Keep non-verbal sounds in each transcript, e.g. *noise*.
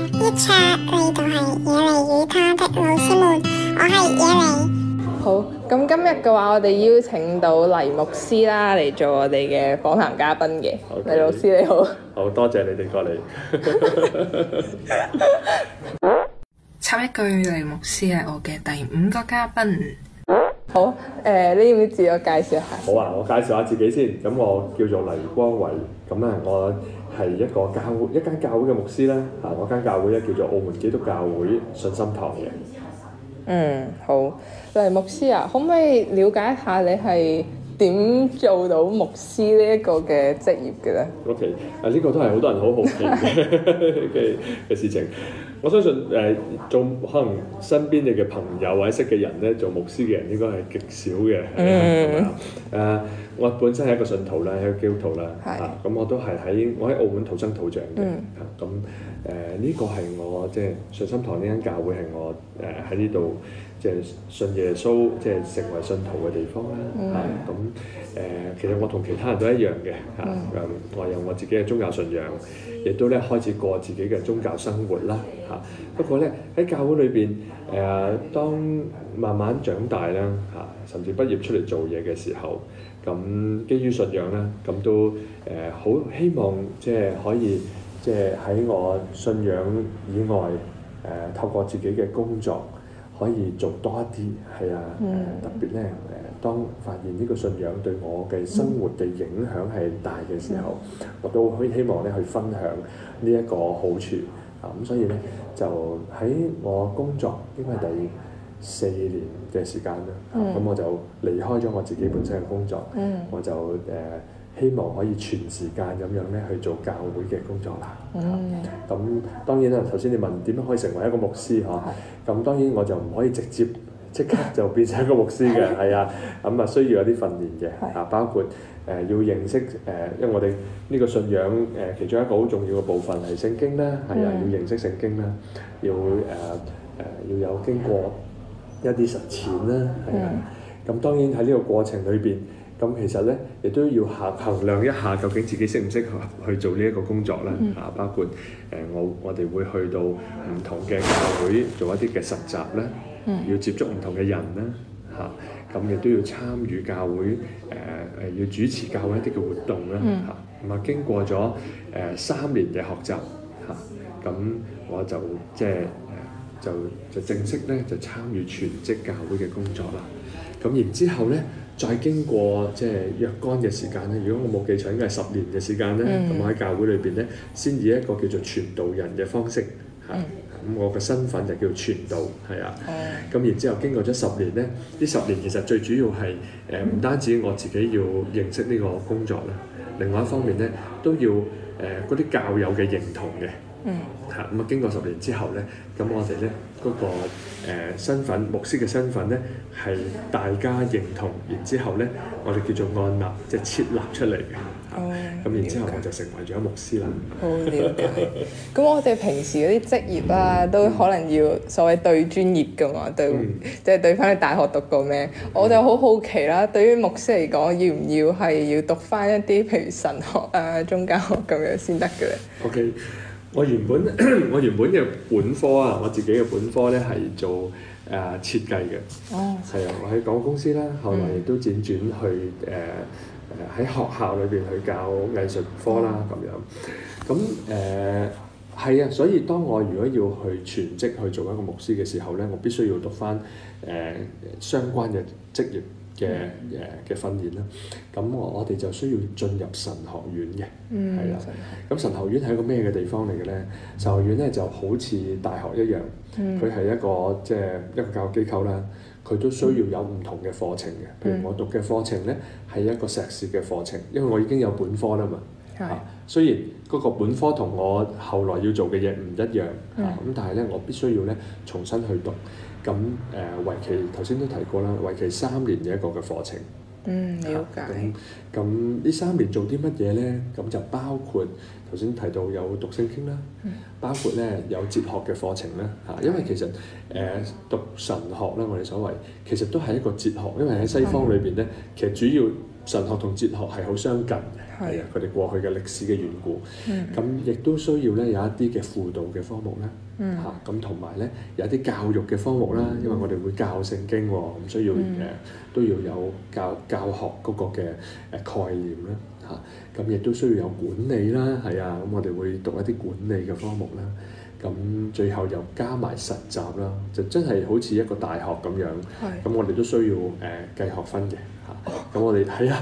一切嚟就係野梨與他的老師們，我係野梨。好，咁今日嘅話，我哋邀請到黎牧師啦嚟做我哋嘅訪談嘉賓嘅。好，Okay. 黎老師你好，好多謝你哋過嚟。插 *laughs* *laughs* 一句，黎牧師係我嘅第五個嘉賓。好，誒、呃，你要唔要自我介紹下？好啊，我介紹下自己先。咁我叫做黎光偉，咁咧我。係一個教會一間教會嘅牧師咧，啊，我間教會咧叫做澳門基督教會信心堂嘅。嗯，好，黎牧師啊，可唔可以了解一下你係點做到牧師呢一個嘅職業嘅咧？OK，啊，呢、這個都係好多人好好奇嘅嘅 *laughs* *laughs* 事情。我相信誒、呃、做可能身邊你嘅朋友或者識嘅人咧做牧師嘅人應該係極少嘅，係的的、啊、我本身係一個信徒啦，係基督徒啦嚇，咁的、啊嗯、我都係喺我喺澳門土生土長嘅咁誒呢個係我即係信心堂呢間教會係我誒喺呢度。即係信耶穌，即、就、係、是、成為信徒嘅地方啦。嚇咁誒，其實我同其他人都一樣嘅嚇、嗯啊嗯，我有我自己嘅宗教信仰，亦都咧開始過自己嘅宗教生活啦。嚇不過咧喺教會裏邊誒，當慢慢長大啦嚇、啊，甚至畢業出嚟做嘢嘅時候，咁、啊、基於信仰啦，咁、啊、都誒好、呃、希望即係、就是、可以即係喺我信仰以外誒、呃，透過自己嘅工作。可以做多一啲，係啊、呃，特別咧誒、呃，當發現呢個信仰對我嘅生活嘅影響係大嘅時候，嗯、我都會希望咧去分享呢一個好處啊，咁，所以咧就喺我工作應該係第四年嘅時間啦，咁、嗯啊、我就離開咗我自己本身嘅工作，嗯嗯、我就誒。呃希望可以全時間咁樣咧去做教會嘅工作啦。嗯。咁當然啦，頭先你問點樣可以成為一個牧師嗬？咁當然我就唔可以直接即刻就變成一個牧師嘅，係啊。咁啊，需要有啲訓練嘅。啊，包括誒要認識誒，因為我哋呢個信仰誒，其中一個好重要嘅部分係聖經啦。係啊。要認識聖經啦，要誒誒要有經過一啲實踐啦。係啊。咁當然喺呢個過程裏邊。咁其實咧，亦都要衡衡量一下，究竟自己識唔識去去做呢一個工作咧？嚇，包括誒我我哋會去到唔同嘅教會做一啲嘅實習咧，要接觸唔同嘅人咧，嚇。咁亦都要參與教會誒誒，要主持教會一啲嘅活動咧，嚇。咁啊，經過咗誒三年嘅學習嚇，咁我就即係就就正式咧就參與全職教會嘅工作啦。咁然之後咧。再經過即係若干嘅時間咧，如果我冇記錯，應該係十年嘅時間咧，咁我喺、嗯、教會裏邊咧，先以一個叫做傳道人嘅方式嚇，咁、嗯啊嗯、我嘅身份就叫傳道，係啊，咁、嗯、然之後經過咗十年咧，呢十年其實最主要係誒唔單止我自己要認識呢個工作咧，另外一方面咧都要誒嗰啲教友嘅認同嘅。嗯，嚇咁啊！經過十年之後咧，咁我哋咧嗰個誒身份牧師嘅身份咧，係大家認同，然之後咧，我哋叫做按立，即係設立出嚟嘅。哦，咁然之後解我就成為咗牧師啦。好、嗯、了解。咁 *laughs* 我哋平時嗰啲職業啊，都可能要所謂對專業㗎嘛，對，即係、嗯、對翻你大學讀過咩？嗯、我就好好奇啦，對於牧師嚟講，要唔要係要讀翻一啲譬如神學啊、宗教學咁樣先得嘅咧？OK。嗯我原本我原本嘅本科啊，我自己嘅本科咧係做誒、呃、設計嘅，係啊、Oh.，我喺廣告公司啦，後來亦都輾轉去誒誒喺學校裏邊去教藝術科啦咁樣，咁誒，係、呃、啊，所以當我如果要去全職去做一個牧師嘅時候咧，我必須要讀翻誒、呃、相關嘅職業。嘅嘅訓練啦，咁我我哋就需要進入神學院嘅，係啦。咁神學院係一個咩嘅地方嚟嘅咧？神學院咧就好似大學一樣，佢係一個即係一個教育機構啦。佢都需要有唔同嘅課程嘅，譬如我讀嘅課程咧係一個碩士嘅課程，因為我已經有本科啦嘛。係。雖然嗰個本科同我後來要做嘅嘢唔一樣，咁但係咧我必須要咧重新去讀。咁誒，為期頭先都提過啦，為期三年嘅一個嘅課程。嗯，瞭解。咁呢、嗯、三年做啲乜嘢咧？咁就包括頭先提到有讀聖經啦，包括咧有哲學嘅課程啦。嚇，因為其實誒讀神學咧，我哋所謂其實都係一個哲學，因為喺西方裏邊咧，的其實主要神學同哲學係好相近嘅，係啊的，佢哋過去嘅歷史嘅緣故。的嗯。咁亦都需要咧有一啲嘅輔導嘅科目咧。嗯嚇，咁同埋咧有啲教育嘅科目啦，嗯、因為我哋會教聖經喎，咁需要誒都要有教、嗯、教學嗰個嘅誒概念啦嚇，咁亦都需要有管理啦，係啊，咁我哋會讀一啲管理嘅科目啦，咁最後又加埋實習啦，就真係好似一個大學咁樣，咁、嗯、我哋都需要誒計學分嘅。咁我哋睇下，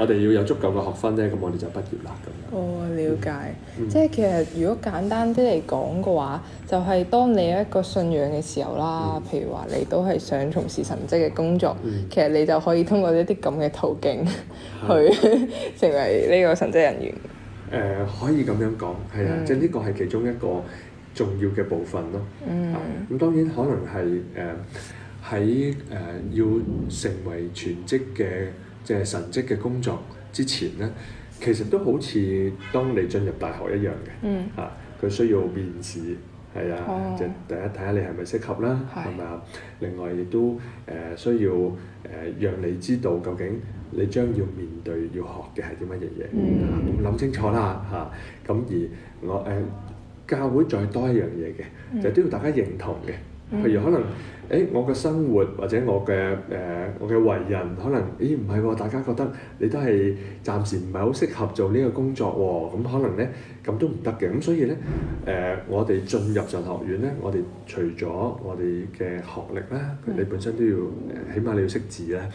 我哋要有足夠嘅學分咧，咁我哋就畢業啦咁樣。哦，了解。嗯、即係其實如果簡單啲嚟講嘅話，嗯、就係當你有一個信仰嘅時候啦，嗯、譬如話你都係想從事神職嘅工作，嗯、其實你就可以通過呢啲咁嘅途徑去成為呢個神職人員。誒、呃，可以咁樣講，係啊，嗯、即係呢個係其中一個重要嘅部分咯。嗯。咁、啊、當然可能係誒。呃喺誒要成為全職嘅即係神職嘅工作之前咧，其實都好似當你進入大學一樣嘅嚇，佢需要面試，係啊，即係第一睇下你係咪適合啦，係咪啊？另外亦都誒需要誒讓你知道究竟你將要面對要學嘅係啲乜嘢嘢啊？咁諗清楚啦嚇。咁而我誒教會再多一樣嘢嘅，就都要大家認同嘅，譬如可能。誒，我嘅生活或者我嘅誒、呃，我嘅為人，可能咦唔係大家覺得你都係暫時唔係好適合做呢個工作喎、哦，咁、嗯、可能咧咁都唔得嘅。咁、嗯、所以咧誒、呃，我哋進入神學院咧，我哋除咗我哋嘅學歷啦，你本身都要、mm. 起碼你要識字啦，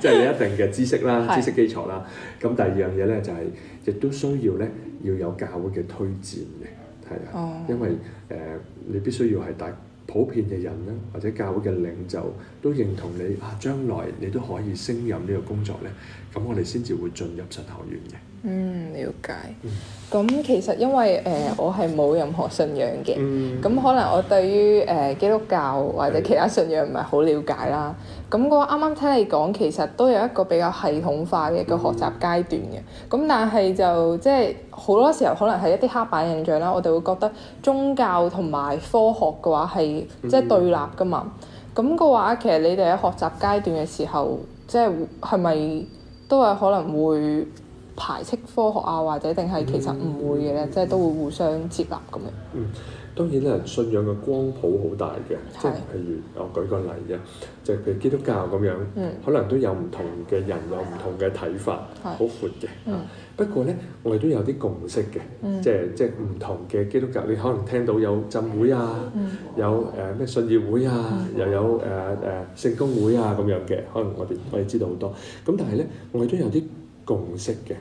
即係有一定嘅知識啦、知識基礎啦。咁 *laughs* 的、嗯、第二樣嘢咧就係、是、亦都需要咧要有教會嘅推薦嘅，係啊，因為誒、呃呃呃、你必須要係帶。普遍嘅人啦，或者教會嘅領袖都認同你啊，將來你都可以升任呢個工作咧。咁我哋先至會進入神學院嘅。嗯，了解。咁、嗯、其實因為誒、呃、我係冇任何信仰嘅，咁、嗯、可能我對於誒、呃、基督教或者其他信仰唔係好了解啦。咁、嗯、我啱啱聽你講，其實都有一個比較系統化嘅一個學習階段嘅。咁、嗯、但係就即係好多時候可能係一啲刻板印象啦，我哋會覺得宗教同埋科學嘅話係即係對立㗎嘛。咁嘅、嗯、話其實你哋喺學習階段嘅時候，即係係咪？都係可能會排斥科學啊，或者定係其實唔會嘅咧，嗯、即係都會互相接納咁樣。嗯當然啦，信仰嘅光譜好大嘅，即係譬如我舉個例啫，就譬如基督教咁樣，可能都有唔同嘅人有唔同嘅睇法，好闊嘅。不過咧，我哋都有啲共識嘅，即係即係唔同嘅基督教，你可能聽到有浸會啊，有誒咩信義會啊，又有誒誒聖公會啊咁樣嘅，可能我哋我哋知道好多。咁但係咧，我哋都有啲共識嘅。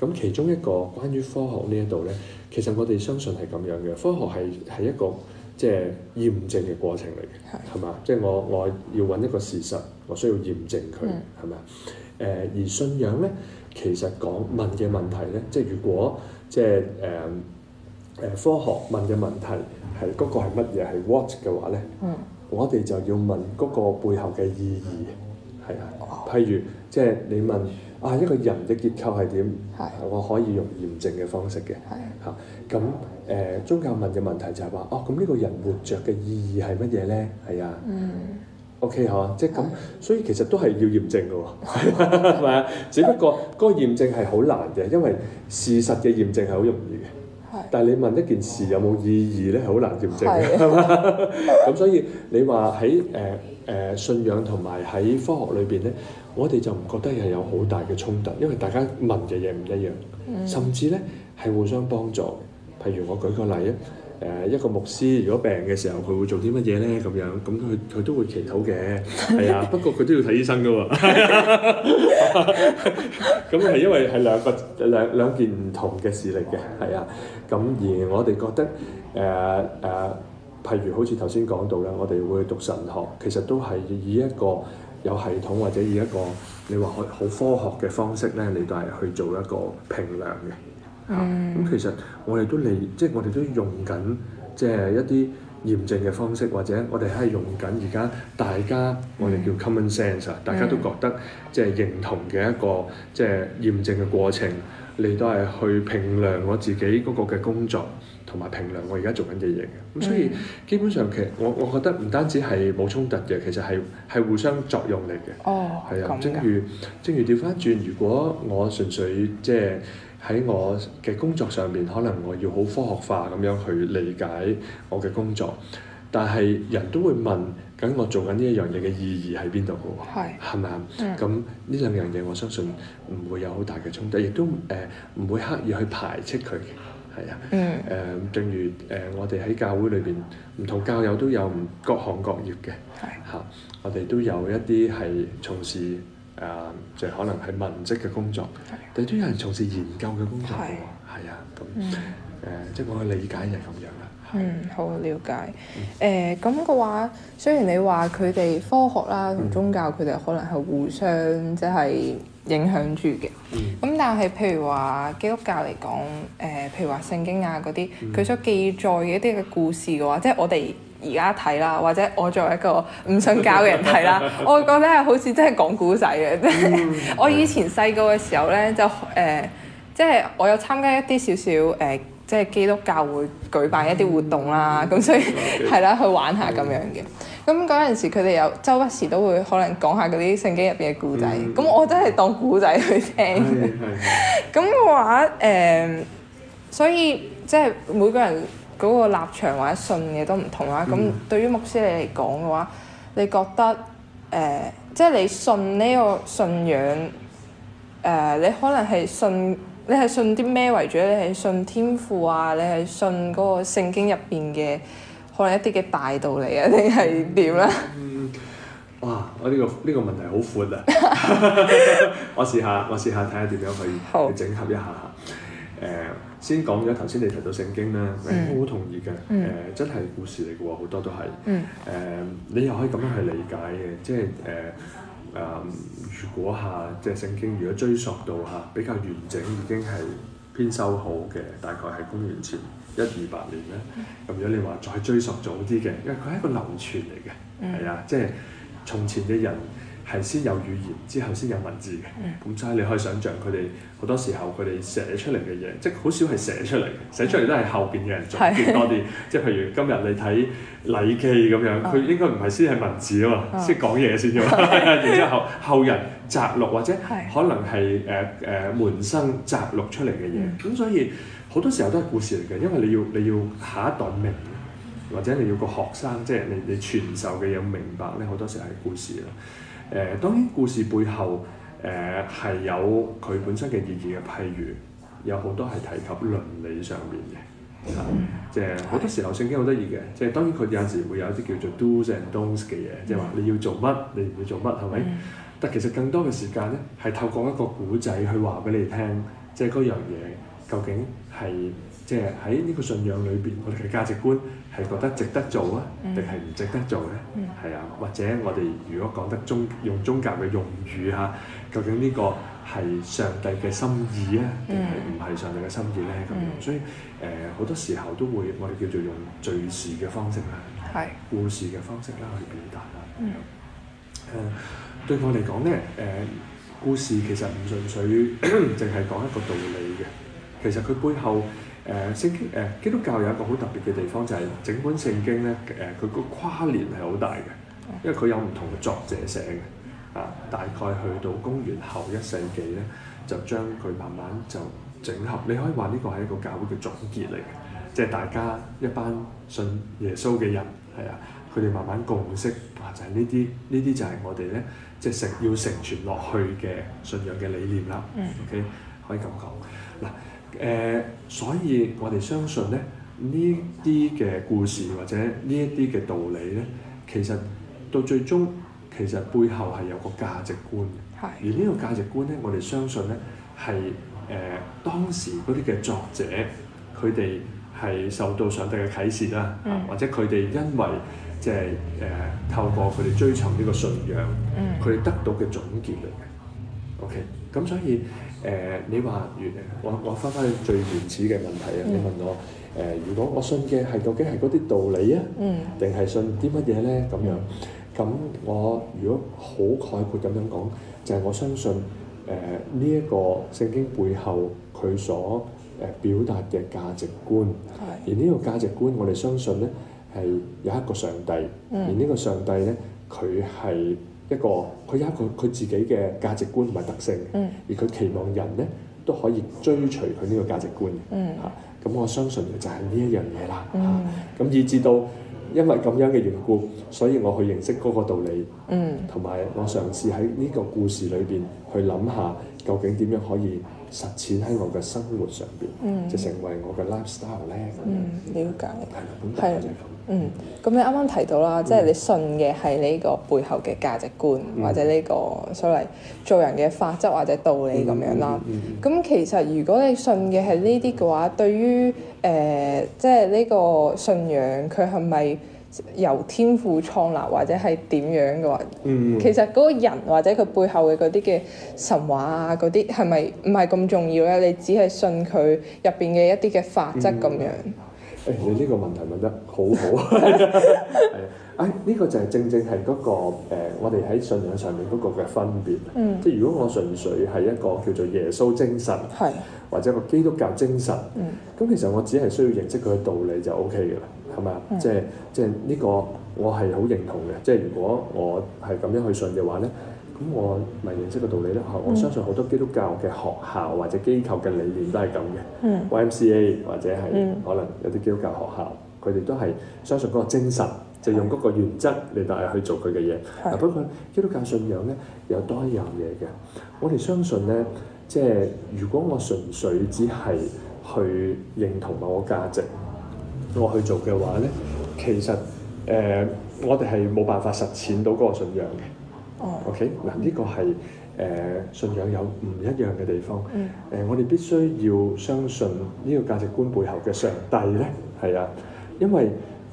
咁其中一個關於科學呢一度咧。其實我哋相信係咁樣嘅，科學係係一個即係驗證嘅過程嚟嘅，係嘛的？即係我我要揾一個事實，我需要驗證佢，係咪啊？誒、呃、而信仰咧，其實講問嘅問題咧，即係如果即係誒誒科學問嘅問題係嗰個係乜嘢係 what 嘅話咧，的我哋就要問嗰個背後嘅意義係啊。譬如即係你問。啊，一個人嘅結構係點？係的，我可以用驗證嘅方式嘅。係的。嚇、啊，咁、呃、誒宗教問嘅問題就係、是、話，哦、啊，咁、啊、呢、這個人活着嘅意義係乜嘢咧？係、嗯 okay，啊。啊 *laughs* 嗯。O K 嚇，即係咁，所以其實都係要驗證㗎喎，係嘛？只不過、那個驗證係好難嘅，因為事實嘅驗證係好容易嘅。的但係你問一件事有冇意義咧，係好難驗證嘅，係咁所以你話喺誒？誒信仰同埋喺科學裏邊呢，我哋就唔覺得係有好大嘅衝突，因為大家問嘅嘢唔一樣，甚至呢係互相幫助。譬如我舉個例啊，誒一個牧師如果病嘅時候，佢會做啲乜嘢呢？咁樣咁佢佢都會祈禱嘅，係啊。不過佢都要睇醫生㗎喎。咁係因為係兩個兩兩件唔同嘅事嚟嘅，係啊。咁而我哋覺得誒誒。譬如好似頭先講到咧，我哋會讀神學，其實都係以一個有系統或者以一個你話好好科學嘅方式咧，你都係去做一個評量嘅。咁、嗯啊、其實我哋都嚟，即、就、係、是、我哋都用緊，即、就、係、是、一啲驗證嘅方式，或者我哋係用緊而家大家我哋叫 common sense 啊、嗯，大家都覺得即係、嗯、認同嘅一個即係驗證嘅過程。你都係去評量我自己嗰個嘅工作，同埋評量我而家做緊嘅嘢嘅。咁、嗯、所以基本上其實我我覺得唔單止係冇衝突嘅，其實係係互相作用嚟嘅。哦，係啊的，正如正如調翻轉，如果我純粹即係喺我嘅工作上面，可能我要好科學化咁樣去理解我嘅工作，但係人都會問。咁我做緊呢一樣嘢嘅意義喺邊度嘅喎？係係咪啊？咁呢兩樣嘢我相信唔會有好大嘅衝突，亦都誒唔會刻意去排斥佢。係啊，誒正如誒我哋喺教會裏邊，唔同教友都有唔各行各業嘅。係嚇，我哋都有一啲係從事誒，即可能係文職嘅工作，但都有人從事研究嘅工作嘅係啊，咁誒，即係我嘅理解就係咁樣。嗯，好了解。誒、呃，咁嘅話，雖然你話佢哋科學啦同宗教，佢哋可能係互相即係、就是、影響住嘅。咁、嗯、但係譬如話基督教嚟講，誒、呃，譬如話聖經啊嗰啲，佢所記載嘅一啲嘅故事嘅話，嗯、即係我哋而家睇啦，或者我作為一個唔信教嘅人睇啦， *laughs* 我覺得係好似真係講古仔嘅。 *laughs* *laughs* 我以前細個嘅時候咧，就誒、即、呃、係、就是、我有參加一啲少少誒。呃即係基督教會舉辦一啲活動啦，咁、嗯、所以係啦 Okay. 去玩下咁樣嘅。咁嗰陣時佢哋有周不時都會可能講下嗰啲聖經入邊嘅故仔，咁、嗯、我真係當故仔去聽。咁嘅話誒，所以即係每個人嗰個立場或者信嘅都唔同啦。咁、嗯、對於牧師你嚟講嘅話，你覺得誒、呃，即係你信呢個信仰誒、呃，你可能係信。你係信啲咩為主？你係信天父啊？你係信嗰個聖經入邊嘅可能一啲嘅大道理啊？定係點咧？嗯，哇！我呢、呢個呢、呢個問題好闊啊！ *laughs* *laughs* *laughs* 我試下，我試下睇下點樣去整合一下。好先講咗頭先你提到聖經啦，我好、嗯、同意嘅、嗯呃。真係故事嚟嘅喎，好多都係、嗯嗯。你又可以咁樣去理解嘅，即係誒。呃誒、嗯，如果下即係聖經，如果追溯到吓比較完整，已經係編修好嘅，大概係公元前一二百年咧。咁樣、嗯、你話再追溯早啲嘅，因為佢係一個流傳嚟嘅，係啊、嗯，即係從前嘅人。係先有語言，之後先有文字嘅。咁即係你可以想象佢哋好多時候佢哋寫出嚟嘅嘢，即係好少係寫出嚟嘅。寫出嚟都係後邊嘅人做多啲。即係譬如今日你睇禮記咁樣，佢、啊、應該唔係先係文字啊嘛，即係講嘢先咗。然之、啊、 *laughs* 後後人摘錄或者可能係誒誒門生摘錄出嚟嘅嘢。咁、嗯、所以好多時候都係故事嚟嘅，因為你要你要，你要下一代明，或者你要個學生即係、就是、你你傳授嘅嘢明白咧，好多時係故事啦。誒當然故事背後誒係、呃、有佢本身嘅意義嘅，譬如有好多係提及倫理上面嘅，嚇、mm hmm. 啊，即係好多時候聖經好得意嘅，即係當然佢有陣時會有一啲叫做 do's and don'ts 嘅嘢，mm hmm. 即係話你要做乜，你唔要做乜，係咪？Mm hmm. 但其實更多嘅時間咧，係透過一個古仔去話俾你聽，即係嗰樣嘢究竟係。即係喺呢個信仰裏邊，我哋嘅價值觀係覺得值得做啊，定係唔值得做咧？係啊，或者我哋如果講得中用宗教嘅用語嚇，究竟呢個係上帝嘅心意啊，定係唔係上帝嘅心意咧？咁樣，所以誒好多時候都會我哋叫做用敘事嘅方式啦，故事嘅方式啦去表達啦。誒對我嚟講咧，誒故事其實唔純粹淨係講一個道理嘅，其實佢背後。誒聖經誒基督教有一個好特別嘅地方就係、是、整本聖經咧，誒佢個跨年係好大嘅，因為佢有唔同嘅作者寫嘅啊，大概去到公元後一世紀咧，就將佢慢慢就整合。你可以話呢個係一個教會嘅總結嚟嘅，即、就、係、是、大家一班信耶穌嘅人係啊，佢哋慢慢共識啊，就係、是、呢啲呢啲就係我哋咧即係成要成傳落去嘅信仰嘅理念啦。嗯、OK，可以咁講嗱。啊誒、呃，所以我哋相信咧，呢啲嘅故事或者呢一啲嘅道理咧，其實到最終其實背後係有個價值觀嘅。係。而呢個價值觀咧，我哋相信咧係誒當時嗰啲嘅作者，佢哋係受到上帝嘅啟示啦、嗯啊，或者佢哋因為即係誒透過佢哋追尋呢個信仰，佢哋、嗯、得到嘅總結嚟嘅。OK，咁所以。誒、呃，你話原我我翻翻去最原始嘅問題啊？嗯、你問我誒、呃，如果我信嘅係究竟係嗰啲道理啊，定係、嗯、信啲乜嘢咧？咁樣，咁、嗯、我如果好概括咁樣講，就係、是、我相信誒呢一個聖經背後佢所誒表達嘅價值觀，嗯、而呢個價值觀我哋相信咧係有一個上帝，嗯、而呢個上帝咧佢係。一個佢有一個佢自己嘅價值觀同埋特性，嗯、而佢期望人咧都可以追隨佢呢個價值觀。嚇、嗯，咁、啊、我相信就係呢一樣嘢啦。嚇、嗯，咁、啊、以至到因為咁樣嘅緣故，所以我去認識嗰個道理，同埋、嗯、我嘗試喺呢個故事裏邊去諗下究竟點樣可以。實踐喺我嘅生活上邊，就、嗯、成為我嘅 lifestyle 咧咁樣。瞭、嗯、解，係啦的，本來咁。嗯，咁、嗯、你啱啱提到啦，嗯、即係你信嘅係呢個背後嘅價值觀，嗯、或者呢、這個所謂做人嘅法則或者道理咁樣啦。咁、嗯嗯嗯、其實如果你信嘅係呢啲嘅話，嗯、對於誒、呃，即係呢個信仰，佢係咪？由天父創立或者係點樣嘅話，嗯、其實嗰個人或者佢背後嘅嗰啲嘅神話啊，嗰啲係咪唔係咁重要咧？你只係信佢入邊嘅一啲嘅法則咁、嗯、樣。誒、欸，你呢個問題問得好好 *laughs* *laughs* *laughs* 呢、哎，這個就係正正係嗰、那個、呃、我哋喺信仰上面嗰個嘅分別。嗯、即係如果我純粹係一個叫做耶穌精神，係是或者一個基督教精神，咁、嗯、其實我只係需要認識佢嘅道理就 OK 嘅啦，係咪啊？即係即係呢個我係好認同嘅。即係如果我係咁樣去信嘅話咧，咁我咪認識個道理咧。我相信好多基督教嘅學校或者機構嘅理念都係咁嘅。嗯嗯、YMCA 或者係、嗯、可能有啲基督教學校，佢哋都係相信嗰個精神。就用嗰個原則嚟帶入去做佢嘅嘢。嗱的，不過基督教信仰咧有多一樣嘢嘅，我哋相信咧，即係如果我純粹只係去認同某個價值，我去做嘅話咧，其實誒、呃、我哋係冇辦法實踐到嗰個信仰嘅。哦。O K，嗱呢個係誒、呃、信仰有唔一樣嘅地方。嗯。呃、我哋必須要相信呢個價值觀背後嘅上帝咧，係啊，因為。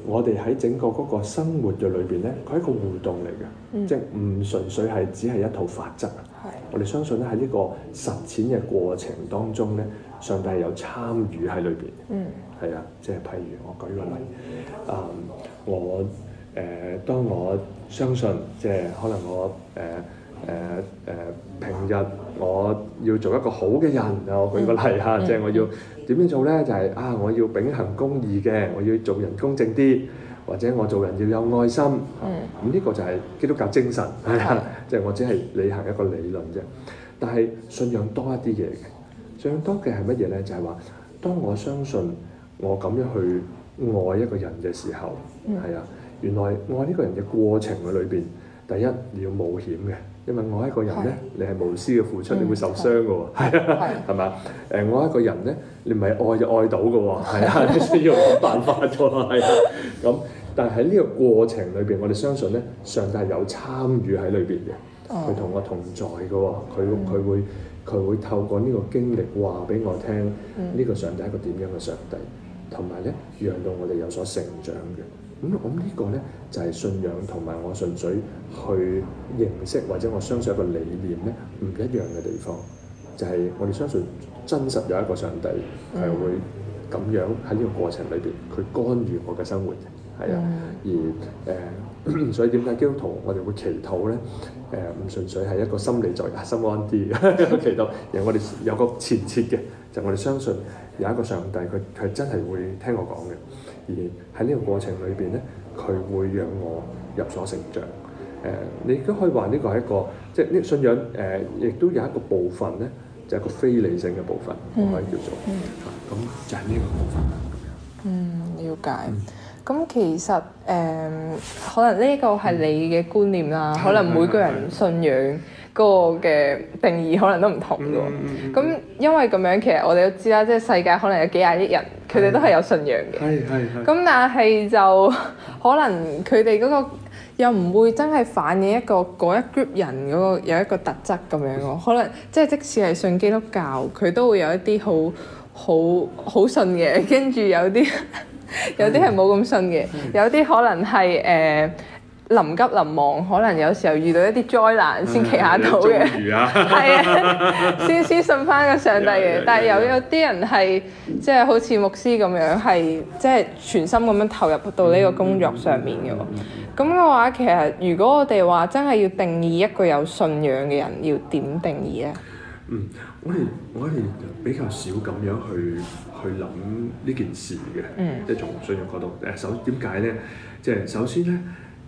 我哋喺整個嗰個生活嘅裏邊咧，佢係一個互動嚟嘅，嗯、即係唔純粹係只係一套法則。係的，我哋相信咧喺呢個實踐嘅過程當中咧，上帝係有參與喺裏邊。嗯，係啊，即係譬如我舉個例，啊、嗯，um, 我誒、呃、當我相信，即係可能我誒誒誒平日。我要做一個好嘅人，我舉個例嚇，即係、嗯、我要點、嗯、樣做咧？就係、是、啊，我要秉行公義嘅，嗯、我要做人公正啲，或者我做人要有愛心。咁呢、嗯啊這個就係基督教精神，係、嗯、啊，即、就、係、是、我只係履行一個理論啫。但係信仰多一啲嘢，信仰多嘅係乜嘢咧？就係、是、話，當我相信我咁樣去愛一個人嘅時候，係、嗯、啊，原來愛呢個人嘅過程嘅裏邊，第一，第一你要冒險嘅。因為我一個人咧，你係無私嘅付出，你會受傷嘅喎，係啊，係嘛？誒，我一個人咧，你唔係愛就愛到嘅喎，係啊，你需要辦法咗係啊，咁。但係喺呢個過程裏邊，我哋相信咧，上帝係有參與喺裏邊嘅，佢同我同在嘅喎，佢佢會佢會透過呢個經歷話俾我聽，呢個上帝係一個點樣嘅上帝，同埋咧，讓到我哋有所成長嘅。咁我呢個咧就係、是、信仰同埋我純粹去認識或者我相信一個理念咧唔一樣嘅地方，就係、是、我哋相信真實有一個上帝係會咁樣喺呢個過程裏邊佢干預我嘅生活嘅，係啊，而誒、呃、所以點解基督徒我哋會祈禱咧？誒唔純粹係一個心理作用心安啲嘅 *laughs* 祈禱，而我哋有個前設嘅就是、我哋相信有一個上帝佢係真係會聽我講嘅。而喺呢個過程裏邊咧，佢會讓我有所成長。誒、呃，你都可以話呢個係一個，即係呢信仰誒，亦、呃、都有一個部分咧，就係、是、個非理性嘅部分，我可以叫做嚇。咁、嗯、就係呢個部分咁嗯，瞭解。咁、嗯、其實誒、呃，可能呢個係你嘅觀念啦，嗯、可能每個人信仰。嗯嗯個嘅定義可能都唔同㗎喎，咁、嗯嗯嗯、因為咁樣，其實我哋都知啦，即係世界可能有幾廿億人，佢哋都係有信仰嘅。係係係。咁但係就可能佢哋嗰個又唔會真係反映一個嗰一 group 人嗰個有一個特質咁樣咯。可能即係、就是、即使係信基督教，佢都會有一啲好好好信嘅，跟住有啲 *laughs* 有啲係冇咁信嘅，的有啲可能係誒。呃臨急臨忙，可能有時候遇到一啲災難先祈下禱嘅，係啊唉，先先 *laughs* 於 *laughs* *laughs* 信翻個上帝嘅。Yeah, yeah, yeah. 但係有有啲人係即係好似牧師咁樣，係即係全心咁樣投入到呢個工作上面嘅。咁嘅、mm hmm. 話，其實如果我哋話真係要定義一個有信仰嘅人，要點定義咧？嗯，我哋我哋比較少咁樣去去諗呢件事嘅，嗯、mm，hmm. 即係從信仰角度。誒，首點解咧？即係首先咧。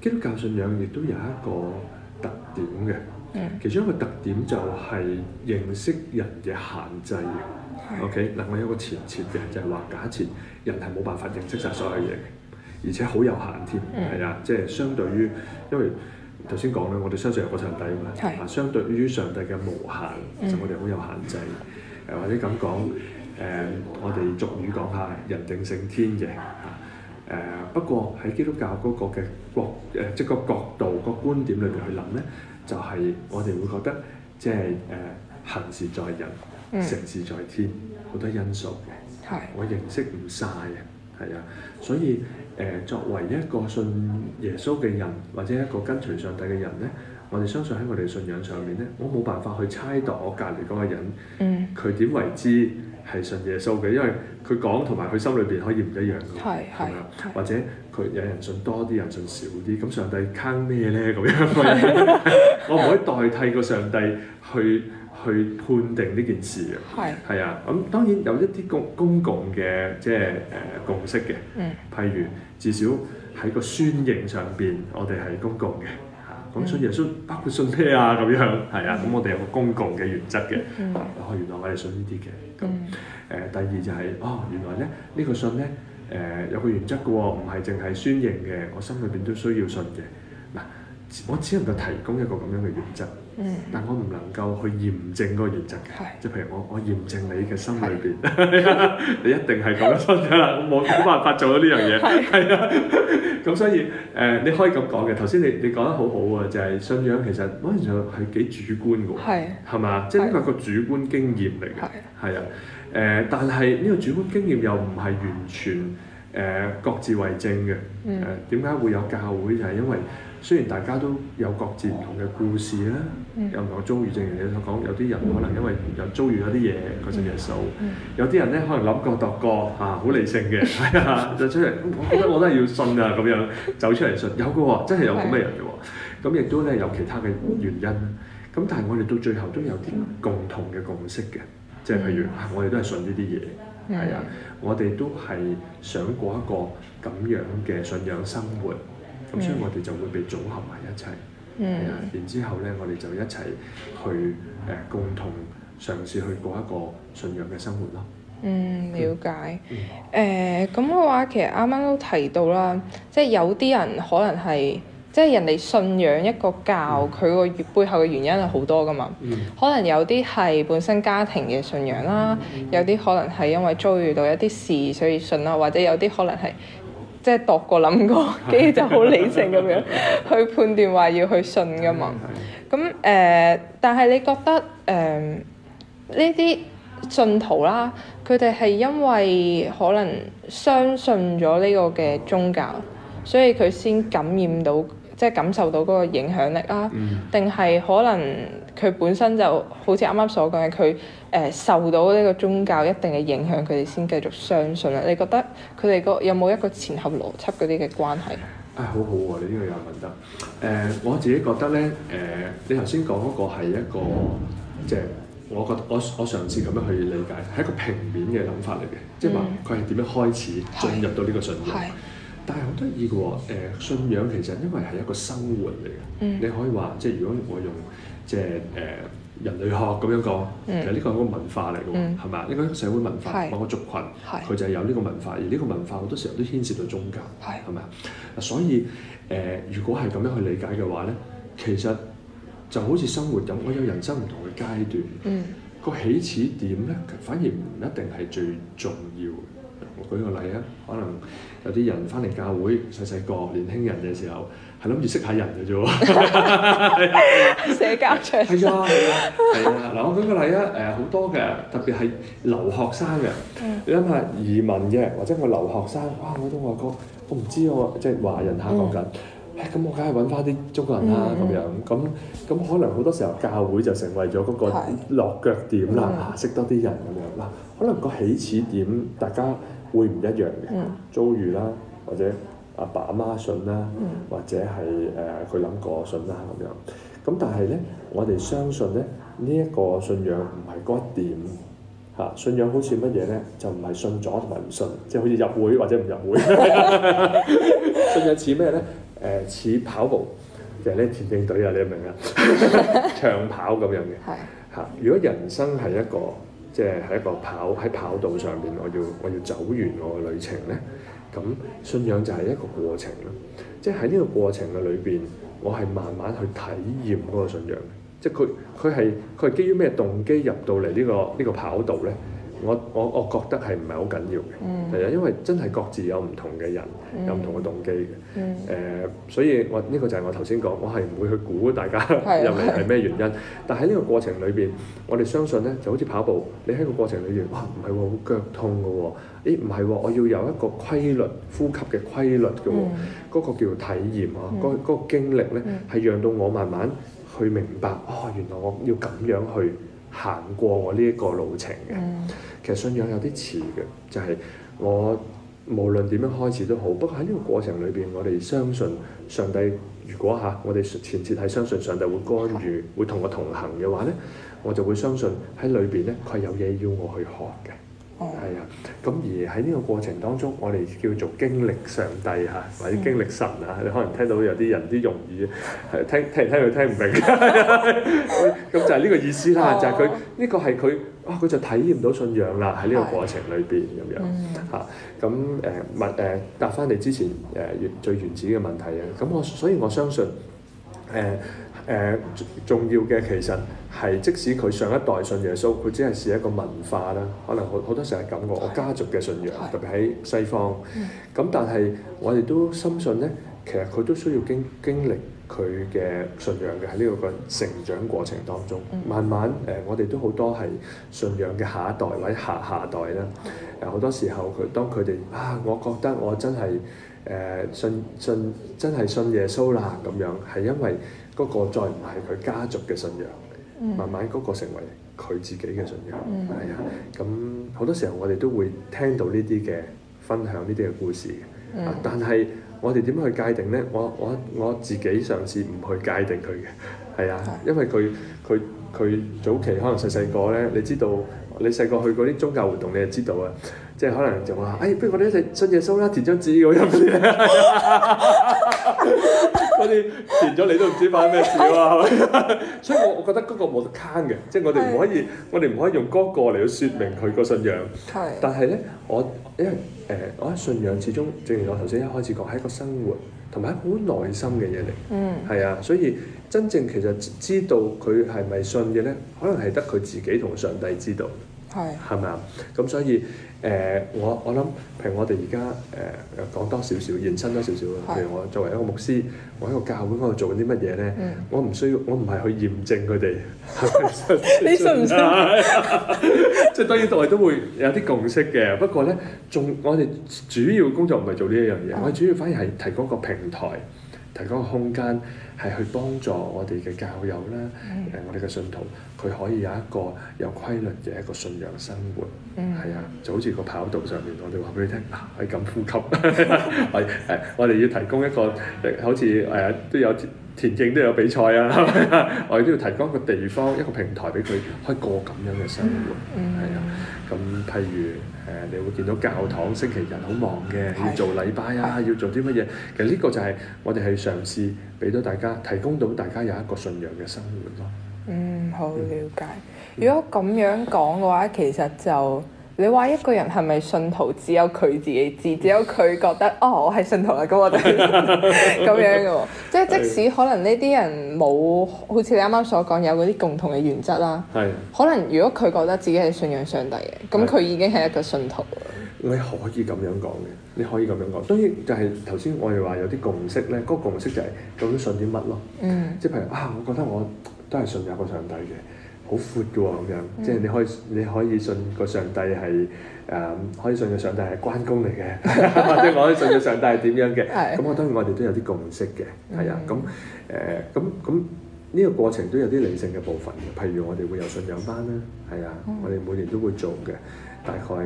基督教信仰亦都有一個特點嘅，Yeah. 其中一個特點就係認識人嘅限制。Yeah. OK，嗱，我有個前提嘅，就係、是、話假設人係冇辦法認識晒所有嘢嘅，而且好有限添。係啊 Yeah.，即、就、係、是、相對於，因為頭先講咧，我哋相信有個上帝嘛，啊，Yeah. 相對於上帝嘅無限，其實我哋好有限制，誒，Yeah. 或者咁講，誒、呃，我哋俗語講下，人定勝天嘅。啊誒、呃、不過喺基督教嗰個嘅國誒、呃、即個角度、個觀點裏邊去諗咧，就係、是、我哋會覺得即係誒行事在人，成事在天，好多因素嘅，我認識唔晒嘅，係啊，所以誒、呃、作為一個信耶穌嘅人，或者一個跟隨上帝嘅人咧，我哋相信喺我哋信仰上面咧，我冇辦法去猜度我隔籬嗰個人，佢點為之係信耶穌嘅，因為佢講同埋佢心裏邊可以唔一樣嘅，係咪啊？吧或者佢有人信多啲，有人信少啲，咁上帝坑咩咧？咁 *laughs* 樣 *laughs* *laughs* 我唔可以代替個上帝去去判定呢件事嘅。係是啊，咁、嗯嗯、當然有一啲公公共嘅，即係誒、呃、共識嘅。譬、嗯、如至少喺個宣認上邊，我哋係公共嘅。咁信耶穌包括信咩啊？咁樣係啊，咁我哋有個公共嘅原則嘅。哦，原來我哋、這個、信呢啲嘅。咁、呃、誒，第二就係哦，原來咧呢個信咧誒有個原則嘅、哦，唔係淨係宣認嘅，我心裏面都需要信嘅。嗱、啊，我只能夠提供一個咁樣嘅原則。嗯、但我唔能夠去驗證個原則嘅，是就譬如我我驗證你嘅心裏邊，是 *laughs* *laughs* 你一定係咁樣信㗎啦，冇冇 *laughs* 辦法做到呢樣嘢，係是是啊，咁 *laughs* 所以誒你可以咁講嘅，頭先你你講得好好啊，就係信仰其實某程度係幾主觀㗎，係啊是，係嘛？即係呢個係個主觀經驗嚟嘅，係是是啊，誒，但係呢個主觀經驗又唔係完全誒各自為政嘅，誒點解會有教會就係、是、因為。雖然大家都有各自唔同嘅故事啦，又唔同遭遇，正如你所講，有啲人可能因為又遭遇一啲嘢，嗰隻耶穌；有啲人咧可能諗過度過，嚇好、啊、理性嘅，係啊，就出嚟，我覺得我都係要信啊，咁樣走出嚟信。有個真係有咁嘅人嘅喎，咁亦都咧有其他嘅原因啦。咁但係我哋到最後都有啲共同嘅共識嘅，即係譬如我哋都係信呢啲嘢，係啊，我哋都係想過一個咁樣嘅信仰生活。咁、嗯嗯、所以我哋就會被組合埋一齊，係、嗯、然之後咧，我哋就一齊去誒、呃、共同嘗試去過一個信仰嘅生活咯。嗯，了解。誒、嗯，咁嘅、欸、話其實啱啱都提到啦，即、就、係、是、有啲人可能係即係人哋信仰一個教，佢個、嗯、背後嘅原因係好多噶嘛。嗯、可能有啲係本身家庭嘅信仰啦，嗯嗯、有啲可能係因為遭遇到一啲事所以信啦，或者有啲可能係。即係度過諗過，跟住就好理性咁樣去判斷話要去信噶嘛。咁誒、 *laughs* 呃，但係你覺得誒呢啲信徒啦，佢哋係因為可能相信咗呢個嘅宗教，所以佢先感染到。即係感受到嗰個影響力啊，定係、嗯、可能佢本身就好似啱啱所講嘅，佢誒、呃、受到呢個宗教一定嘅影響，佢哋先繼續相信啊？你覺得佢哋個有冇一個前後邏輯嗰啲嘅關係？誒、哎，好好喎、啊，你呢個又問得誒、呃，我自己覺得咧誒、呃，你頭先講嗰個係一個即係、嗯、我覺得我我嘗試咁樣去理解，係一個平面嘅諗法嚟嘅，即係話佢係點樣開始進入到呢個信仰？嗯嗯但係好得意嘅喎，誒信仰其實因為係一個生活嚟嘅，嗯、你可以話即係如果我用即係誒人類學咁樣講，嗯、其實呢個係一個文化嚟嘅，係嘛、嗯？呢個社會文化、嗯、某個族群佢是就係有呢個文化，而呢個文化好多時候都牽涉到宗教，係係咪？所以誒、呃，如果係咁樣去理解嘅話咧，其實就好似生活咁，我有人生唔同嘅階段，個、嗯、起始點咧反而唔一定係最重要。嗯、 *noise* 我舉個例啊，可能。有啲人翻嚟教會，細細個年輕人嘅時候，係諗住識下人嘅啫喎，社交場。係啊係啊係啊！嗱，我舉個例啊，誒好多嘅，特別係留學生嘅，你諗下移民嘅或者個留學生，哇！我喺外國，我唔知我即係華人蝦講緊，咁我梗係揾翻啲中國人啦咁樣，咁咁可能好多時候教會就成為咗嗰個落腳點啦，識多啲人咁樣。嗱，可能個起始點大家會唔一樣嘅、嗯、遭遇啦，或者阿爸阿媽信啦，或者係誒佢諗過信啦咁樣。咁但係咧，我哋相信咧，呢、這、一個信仰唔係嗰一點嚇、啊。信仰好似乜嘢咧？就唔係信咗同埋唔信，即係好似入會或者唔入會。 *laughs* *laughs* 信仰似咩咧？誒、呃、似跑步，其實咧田徑隊啊，你明唔明啊？ *laughs* 長跑咁樣嘅。係嚇 *laughs* 的，如果人生係一個即係喺一個跑喺跑道上面，我要我要走完我嘅旅程咧。咁信仰就係一個過程啦。即係喺呢個過程嘅裏邊，我係慢慢去體驗嗰個信仰。即係佢佢係佢係基於咩動機入到嚟呢個呢個跑道咧？我我我覺得係唔係好緊要嘅，係啊、嗯，因為真係各自有唔同嘅人，嗯、有唔同嘅動機嘅。誒、嗯呃，所以我呢、呢個就係我頭先講，我係唔會去估大家入嚟係咩原因。嗯、但喺呢個過程裏邊，我哋相信咧，就好似跑步，你喺個過程裏邊，哇，唔係喎，好腳痛嘅喎、啊，唔係喎，我要有一個規律呼吸嘅規律嘅喎、啊，嗰、嗯、個叫體驗啊，嗰嗰、嗯、個經歷咧，係讓到我慢慢去明白，哦，原來我要咁樣去行過我呢一個路程嘅。嗯其實信仰有啲遲嘅，就係、是、我無論點樣開始都好。不過喺呢個過程裏邊，我哋相信上帝如，如果嚇我哋前設係相信上帝會干預，會同我同行嘅話咧，我就會相信喺裏邊咧，佢有嘢要我去學嘅。哦，係啊。咁而喺呢個過程當中，我哋叫做經歷上帝嚇，或者經歷神啊。嗯、你可能聽到有啲人啲用語係聽聽聽佢聽唔明，咁 *laughs* *laughs* *laughs* *laughs* 就係呢個意思啦。就係佢呢個係佢。哇！佢、啊、就體驗到信仰啦，喺呢個過程裏邊咁樣嚇。咁誒問誒答翻你之前誒、呃、最原始嘅問題啊。咁我所以我相信誒誒、呃呃、重要嘅其實係即使佢上一代信耶穌，佢、嗯、只係是一個文化啦。可能好好多時係咁嘅，對我家族嘅信仰，對特別喺西方。咁但係我哋都深信咧，其實佢都需要經經歷。佢嘅信仰嘅喺呢個個成長過程當中，嗯、慢慢誒、嗯呃，我哋都好多係信仰嘅下一代或者下下代啦。誒、呃，好多時候佢當佢哋啊，我覺得我真係誒、呃、信信真係信耶穌啦咁樣，係因為嗰個再唔係佢家族嘅信仰，嗯、慢慢嗰個成為佢自己嘅信仰係啊。咁好、嗯嗯哎、多時候我哋都會聽到呢啲嘅分享呢啲嘅故事，啊、但係。我哋點樣去界定咧？我我我自己嘗試唔去界定佢嘅，係啊，因為佢佢佢早期可能細細個咧，你知道你細個去過啲宗教活動，你就知道啊，即係可能就話誒、哎，不如我哋一齊信耶穌啦，填張紙嗰啲，嗰啲填咗你都唔知發咩事啊嘛，所以我我覺得嗰個冇得 count 嘅，即係我哋唔可以，的我哋唔可以用嗰個嚟去説明佢個信仰。的但係咧，我因為。誒，我喺信仰始終，正如我頭先一開始講，係一個生活同埋好內心嘅嘢嚟，係啊、嗯，所以真正其實知道佢係咪信嘅咧，可能係得佢自己同上帝知道。係係咪啊？咁所以誒、呃，我我諗，譬如我哋而家誒誒講多少少，延伸多少少，譬如我作為一個牧師，我喺個教會嗰度做緊啲乜嘢咧？我唔、嗯、需要，我唔係去驗證佢哋。你信唔信？即係當然，我哋都會有啲共識嘅。不過咧，仲我哋主要工作唔係做呢一樣嘢，嗯、我哋主要反而係提供一個平台。提供個空間係去幫助我哋嘅教友啦，誒的我哋嘅信徒佢可以有一個有規律嘅一個信仰生活，係啊的，就好似個跑道上面，我哋話俾你聽，啊，係咁呼吸，係 *laughs* 誒，我哋要提供一個好似誒都有。田徑都有比賽啊！ *laughs* 我哋都要提供一個地方、一個平台俾佢可以過咁樣嘅生活，係、嗯嗯、啊。咁譬如誒、呃，你會見到教堂、嗯、星期日好忙嘅，要做禮拜啊，嗯、要做啲乜嘢。其實呢個就係我哋係嘗試俾到大家，提供到大家有一個信仰嘅生活咯、啊。嗯，好了解。嗯、如果咁樣講嘅話，其實就～你話一個人係咪信徒？只有佢自己知，只有佢覺得哦，我係信徒啦。咁我哋咁樣嘅，即係即使可能呢啲人冇，是的 好似你啱啱所講有嗰啲共同嘅原則啦。係。是的 可能如果佢覺得自己係信仰上帝嘅，咁佢是的 已經係一個信徒是的 你。你可以咁樣講嘅，你可以咁樣講。當然就係頭先我哋話有啲共識咧，嗰個共識就係究竟信啲乜咯？嗯。即係譬如啊，我覺得我都係信有個上帝嘅。好闊㗎喎，咁樣，嗯、即係你可以你可以信個上帝係誒、呃，可以信個上帝係關公嚟嘅， *laughs* *laughs* 或者我可以信個上帝係點樣嘅，咁 *laughs* 我當然我哋都有啲共識嘅，係、嗯、啊，咁誒，咁咁呢個過程都有啲理性嘅部分嘅，譬如我哋會有信仰班啦，係啊，嗯、我哋每年都會做嘅。大概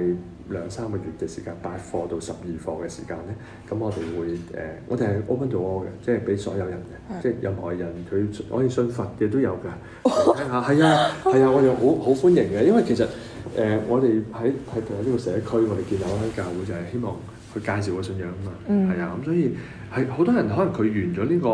兩三個月嘅時間，八課到十二課嘅時間咧，咁我哋會誒、呃，我哋係 open to all 嘅，即係俾所有人嘅，是即係任何人，佢可以信佛嘅都有㗎。睇下係啊，係啊，啊，啊，我哋好好歡迎嘅，因為其實誒、呃，我哋喺喺我哋呢個社區，我哋建立喺教會就係希望去介紹個信仰啊嘛，係、嗯、啊，咁、嗯、所以。係好多人可能佢完咗呢個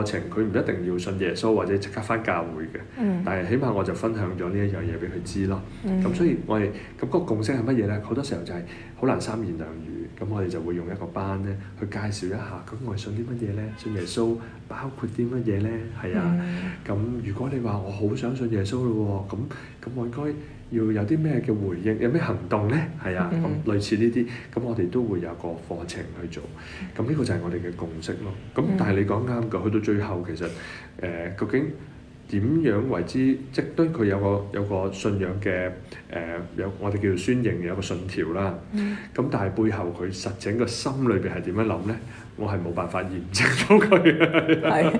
課程，佢唔一定要信耶穌或者即刻翻教會嘅。但係起碼我就分享咗呢一樣嘢俾佢知咯。咁所以我哋咁個共識係乜嘢咧？好多時候就係好難三言兩語。咁我哋就會用一個班咧去介紹一下。咁我哋信啲乜嘢咧？信耶穌，包括啲乜嘢咧？係啊。咁如果你話我好想信耶穌嘞喎，咁咁我應該，要有啲咩嘅回應，有咩行動咧？係啊，咁 Okay. 類似呢啲，咁我哋都會有個課程去做。咁呢個就係我哋嘅共識咯。咁但係你講啱嘅，mm. 去到最後其實，誒、呃、究竟點樣為之？即係佢有個有個信仰嘅誒、呃，有我哋叫做宣認嘅一個信條啦。咁、mm. 但係背後佢實整個心裏邊係點樣諗咧？我係冇辦法驗證到佢係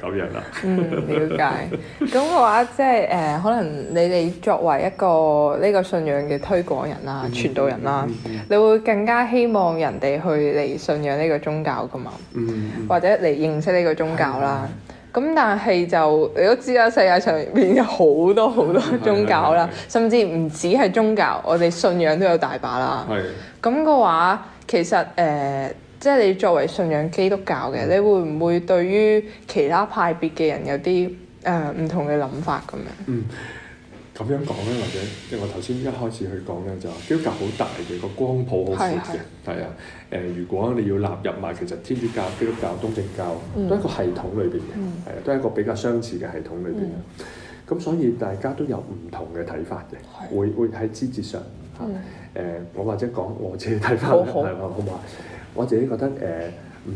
咁樣啦子。嗯，了解，咁嘅話即，即係誒，可能你哋作為一個呢個信仰嘅推廣人啦、傳道人啦，你會更加希望人哋去嚟信仰呢個宗教噶嘛？嗯嗯嗯，或者嚟認識呢個宗教啦。咁但係就你都知啦，世界上面有好多好多宗教啦，是的 甚至唔止係宗教，我哋信仰都有大把啦。係咁嘅話，其實誒。呃即係你作為信仰基督教嘅，你會唔會對於其他派別嘅人有啲誒唔同嘅諗法咁樣？嗯，咁樣講咧，或者即係我頭先一開始去講咧，就話基督教好大嘅個光譜好闊嘅，係啊。誒，如果你要納入埋，其實天主教、基督教、東正教都係一個系統裏邊嘅，係啊，都係一個比較相似嘅系統裏邊嘅。咁所以大家都有唔同嘅睇法嘅，會會喺肢節上嚇我或者講我自己睇法咧，係好嘛。我自己覺得誒唔、呃、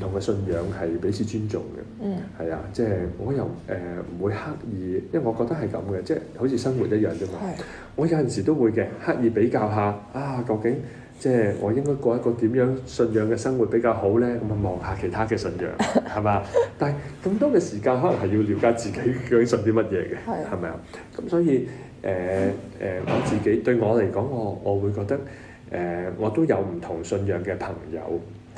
同嘅信仰係彼此尊重嘅，係、嗯、啊，即、就、係、是、我又誒唔、呃、會刻意，因為我覺得係咁嘅，即係好似生活一樣啫嘛。是我有陣時都會嘅，刻意比較下啊，究竟即係、就是、我應該過一個點樣信仰嘅生活比較好咧？咁啊，望下其他嘅信仰係嘛？ *laughs* 但係咁多嘅時間，可能係要了解自己究竟信啲乜嘢嘅，係咪啊？咁所以誒誒，我、呃呃呃呃、自己對我嚟講，我我會覺得誒、呃，我都有唔同信仰嘅朋友。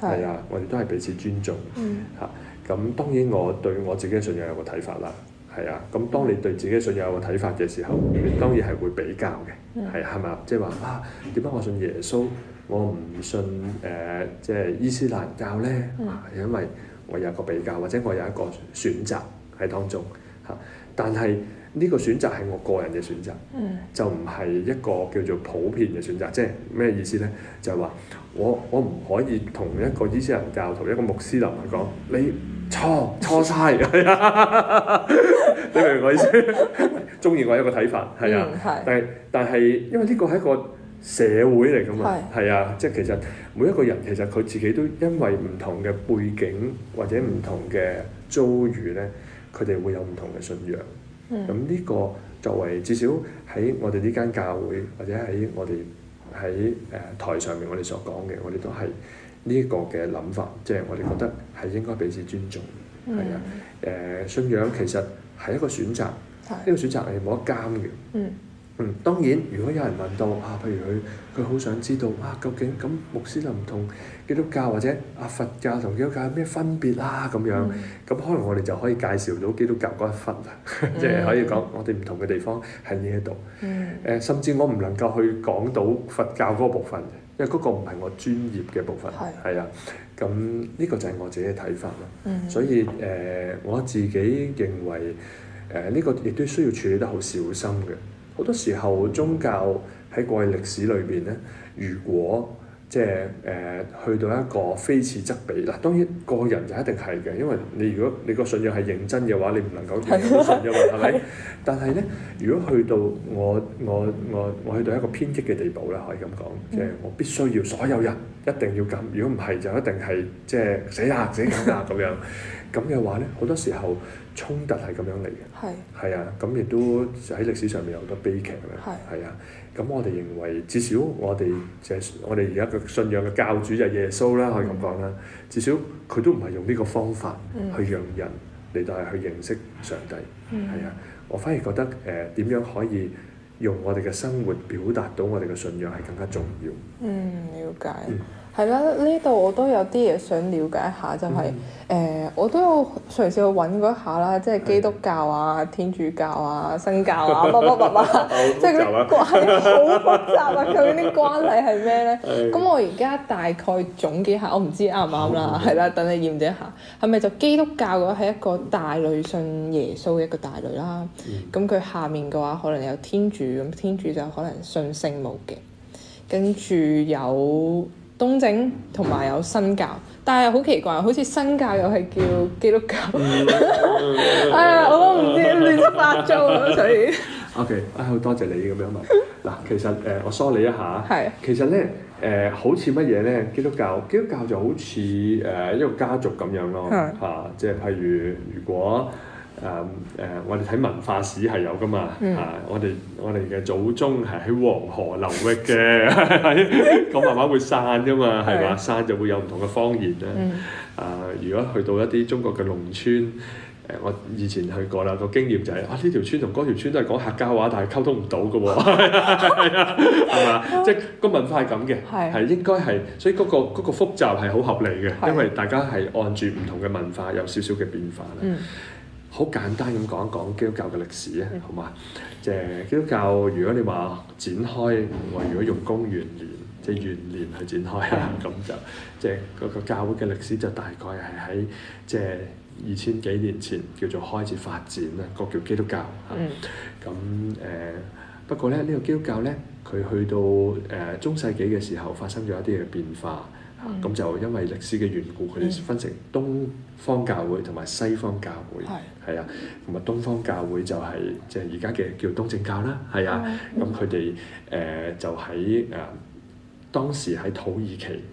係 *noise* 啊，我哋都係彼此尊重吓。咁、嗯啊嗯、當然我對我自己嘅信仰有個睇法啦。係啊，咁當你對自己嘅信仰有個睇法嘅時候，嗯、當然係會比較嘅，係係咪啊？即係話啊，點解我信耶穌，我唔信誒即係伊斯蘭教咧、啊？因為我有一個比較，或者我有一個選擇喺當中吓、啊。但係。呢個選擇係我個人嘅選擇，嗯、就唔係一個叫做普遍嘅選擇。即係咩意思呢？就係、是、話我我唔可以同一個伊斯蘭教徒、一個穆斯林嚟講，你錯錯晒。你明唔明我意思？中意我一個睇法係啊，嗯、但係但係因為呢個係一個社會嚟㗎嘛，係是啊，即、就、係、是、其實每一個人其實佢自己都因為唔同嘅背景或者唔同嘅遭遇呢，佢哋會有唔同嘅信仰。咁呢、嗯、個作為至少喺我哋呢間教會，或者喺我哋喺誒台上面，我哋所講嘅，我哋都係呢個嘅諗法，即、就、係、是、我哋覺得係應該彼此尊重，係啊、嗯，誒、呃、信仰其實係一個選擇，呢、嗯、個選擇係冇得監嘅。嗯嗯，當然，如果有人問到啊，譬如佢佢好想知道啊，究竟咁穆斯林同基督教或者啊佛教同基督教有咩分別啦、啊？咁樣咁，嗯、可能我哋就可以介紹到基督教嗰一忽，即係、嗯、 *laughs* 可以講我哋唔同嘅地方喺呢度誒。甚至我唔能夠去講到佛教嗰部分嘅，因為嗰個唔係我專業嘅部分係是 啊。咁呢個就係我自己嘅睇法咯。嗯、所以誒、呃，我自己認為誒呢、呃這個亦都需要處理得好小心嘅。好多時候宗教喺過去歷史裏邊咧，如果即係誒、呃、去到一個非此則彼，嗱，當然個人就一定係嘅，因為你如果你個信仰係認真嘅話，你唔能夠轉變信仰係咪？但係咧，如果去到我我我我，我去到一個偏激嘅地步咧，可以咁講，即係 *laughs* 我必須要所有人一定要咁，如果唔係就一定係即係死呀死緊呀咁樣，咁嘅話咧，好多時候。衝突係咁樣嚟嘅，係是啊，咁亦都喺歷史上面有好多悲劇嘅，係是啊，咁我哋認為至少我哋即係我哋而家嘅信仰嘅教主就係耶穌啦，可以咁講啦。嗯、至少佢都唔係用呢個方法去讓人嚟到係去認識上帝，係、嗯、啊。我反而覺得誒點、呃、樣可以用我哋嘅生活表達到我哋嘅信仰係更加重要。嗯，瞭解了。係啦，呢度我都有啲嘢想了解一下，就係、是、誒、嗯呃，我都有嘗試去揾過一下啦，即係基督教啊、天主教啊、新教啊，即係嗰啲關好 *laughs* 複雜啊，佢啲 *laughs* 關係、啊、關係係咩咧？咁是我而家大概總結下，我唔知啱唔啱啦，係啦， *laughs* 等你驗證一下，係咪就基督教嘅話係一個大類信耶穌嘅一個大類啦？咁佢、嗯、下面嘅話可能有天主，咁天主就可能信聖，聖母嘅，跟住有。東正同埋有，有新教，但係好奇怪，好似新教又係叫基督教。 *laughs* 哎呀，我都唔知亂 *laughs* 七八糟所以。O K，啊好多謝你咁樣問。嗱，其實誒、呃、我梳理一下，係是其實咧誒、呃、好似乜嘢咧？基督教，基督教就好似誒一個家族咁樣咯，嚇的、啊，即係譬如如果。誒誒，我哋睇文化史係有噶嘛？啊，我哋我哋嘅祖宗係喺黃河流域嘅，咁慢慢會散噶嘛，係嘛？散就會有唔同嘅方言啦。啊，如果去到一啲中國嘅農村，誒，我以前去過啦，個經驗就係啊，呢條村同嗰條村都係講客家話，但係溝通唔到㗎喎，係啊，係嘛？即係個文化係咁嘅，係應該係，所以嗰個嗰個複雜係好合理嘅，因為大家係按住唔同嘅文化有少少嘅變化啦。好簡單咁講一講基督教嘅歷史啊，好嘛？即係基督教，如果你話展開，我如果用公元年，即係元年去展開啦，咁就即係嗰個教會嘅歷史就大概係喺即係二千幾年前叫做開始發展啦，個叫基督教嚇。咁誒、mm. 啊呃、不過咧，呢個基督教咧，佢去到誒、呃、中世紀嘅時候發生咗一啲嘅變化。咁就因為歷史嘅緣故，佢哋分成東方教會同埋西方教會，係啊，同埋東方教會就係即係而家嘅叫東正教啦，係啊，咁佢哋誒就喺誒當時喺土耳其，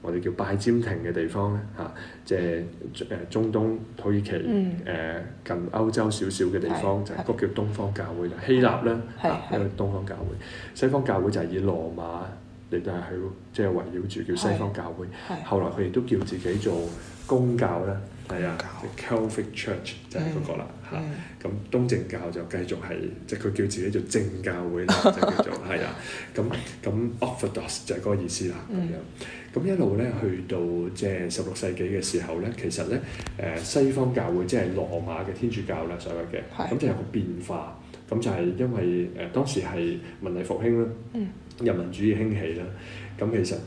我哋叫拜占庭嘅地方咧嚇，即係誒中東土耳其誒近歐洲少少嘅地方就係嗰叫東方教會啦，希臘咧係因為東方教會，西方教會就係以羅馬。就係佢即係圍繞住叫西方教會，後來佢哋都叫自己做公教咧，係教啊 the Catholic Church 就係嗰個啦嚇。咁、嗯啊、東正教就繼續係即係佢叫自己做正教會啦， *laughs* 就叫做係啊。咁咁 Orthodox 就係嗰個意思啦咁樣。咁、嗯啊、一路咧去到即係十六世紀嘅時候咧，其實咧誒、呃、西方教會即係羅馬嘅天主教啦，所謂嘅，咁、嗯、就有個變化，咁就係因為誒、呃呃呃、當時係文藝復，復興啦。人民主義興起啦，咁其實誒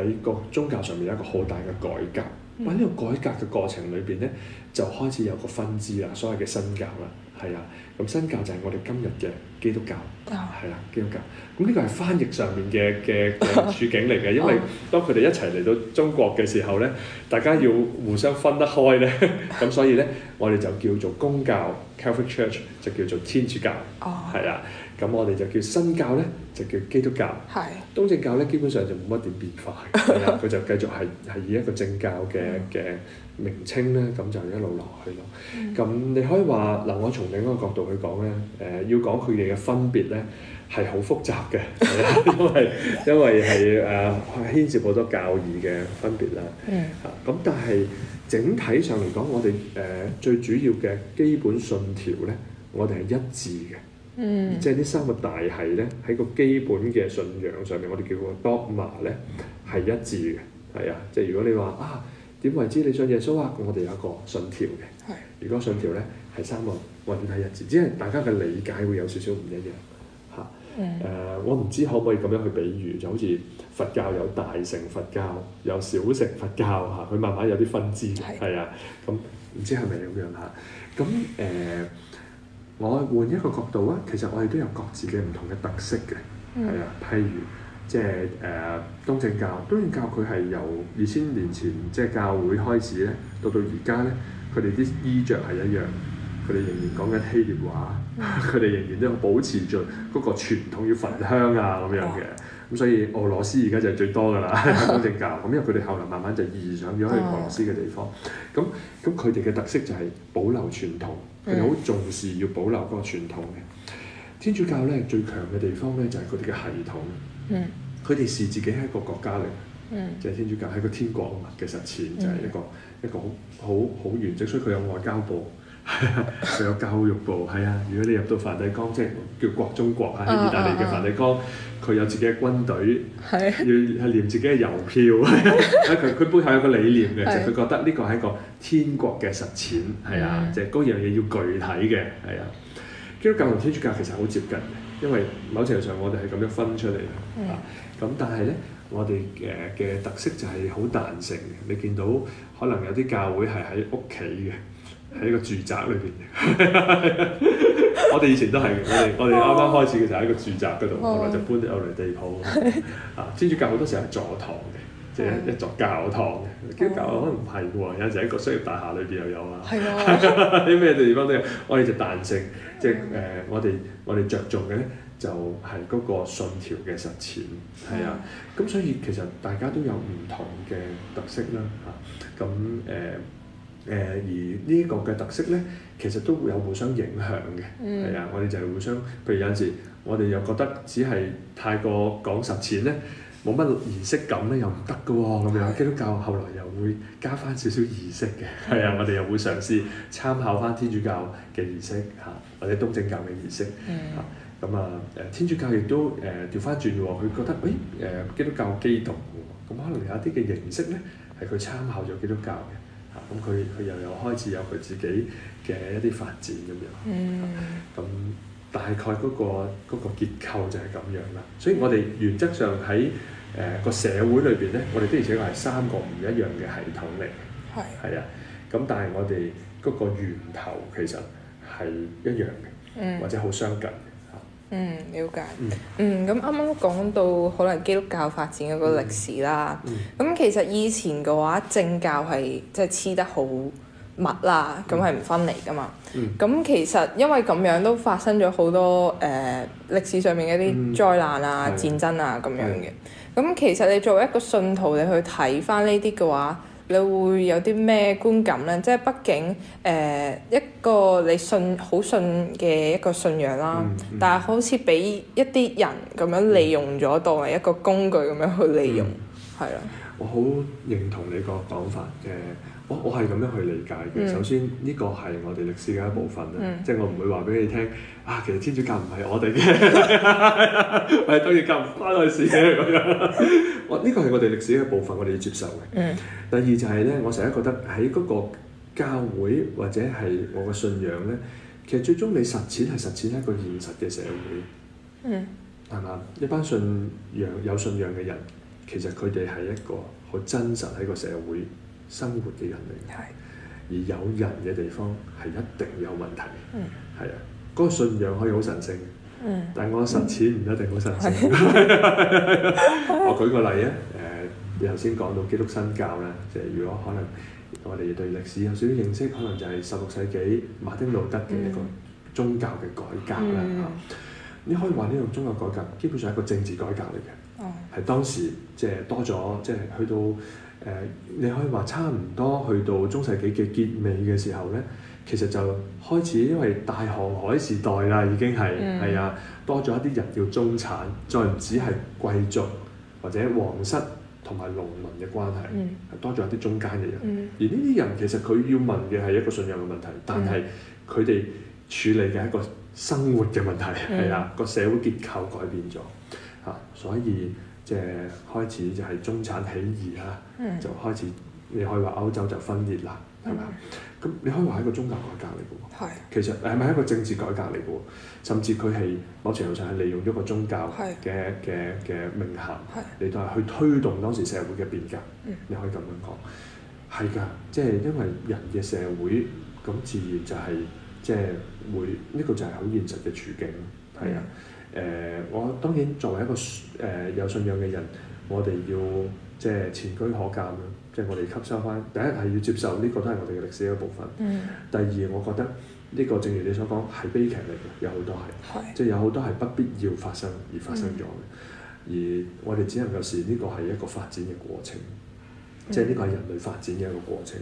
喺個宗教上面有一個好大嘅改革，喺呢、嗯、個改革嘅過程裏邊咧，就開始有個分支啦，所謂嘅新教啦，係啊，咁新教就係我哋今日嘅基督教，係啦、哦啊，基督教，咁呢個係翻譯上面嘅嘅處境嚟嘅，因為當佢哋一齊嚟到中國嘅時候咧，大家要互相分得開咧，咁 *laughs* 所以咧我哋就叫做公教 c a t h i c Church） 就叫做天主教，係啦、哦，咁、啊、我哋就叫新教咧。就叫基督教，係的，東正教咧基本上就冇乜點變化，佢 *laughs* 就繼續係係以一個正教嘅嘅名稱咧，咁就一路落去咯。咁 *laughs* 你可以話嗱，我從另一個角度去講咧，誒、呃、要講佢哋嘅分別咧係好複雜嘅， *laughs* 因為因為係誒牽涉好多教義嘅分別啦。咁、 *laughs* 嗯啊、但係整體上嚟講，我哋誒、呃、最主要嘅基本信條咧，我哋係一致嘅。嗯、即係呢三個大係咧，喺個基本嘅信仰上面，我哋叫個 dogma 咧係一致嘅，係啊。即係如果你話啊，點為之你信耶穌啊？我哋有一個信條嘅，係的。如果信條咧係三個，我哋係一致，只係大家嘅理解會有少少唔一樣嚇。誒、啊嗯呃，我唔知可唔可以咁樣去比喻，就好似佛教有大乘佛教，有小乘佛教嚇，佢、啊、慢慢有啲分支嘅，係啊的。咁唔知係咪咁樣嚇？咁誒。嗯嗯嗯嗯我換一個角度啊，其實我哋都有各自嘅唔同嘅特色嘅，係啊、嗯，譬如即係誒東正教，東正教佢係由二千年前即係、就是、教會開始咧，到到而家咧，佢哋啲衣着係一樣，佢哋仍然講緊希臘話，佢哋、嗯、仍然都保持住嗰個傳統要焚香啊咁樣嘅，咁、哦、所以俄羅斯而家就係最多噶啦東正教，咁 *laughs* 因為佢哋後嚟慢慢就移上咗去俄羅斯嘅地方，咁咁佢哋嘅特色就係保留傳統。佢哋好重視要保留嗰個傳統嘅，天主教咧最強嘅地方咧就係佢哋嘅系統，佢哋、嗯、視自己係一個國家嚟嘅，就係、嗯、天主教喺個天國嘅實踐就係、是、一個、嗯、一個好好好完整，所以佢有外交部。係啊，仲 *laughs* 有教育部係啊。如果你入到梵蒂岡，即、就、係、是、叫國中國啊，喺意大利嘅梵蒂岡，佢有自己嘅軍隊， *laughs* 要係念自己嘅郵票。佢 *laughs* 背後有個理念嘅， *laughs* 就係佢覺得呢個係一個天國嘅實踐，係啊，mm hmm. 就嗰樣嘢要具體嘅，係啊。基督教同天主教其實好接近，因為某程度上我哋係咁樣分出嚟嘅。咁、mm hmm. 啊、但係咧，我哋誒嘅特色就係好彈性嘅。你見到可能有啲教會係喺屋企嘅。喺個住宅裏邊，我哋以前都係，我哋我哋啱啱開始嘅時候喺個住宅嗰度，啊、後來就搬咗入嚟地鋪。是的 啊，天主教好多時候係座堂嘅，即係一座教堂嘅，叫教可能唔係嘅喎，有時喺個商業大廈裏邊又有啊。係咩是的 地方都有。我哋就彈性，嗯、即係誒、呃，我哋我哋着重嘅咧，就係、是、嗰個信條嘅實踐。係啊，咁的、嗯、所以其實大家都有唔同嘅特色啦。嚇、啊，咁、啊、誒。啊啊啊啊誒、呃、而呢個嘅特色咧，其實都會有互相影響嘅，係、嗯、啊。我哋就係互相，譬如有時我哋又覺得只係太過講實踐咧，冇乜儀式感咧、哦，又唔得㗎喎，咁樣基督教後來又會加翻少少儀式嘅，係啊。啊我哋又會嘗試參考翻天主教嘅儀式嚇、啊，或者東正教嘅儀式嚇。咁啊誒、啊，天主教亦都誒調翻轉喎，佢、呃、覺得誒、哎呃、基督教激動喎，咁、啊、可能有一啲嘅形式咧係佢參考咗基督教嘅。咁佢佢又有開始有佢自己嘅一啲發展咁樣，咁、嗯、大概嗰個嗰個結構就係咁樣啦。所以我哋原則上喺誒個社會裏邊咧，我哋的而且確係三個唔一樣嘅系統嚟，係係是啊。咁但係我哋嗰個源頭其實係一樣嘅，嗯、或者好相近。嗯，了解。嗯，咁啱啱講到可能基督教發展嗰個歷史啦。咁、嗯、其實以前嘅話，政教係即係黐得好密啦，咁係唔分離㗎嘛。咁、嗯、其實因為咁樣都發生咗好多誒、呃、歷史上面一啲災難啊、嗯、戰爭啊咁、嗯、樣嘅。咁、嗯、其實你作為一個信徒，你去睇返呢啲嘅話。你會有啲咩觀感咧？即係畢竟誒、呃、一個你信好信嘅一個信仰啦，嗯嗯、但係好似俾一啲人咁樣利用咗，嗯、當係一個工具咁樣去利用，係啦、嗯。的我好認同你個講法嘅。我我係咁樣去理解嘅。首先呢個係我哋歷史嘅一部分啊，即係、嗯、我唔會話俾你聽啊。其實天主教唔係我哋嘅，係天、嗯、 *laughs* 當然咁唔關我事嘅咁樣。我呢個係我哋歷史嘅部分，我哋要接受嘅。嗯、第二就係、是、咧，我成日覺得喺嗰個教會或者係我嘅信仰咧，其實最終你實踐係實踐一個現實嘅社會，係嘛、嗯？一班信仰有信仰嘅人，其實佢哋係一個好真實喺個社會。生活嘅人嚟嘅，是而有人嘅地方係一定有問題。係、嗯、啊，嗰、那個信仰可以好神聖，嗯、但係我實踐唔一定好神聖。嗯、 *laughs* *laughs* 我舉個例啊，誒、呃，你頭先講到基督新教啦，即、就、係、是、如果可能，我哋對歷史有少少認識，可能就係十六世紀馬丁路德嘅一個宗教嘅改革啦。嗯嗯、你可以話呢個宗教改革基本上係一個政治改革嚟嘅，係、嗯、當時即係多咗，即、就、係、是、去到。誒，你可以話差唔多去到中世紀嘅結尾嘅時候咧，其實就開始因為大航海時代啦，已經係係、mm. 啊，多咗一啲人叫中產，再唔止係貴族或者皇室同埋農民嘅關係，mm. 多咗一啲中間嘅人。Mm. 而呢啲人其實佢要問嘅係一個信任嘅問題，但係佢哋處理嘅一個生活嘅問題，係、mm. 啊，個社會結構改變咗嚇、啊，所以。即係開始就係中產起義啦，嗯、就開始你可以話歐洲就分裂啦，係咪？咁你可以話係一個宗教改革嚟嘅喎，的其實係咪一個政治改革嚟嘅喎？甚至佢係某程度上係利用一個宗教嘅嘅嘅名銜嚟到去推動當時社會嘅變革，嗯、你可以咁樣講，係㗎，即、就、係、是、因為人嘅社會咁自然就係即係會呢、這個就係好現實嘅處境，係啊。誒、呃，我當然作為一個誒、呃、有信仰嘅人，我哋要即係前車可鑒啦，即係我哋吸收翻。第一係要接受呢、這個都係我哋嘅歷史嘅一部分。嗯、第二，我覺得呢、這個正如你所講係悲劇嚟嘅，有好多係是即係有好多係不必要發生而發生咗嘅。嗯、而我哋只能夠視呢個係一個發展嘅過程，嗯、即係呢個係人類發展嘅一個過程。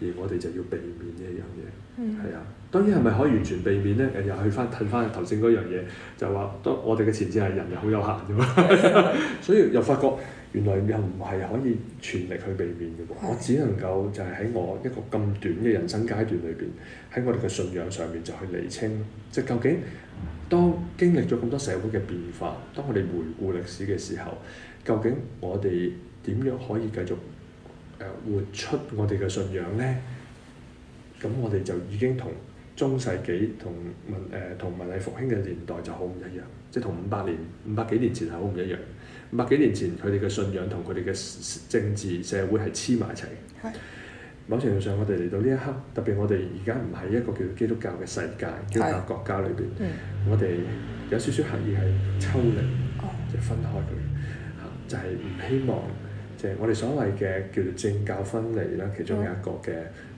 而我哋就要避免呢一樣嘢，係、嗯、啊，當然係咪可以完全避免咧？誒，又去翻褪翻頭先嗰樣嘢，就話當我哋嘅前提係人又好有限嘅嘛， *laughs* 所以又發覺原來又唔係可以全力去避免嘅的，我只能夠就係喺我一個咁短嘅人生階段裏邊，喺我哋嘅信仰上面就去釐清，即、係、究竟當經歷咗咁多社會嘅變化，當我哋回顧歷史嘅時候，究竟我哋點樣可以繼續？活出我哋嘅信仰咧，咁我哋就已經同中世紀同文誒同、呃、文藝復興嘅年代就好唔一樣，即係同五百年五百幾年前係好唔一樣。五百幾年前佢哋嘅信仰同佢哋嘅政治社會係黐埋一齊。係的某程度上，我哋嚟到呢一刻，特別我哋而家唔係一個叫基督教嘅世界、基督教國家裏邊，我哋有少少刻意係抽離，即係分開佢，就係、是、唔希望。我哋所謂嘅叫做政教分離啦，其中有一個嘅，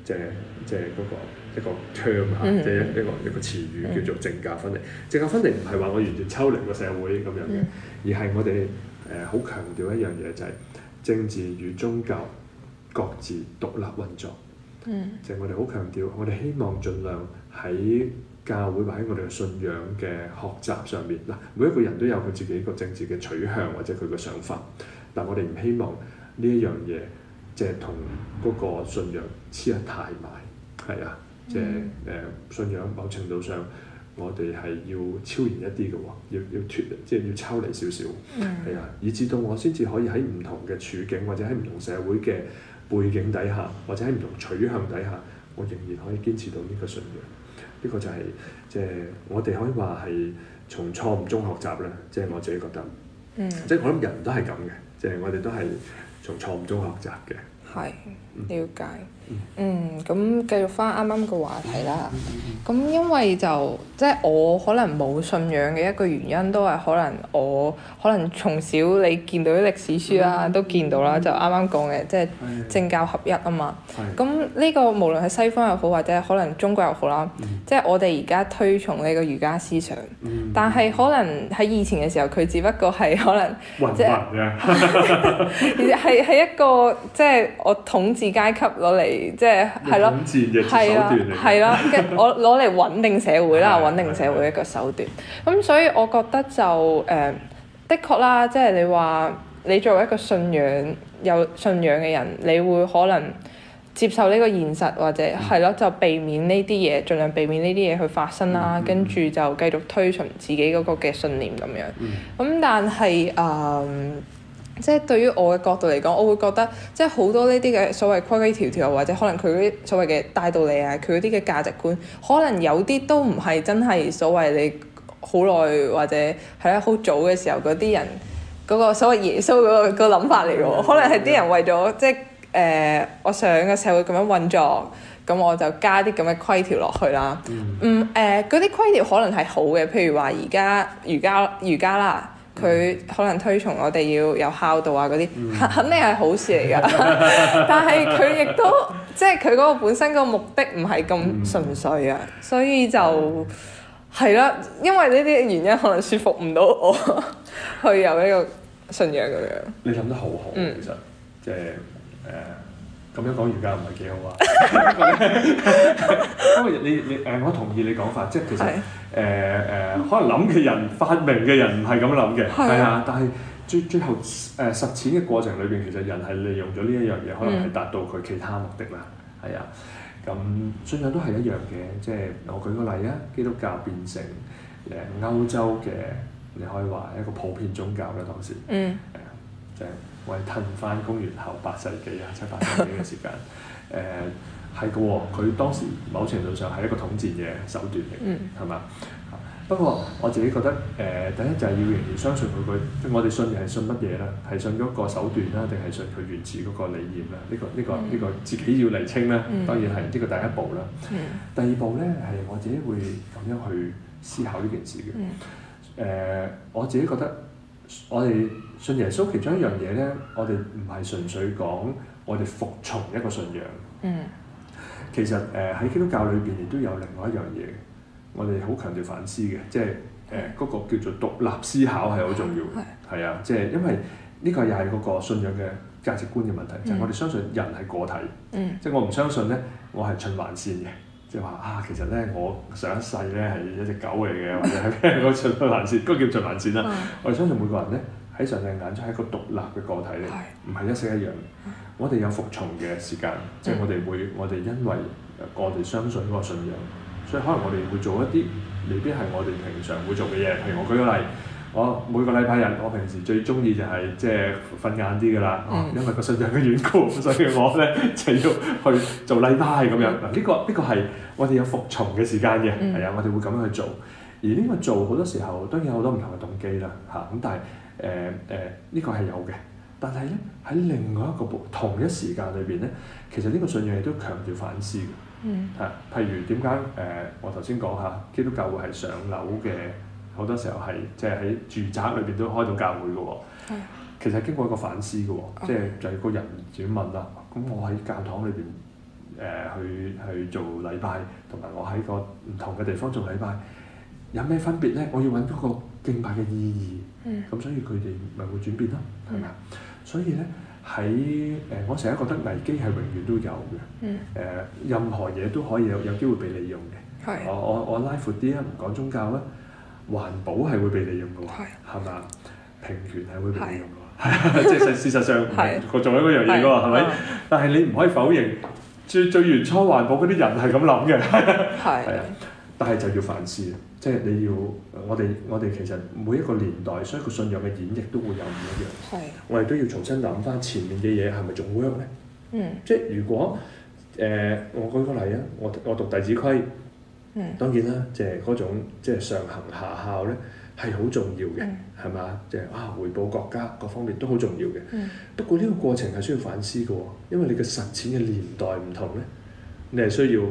即係即係、那、嗰個一個 term 吓、mm，hmm. 即係一一個一個詞語叫做政教分離。政教分離唔係話我完全抽離個社會咁樣嘅，mm hmm. 而係我哋誒好強調一樣嘢，就係、是、政治與宗教各自獨立運作。Mm hmm. 就係我哋好強調，我哋希望盡量喺教會或者我哋嘅信仰嘅學習上面嗱，每一個人都有佢自己一個政治嘅取向或者佢嘅想法，但我哋唔希望。呢一樣嘢，即係同嗰個信仰黐得太埋，係啊，即係誒信仰某程度上，我哋係要超然一啲嘅喎，要要脫，即係要抽離少少，係、mm. 啊，以至到我先至可以喺唔同嘅處境，或者喺唔同社會嘅背景底下，或者喺唔同取向底下，我仍然可以堅持到呢個信仰。呢個就係即係我哋可以話係從錯誤中學習啦。即係我自己覺得，即係、mm. 我諗人都係咁嘅，即係我哋都係。從錯誤中學習嘅。了解，嗯，咁繼續翻啱啱個話題啦。咁因為就即係、就是、我可能冇信仰嘅一個原因，都係可能我可能從小你見到啲歷史書啦、啊，都見到啦，就啱啱講嘅，即、就、係、是、政教合一啊嘛。咁呢個無論係西方又好，或者可能中國又好啦，即係、嗯、我哋而家推崇呢個儒家思想，嗯、但係可能喺以前嘅時候，佢只不過係可能文化嘅，係係一個即係我統治。階級攞嚟即係係咯，係啊，係啦，我攞嚟穩定社會啦，穩定社會一個手段。咁所以我覺得就誒，的確啦，即係你話你作為一個信仰有信仰嘅人，你會可能接受呢個現實，或者係咯，就避免呢啲嘢，盡量避免呢啲嘢去發生啦。跟住就繼續推尋自己嗰個嘅信念咁樣。咁但係誒。即係對於我嘅角度嚟講，我會覺得即係好多呢啲嘅所謂規規條條，或者可能佢啲所謂嘅大道理啊，佢嗰啲嘅價值觀，可能有啲都唔係真係所謂你好耐或者係啊好早嘅時候嗰啲人嗰、嗰個所謂耶穌嗰、嗰個個諗法嚟㗎，嗯、可能係啲人為咗即係誒、呃，我想個社會咁樣運作，咁我就加啲咁嘅規條落去啦。嗯誒，嗰啲、嗯呃、規條可能係好嘅，譬如話而家瑜伽瑜伽啦。佢可能推崇我哋要有孝道啊嗰啲，肯定係好事嚟噶。 *laughs* 但係佢亦都即係佢嗰個本身個目的唔係咁純粹啊，嗯、所以就係啦唉。因為呢啲原因可能說服唔到我 *laughs* 去有呢個信仰咁樣，你諗得好好，嗯、其實即、就、係、是。誒、uh。咁樣講儒家唔係幾好啊？不過 *laughs* *laughs* 因為你你誒，我同意你講法，即係其實誒誒的、呃呃，可能諗嘅人、嗯、發明嘅人唔係咁諗嘅，係啊的。但係最最後誒、呃、實踐嘅過程裏邊，其實人係利用咗呢一樣嘢，可能係達到佢其他目的啦。係啊、嗯，咁信仰都係一樣嘅，即係我舉個例啊，基督教變成誒歐洲嘅，你可以話一個普遍宗教咧。當時嗯係啊，就係、嗯。會褪返公元後八世紀啊、七八世紀嘅時間，誒係嘅喎。佢、哦、當時某程度上係一個統戰嘅手段嚟，係嘛、嗯？不過我自己覺得，誒、呃、第一就係要仍然相信佢。佢我哋信嘅係信乜嘢咧？係信嗰個手段啦，定係信佢原始嗰個理念咧？呢、這個呢、這個呢、嗯這個自己要釐清啦。當然係呢、嗯、個第一步啦。第二步咧係我自己會咁樣去思考呢件事嘅。誒我自己覺得。 *laughs* 我哋信耶穌其中一樣嘢咧，我哋唔係純粹講我哋服從一個信仰。嗯。其實誒喺、呃、基督教裏邊亦都有另外一樣嘢，我哋好強調反思嘅，即係誒嗰個叫做獨立思考係好重要嘅。係、嗯、啊，即係因為呢個又係嗰個信仰嘅價值觀嘅問題，嗯、就係我哋相信人係個體。即係、嗯、我唔相信咧，我係循環線嘅。即係話啊，其實咧，我上一世咧係一隻狗嚟嘅，或者係咩嗰循環線，嗰 *laughs* 個叫循環線啦。 *laughs* 我哋相信每個人咧喺上帝眼中係一個獨立嘅個體嚟，唔係 *laughs* 一式一樣。 *laughs* 我哋有服從嘅時間，即係我哋會， *laughs* 我哋因為我哋相信嗰個信仰，所以可能我哋會做一啲未必係我哋平常會做嘅嘢。譬如我舉個例。我每個禮拜日，我平時最中意就係即係瞓晏啲㗎啦，因為個信仰嘅緣故，所以我咧 *laughs* 就要去做禮拜，嗯，係咁樣。嗱，呢個呢個係我哋有服從嘅時間嘅，嗯，係啊，我哋會咁樣去做。而呢個做好多時候當然有好多唔同嘅動機啦，嚇咁但係誒誒呢個係有嘅。但係咧喺另外一個同一時間裏邊咧，其實呢個信仰亦都強調反思嘅，嗯，係譬如點解誒我頭先講下基督教會係上樓嘅。好多時候係即係喺住宅裏邊都開到教會嘅喎，其實經過一個反思嘅喎，即係就係個人自己問啦。咁我喺教堂裏邊誒去去做禮拜，同埋我喺個唔同嘅地方做禮拜，有咩分別咧？我要搵嗰個敬拜嘅意義。咁所以佢哋咪會轉變啦，係咪啊？所以咧喺誒，我成日覺得危機係永遠都有嘅。誒，uh, 任何嘢都可以有有機會被利用嘅。我我我拉闊啲啊，唔講宗教啦。環保係會被利用嘅喎，係嘛是的？平權係會被利用嘅喎，即係事實上唔係做緊嗰樣嘢嘅喎，係咪？但係你唔可以否認，最最原初環保嗰啲人係咁諗嘅，係啊是的！ *laughs* 但係就要凡事，即係你要我哋我哋其實每一個年代，所以個信仰嘅演繹都會有唔一樣。係，是的 我哋都要重新諗翻前面嘅嘢係咪仲 work 咧？嗯，即係如果誒、呃，我舉個例啊，我我讀《弟子規》。當然啦，即係嗰種即係、就是、上行下效咧，係好重要嘅，係嘛、嗯？即係啊，回報國家各方面都好重要嘅。嗯、不過呢個過程係需要反思嘅、哦，因為你嘅實踐嘅年代唔同咧，你係需要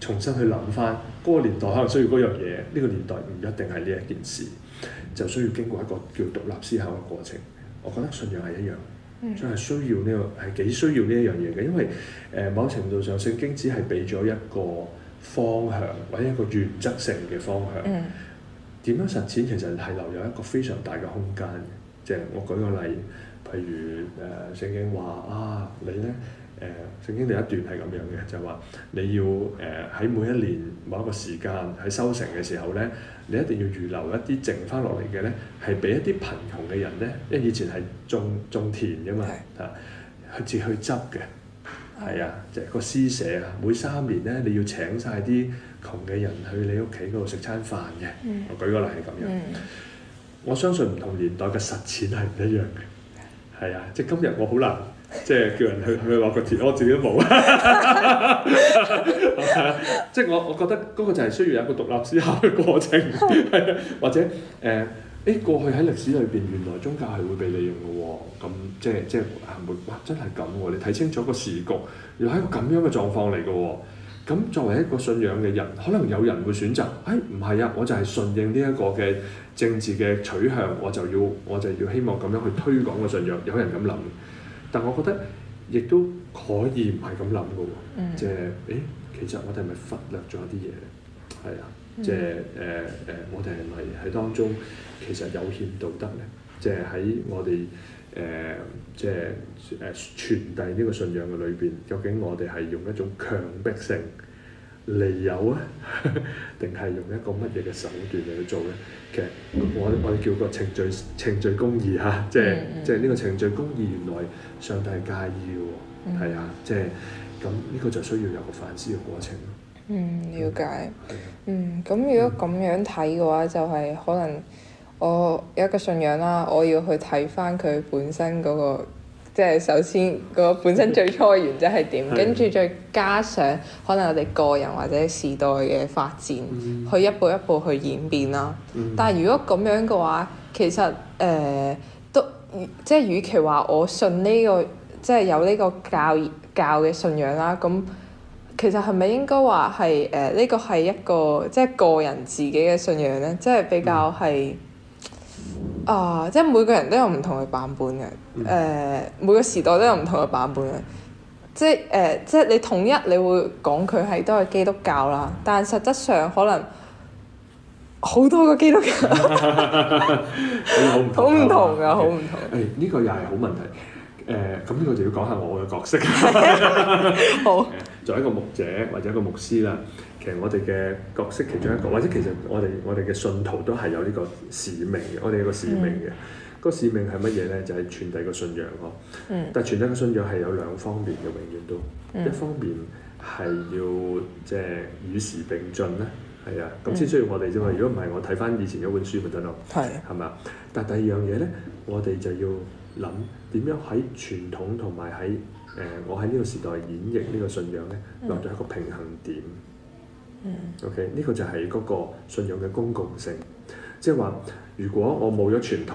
重新去諗翻嗰個年代可能需要嗰樣嘢，呢、這個年代唔一定係呢一件事，就需要經過一個叫獨立思考嘅過程。我覺得信仰係一樣，所以係、嗯、需要呢、這個係幾需要呢一樣嘢嘅，因為誒、呃、某程度上聖經只係俾咗一個。方向或者一個原則性嘅方向，點樣實踐其實係留有一個非常大嘅空間，即係、就是、我舉個例，譬如誒、呃、聖經話啊，你咧誒、呃、聖經第一段係咁樣嘅，就話、是、你要誒喺、呃、每一年某一個時間喺收成嘅時候咧，你一定要預留一啲剩翻落嚟嘅咧，係俾一啲貧窮嘅人咧，因為以前係種種田㗎嘛，嚇的去自去執嘅。係啊，即係個施捨啊！每三年咧，你要請晒啲窮嘅人去你屋企嗰度食餐飯嘅。Mm. 我舉個例係咁樣。Mm. 我相信唔同年代嘅實踐係唔一樣嘅。係啊，即 trotzdem 係今日我好難，即係叫人去 *laughs* 去畫個條，我自己都冇。啊。 *laughs* *laughs* *laughs* 即係我，我覺得嗰個就係需要有一個獨立思考嘅過程，係或者誒。Uh, 誒過去喺歷史裏邊，原來宗教係會被利用嘅喎、哦，咁即係即係係咪？哇！真係咁喎，你睇清楚個時局，原來係一個咁樣嘅狀況嚟嘅喎。咁作為一個信仰嘅人，可能有人會選擇誒唔係啊，我就係順應呢一個嘅政治嘅取向，我就要我就要希望咁樣去推廣個信仰。有人咁諗，但我覺得亦都可以唔係咁諗嘅喎，嗯、即係誒、哎，其實我哋係咪忽略咗一啲嘢？係啊。嗯、即係誒誒，我哋係咪喺當中其實有欠道德咧？即係喺我哋誒，即係誒傳遞呢個信仰嘅裏邊，究竟我哋係用一種強迫性利誘啊？定 *laughs* 係用一個乜嘢嘅手段嚟去做咧？其實我我哋叫個程序程序公義嚇、啊，即係、嗯、即係呢、這個程序公義原來上帝介意嘅喎，係啊，即係咁呢個就需要有個反思嘅過程咯。嗯，了解。嗯，咁如果咁樣睇嘅話，嗯、就係可能我有一個信仰啦，我要去睇翻佢本身嗰個，即係首先個本身最初嘅原則係點，的跟住再加上可能我哋個人或者時代嘅發展，嗯、去一步一步去演變啦。嗯、但係如果咁樣嘅話，其實誒、呃、都即係與其話我信呢個，即係有呢個教教嘅信仰啦，咁。其實係咪應該話係誒呢個係一個即係個人自己嘅信仰呢，即係比較係啊、呃，即係每個人都有唔同嘅版本嘅，誒、呃、每個時代都有唔同嘅版本嘅，即係誒、呃、即係你統一你會講佢係都係基督教啦，但實質上可能好多個基督教 *laughs* 好唔同嘅，好唔同。呢、okay. 個又係好問題。誒咁，我、呃、就要講下我嘅角色啦。 *laughs* 好，作為一個牧者或者一個牧師啦，其實我哋嘅角色其中一個，嗯、或者其實我哋我哋嘅信徒都係有呢個使命嘅。我哋有個使命嘅，嗯、個使命係乜嘢咧？就係、係、傳遞個信仰呵。嗯、但係傳遞個信仰係有兩方面嘅，永遠都。一方面係要即係、就係、與時並進咧，係啊，咁先需要我哋啫嘛。如果唔係，我睇翻以前有本書咪得咯。係的。係咪啊？但係第二樣嘢咧，我哋就要。諗點樣喺傳統同埋喺誒我喺呢個時代演繹呢個信仰咧，落咗一個平衡點。嗯。O K. 呢個就係嗰個信仰嘅公共性，即係話如果我冇咗傳統，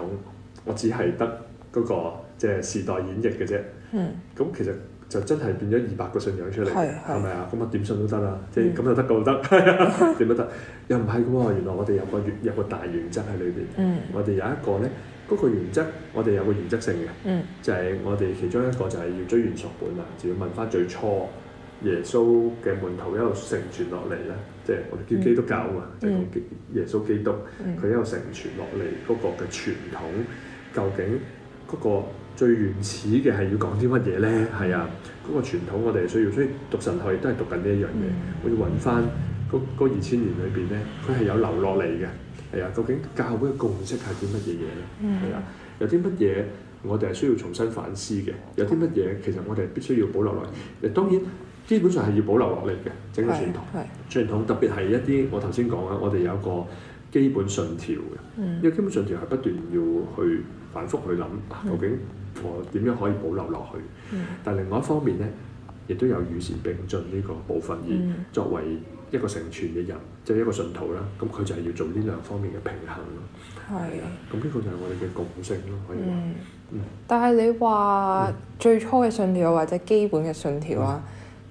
我只係得嗰個即係時代演繹嘅啫。嗯。咁其實就真係變咗二百個信仰出嚟，係咪啊？咁啊點信都得啦，即係咁就得夠得，點都得又唔係嘅喎。原來我哋有個有個大原則喺裏邊。嗯。我哋有一個咧。嗰個原則，我哋有個原則性嘅，嗯、就係我哋其中一個就係要追源溯本啊，就要問翻最初耶穌嘅門徒一路成傳落嚟咧，即、就、係、是、我哋叫基督教啊嘛，嗯、就係講耶穌基督，佢、嗯、一有成傳落嚟嗰個嘅傳統，究竟嗰個最原始嘅係要講啲乜嘢咧？係啊，嗰、那個傳統我哋需要，所以讀神學亦都係讀緊呢一樣嘢。嗯、我要揾翻嗰嗰二千年裏邊咧，佢係有留落嚟嘅。係啊，究竟教會嘅共識係啲乜嘢嘢咧？係啊、嗯，有啲乜嘢我哋係需要重新反思嘅，有啲乜嘢其實我哋係必須要保留落嚟。誒，當然基本上係要保留落嚟嘅整個傳統，傳統特別係一啲我頭先講啊，我哋有一個基本信條嘅，嗯、因為基本信條係不斷要去反覆去諗，究竟我點樣可以保留落去？嗯、但另外一方面咧，亦都有與時並進呢個部分，而作為。一個成全嘅人，即係一個信徒啦。咁佢就係要做呢兩方面嘅平衡咯。係啊的。咁呢個就係我哋嘅共性咯，可以話。嗯嗯、但係你話最初嘅信條或者基本嘅信條啊，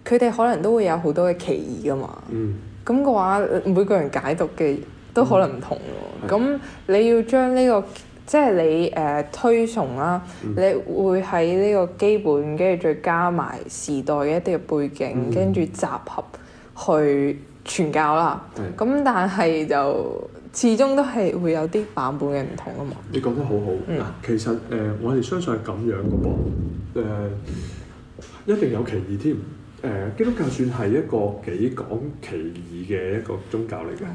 佢哋、嗯、可能都會有好多嘅歧異噶嘛。嗯。咁嘅話，每個人解讀嘅都可能唔同喎。咁、嗯、你要將呢、這個即係、就是、你誒、呃、推崇啦，嗯、你會喺呢個基本跟住再加埋時代嘅一啲背景，跟住、嗯、集合。去傳教啦，咁但係就始終都係會有啲版本嘅唔同啊嘛。你講得好好嗱，嗯、其實誒、呃、我哋相信係咁樣嘅噃，誒、呃、一定有歧義添。誒、呃、基督教算係一個幾講歧義嘅一個宗教嚟嘅。誒、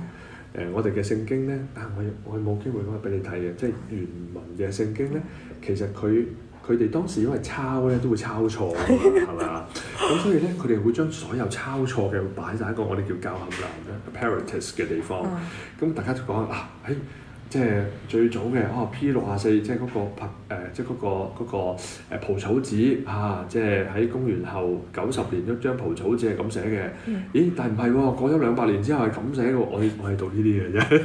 嗯呃、我哋嘅聖經咧，啊、呃、我我冇機會可以俾你睇嘅，即係原文嘅聖經咧，其實佢。佢哋當時因為抄咧都會抄錯㗎嘛，係咪啊？咁所以咧，佢哋會將所有抄錯嘅擺晒喺個我哋叫教訓欄咧 *laughs* （apparatus） 嘅地方。咁、嗯、大家就講啊，喺、哎。即係最早嘅哦、啊、P 六廿四，即係嗰個即係嗰個嗰蒲草紙嚇，即係喺公元後九十年，張蒲草紙係咁寫嘅。嗯、咦？但係唔係喎？過咗兩百年之後係咁寫嘅喎。我我係讀呢啲嘅啫，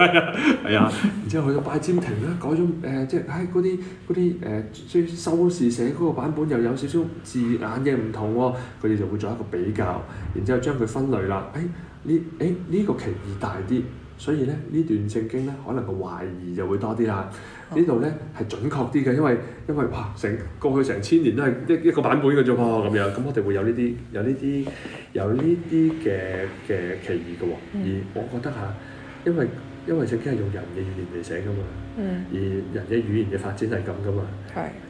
係啊，然之後去到拜占庭咧，改咗即係喺嗰啲嗰啲誒，最、呃、收、就是哎呃、修士寫嗰個版本又有少少字眼嘅唔同喎、哦，佢哋就會做一個比較，然之後將佢分類啦。誒呢誒呢個歧異、這個、大啲。所以咧呢段聖經咧，可能個懷疑就會多啲啦。呢度咧係準確啲嘅，因為因為哇成過去成千年都係一一個版本嘅啫噃咁樣。咁我哋會有呢啲有呢啲有呢啲嘅嘅歧異㗎喎。嗯、而我覺得嚇，因為因為聖經係用人嘅語言嚟寫㗎嘛，嗯、而人嘅語言嘅發展係咁㗎嘛。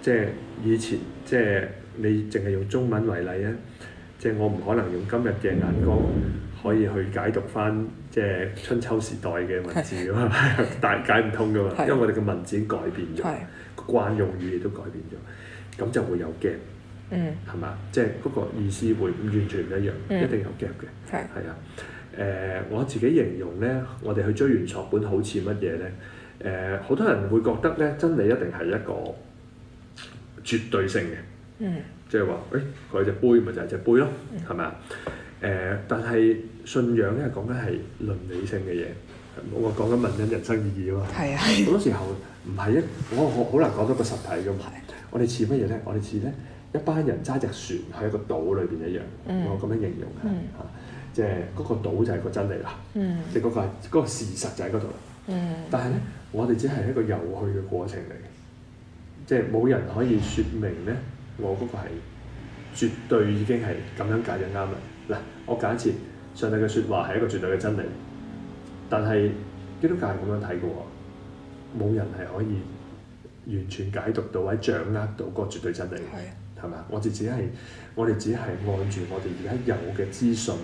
即係、嗯、以前即係、即係、你淨係用中文為例啊，即、即、係、係、我唔可能用今日嘅眼光、嗯。可以去解讀翻即係春秋時代嘅文字咁係咪？但是的 *laughs* 解唔通噶嘛，是的 因為我哋嘅文字已經改變咗，是的 慣用語亦都改變咗，咁就會有 gap。嗯，係、就、嘛、是？即係嗰個意思會完全唔一樣，嗯、一定有 gap 嘅。係啊，誒，我自己形容咧，我哋去追完索本好似乜嘢咧？誒、呃，好多人會覺得咧，真理一定係一個絕對性嘅。嗯。即係話，誒、那個，嗰隻杯咪就係隻杯咯，係咪啊？誒、呃，但係信仰咧講緊係倫理性嘅嘢，我講緊問緊人生意義啊嘛。好 *laughs* 多時候唔係一我好好難講到個實體咁。我哋似乜嘢咧？我哋似咧一班人揸隻船喺一個島裏邊一樣。嗯、我咁樣形容嘅，即係嗰個島就係個真理啦。即係嗰個係嗰個事實就喺嗰度。但係咧，我哋只係一個遊去嘅過程嚟，即係冇人可以説明咧，我嗰個係絕對已經係咁樣解就啱啦。嗱，我假設上帝嘅説話係一個絕對嘅真理，但係基督教係咁樣睇嘅，冇人係可以完全解讀到或者掌握到嗰個絕對真理嘅，係嘛是？我哋只係我哋只係按住我哋而家有嘅資訊，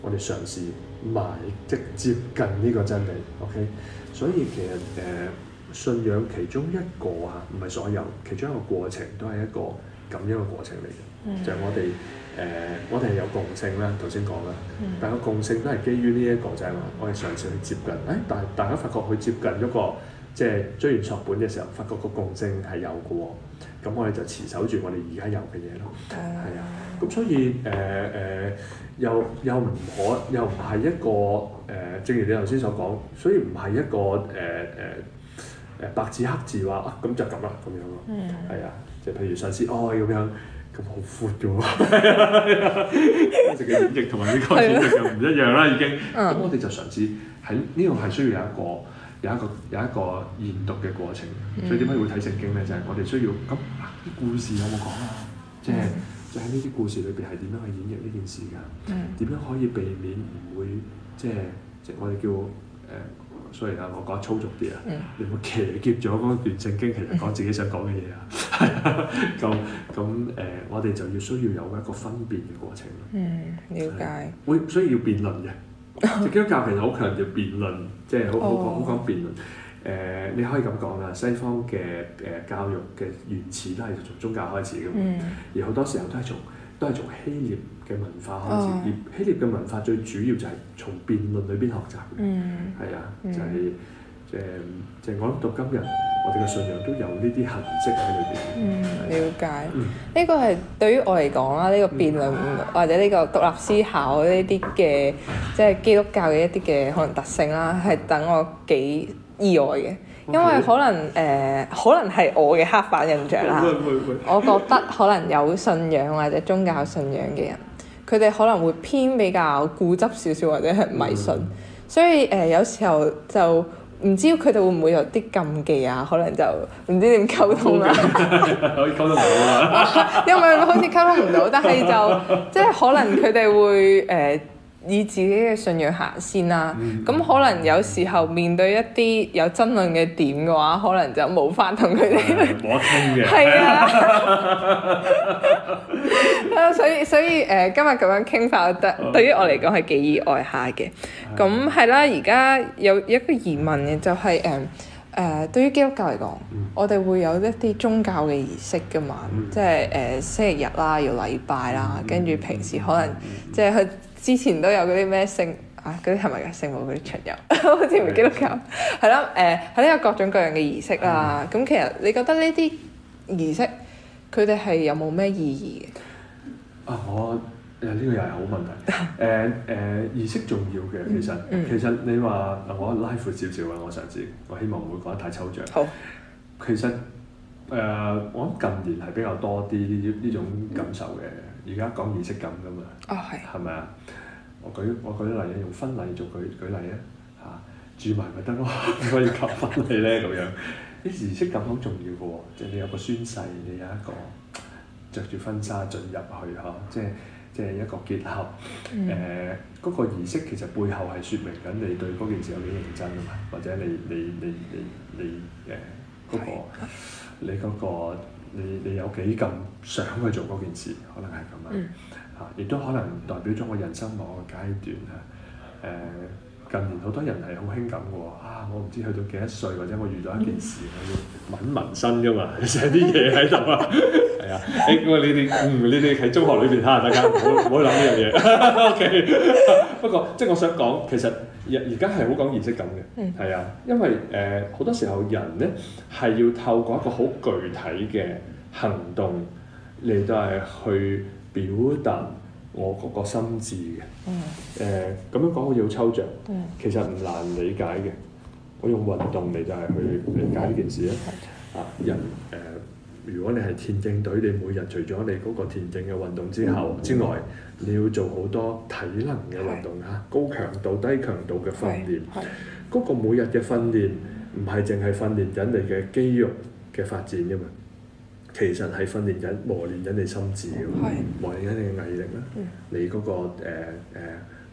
我哋嘗試埋即接近呢個真理。OK，所以其實誒、呃，信仰其中一個啊，唔係所有，其中一個過程都係一個咁樣嘅過程嚟嘅，嗯、就係我哋。誒、呃，我哋係有共性啦，頭先講啦，嗯、但個共性都係基於呢、這、一個，就係、是、話我哋上次去接近，誒、欸，但係大家發覺去接近一個，即、就、係、是、追完索本嘅時候，發覺個共性係有嘅喎，咁我哋就持守住我哋而家有嘅嘢咯，係啊的，咁所以誒誒、呃呃，又又唔可，又唔係一個誒、呃，正如你頭先所講，所以唔係一個誒誒誒白紙黑字話啊，咁就咁啦，咁樣咯，係啊的，即係的譬如上次哦咁樣。咁好闊嘅喎，成嘅 *laughs* 演繹同埋呢個演繹就唔一樣啦，已經。咁、 *laughs* 嗯、我哋就嘗試喺呢度係需要有一個有一個有一個研讀嘅過程。所以點解會睇聖經咧？就係、是、我哋需要咁啲故事有冇講啊？即係就喺呢啲故事裏邊係點樣去演繹呢件事㗎？點、嗯、樣可以避免唔會即係即係我哋叫誒、呃所以啊，我講粗俗啲啊，嗯、你會騎劫咗嗰段正經，其實講自己想講嘅嘢啊，咁咁誒，我哋就要需要有一個分辨嘅過程咯。嗯，瞭解。會需要辯論嘅，即基督教其實好強調辯論，即係好好講好講辯論、呃。你可以咁講啦，西方嘅誒、呃、教育嘅原始都係從宗教開始嘅，嗯、而好多時候都係從。都係從希臘嘅文化開始業，而、oh. 希臘嘅文化最主要就係從辯論裏邊學習，嗯，係、mm. 啊，就係、是、誒、mm. 就是，就是就是、我諗到今日我哋嘅信仰都有呢啲痕跡喺裏邊。Mm. 啊、了解呢、嗯、個係對於我嚟講啦，呢、這個辯論、mm. 或者呢個獨立思考呢啲嘅，即、就、係、是、基督教嘅一啲嘅可能特性啦，係等我幾意外嘅。因為可能誒、呃，可能係我嘅刻板印象啦。 *music* 我覺得可能有信仰或者宗教信仰嘅人，佢哋可能會偏比較固執少少，或者係迷信。嗯、所以誒、呃，有時候就唔知佢哋會唔會有啲禁忌啊，可能就唔知點溝通啦。可以溝通唔到啊！ *laughs* 因為好似溝通唔到，但係就即係可能佢哋會誒。呃以自己嘅信仰行先啦，咁可能有時候面對一啲有爭論嘅點嘅話，可能就冇法同佢哋。冇得傾嘅。係啊。所以所以誒，今日咁樣傾法，對對於我嚟講，係幾意外下嘅。咁係啦，而家有一個疑問，嘅就係：誒誒，對於基督教嚟講，我哋會有一啲宗教嘅儀式噶嘛，即係誒星期日啦，要禮拜啦，跟住平時可能即係去。之前都有嗰啲咩聖啊，嗰啲係咪嘅聖母嗰啲出入，好似唔記得咁，係囉誒，係都有各種各樣嘅儀式啦。咁其實你覺得呢啲儀式佢哋係有冇咩意義啊？我呢個又係好問題誒誒，儀式重要嘅。其實其實你話我拉闊少少啊，我上次我希望唔會講得太抽象。好，其實誒，我諗近年係比較多啲呢啲呢種感受嘅。而家講儀式感噶嘛？哦，係，係咪啊？我舉我舉例啊，用婚禮做舉舉例啊嚇，住埋咪得咯，可以求婚禮咧咁樣啲儀式感好重要噶喎，即係你有個宣誓，你有一個着住婚紗進入去嚇，即係即係一個結合誒，嗰個儀式其實背後係説明緊你對嗰件事有幾認真啊嘛，或者你你你你你誒嗰個你嗰個。你你有幾咁想去做嗰件事，可能係咁、嗯、啊嚇，亦都可能代表咗我人生某個階段啊。誒、呃，近年好多人係好興咁喎，啊，我唔知去到幾多歲或者我遇到一件事，我要揾紋身噶嘛，寫啲嘢喺度啊。係、欸、啊，誒咁你哋嗯，你哋喺中學裏邊嚇，大家唔好唔好諗呢樣嘢。 *laughs* OK， *laughs* 不過即係我想講，其實。而家係好講儀式感嘅，係啊、嗯，因為誒好、呃、多時候人咧係要透過一個好具體嘅行動嚟就係去表達我嗰個，個心志嘅。誒咁、嗯呃、樣講好似好抽象，嗯、其實唔難理解嘅。我用運動嚟就係去理解呢件事啊。嗯、啊，人誒。呃如果你係田徑隊，你每日除咗你嗰個田徑嘅運動之後之外，嗯、你要做好多體能嘅運動嚇，是高強度、低強度嘅訓練。嗰是個每日嘅訓練唔係淨係訓練緊你嘅肌肉嘅發展㗎嘛，其實係訓練緊磨練緊你心智嘅，是磨練緊、嗯、你嘅毅力啦，你嗰個誒誒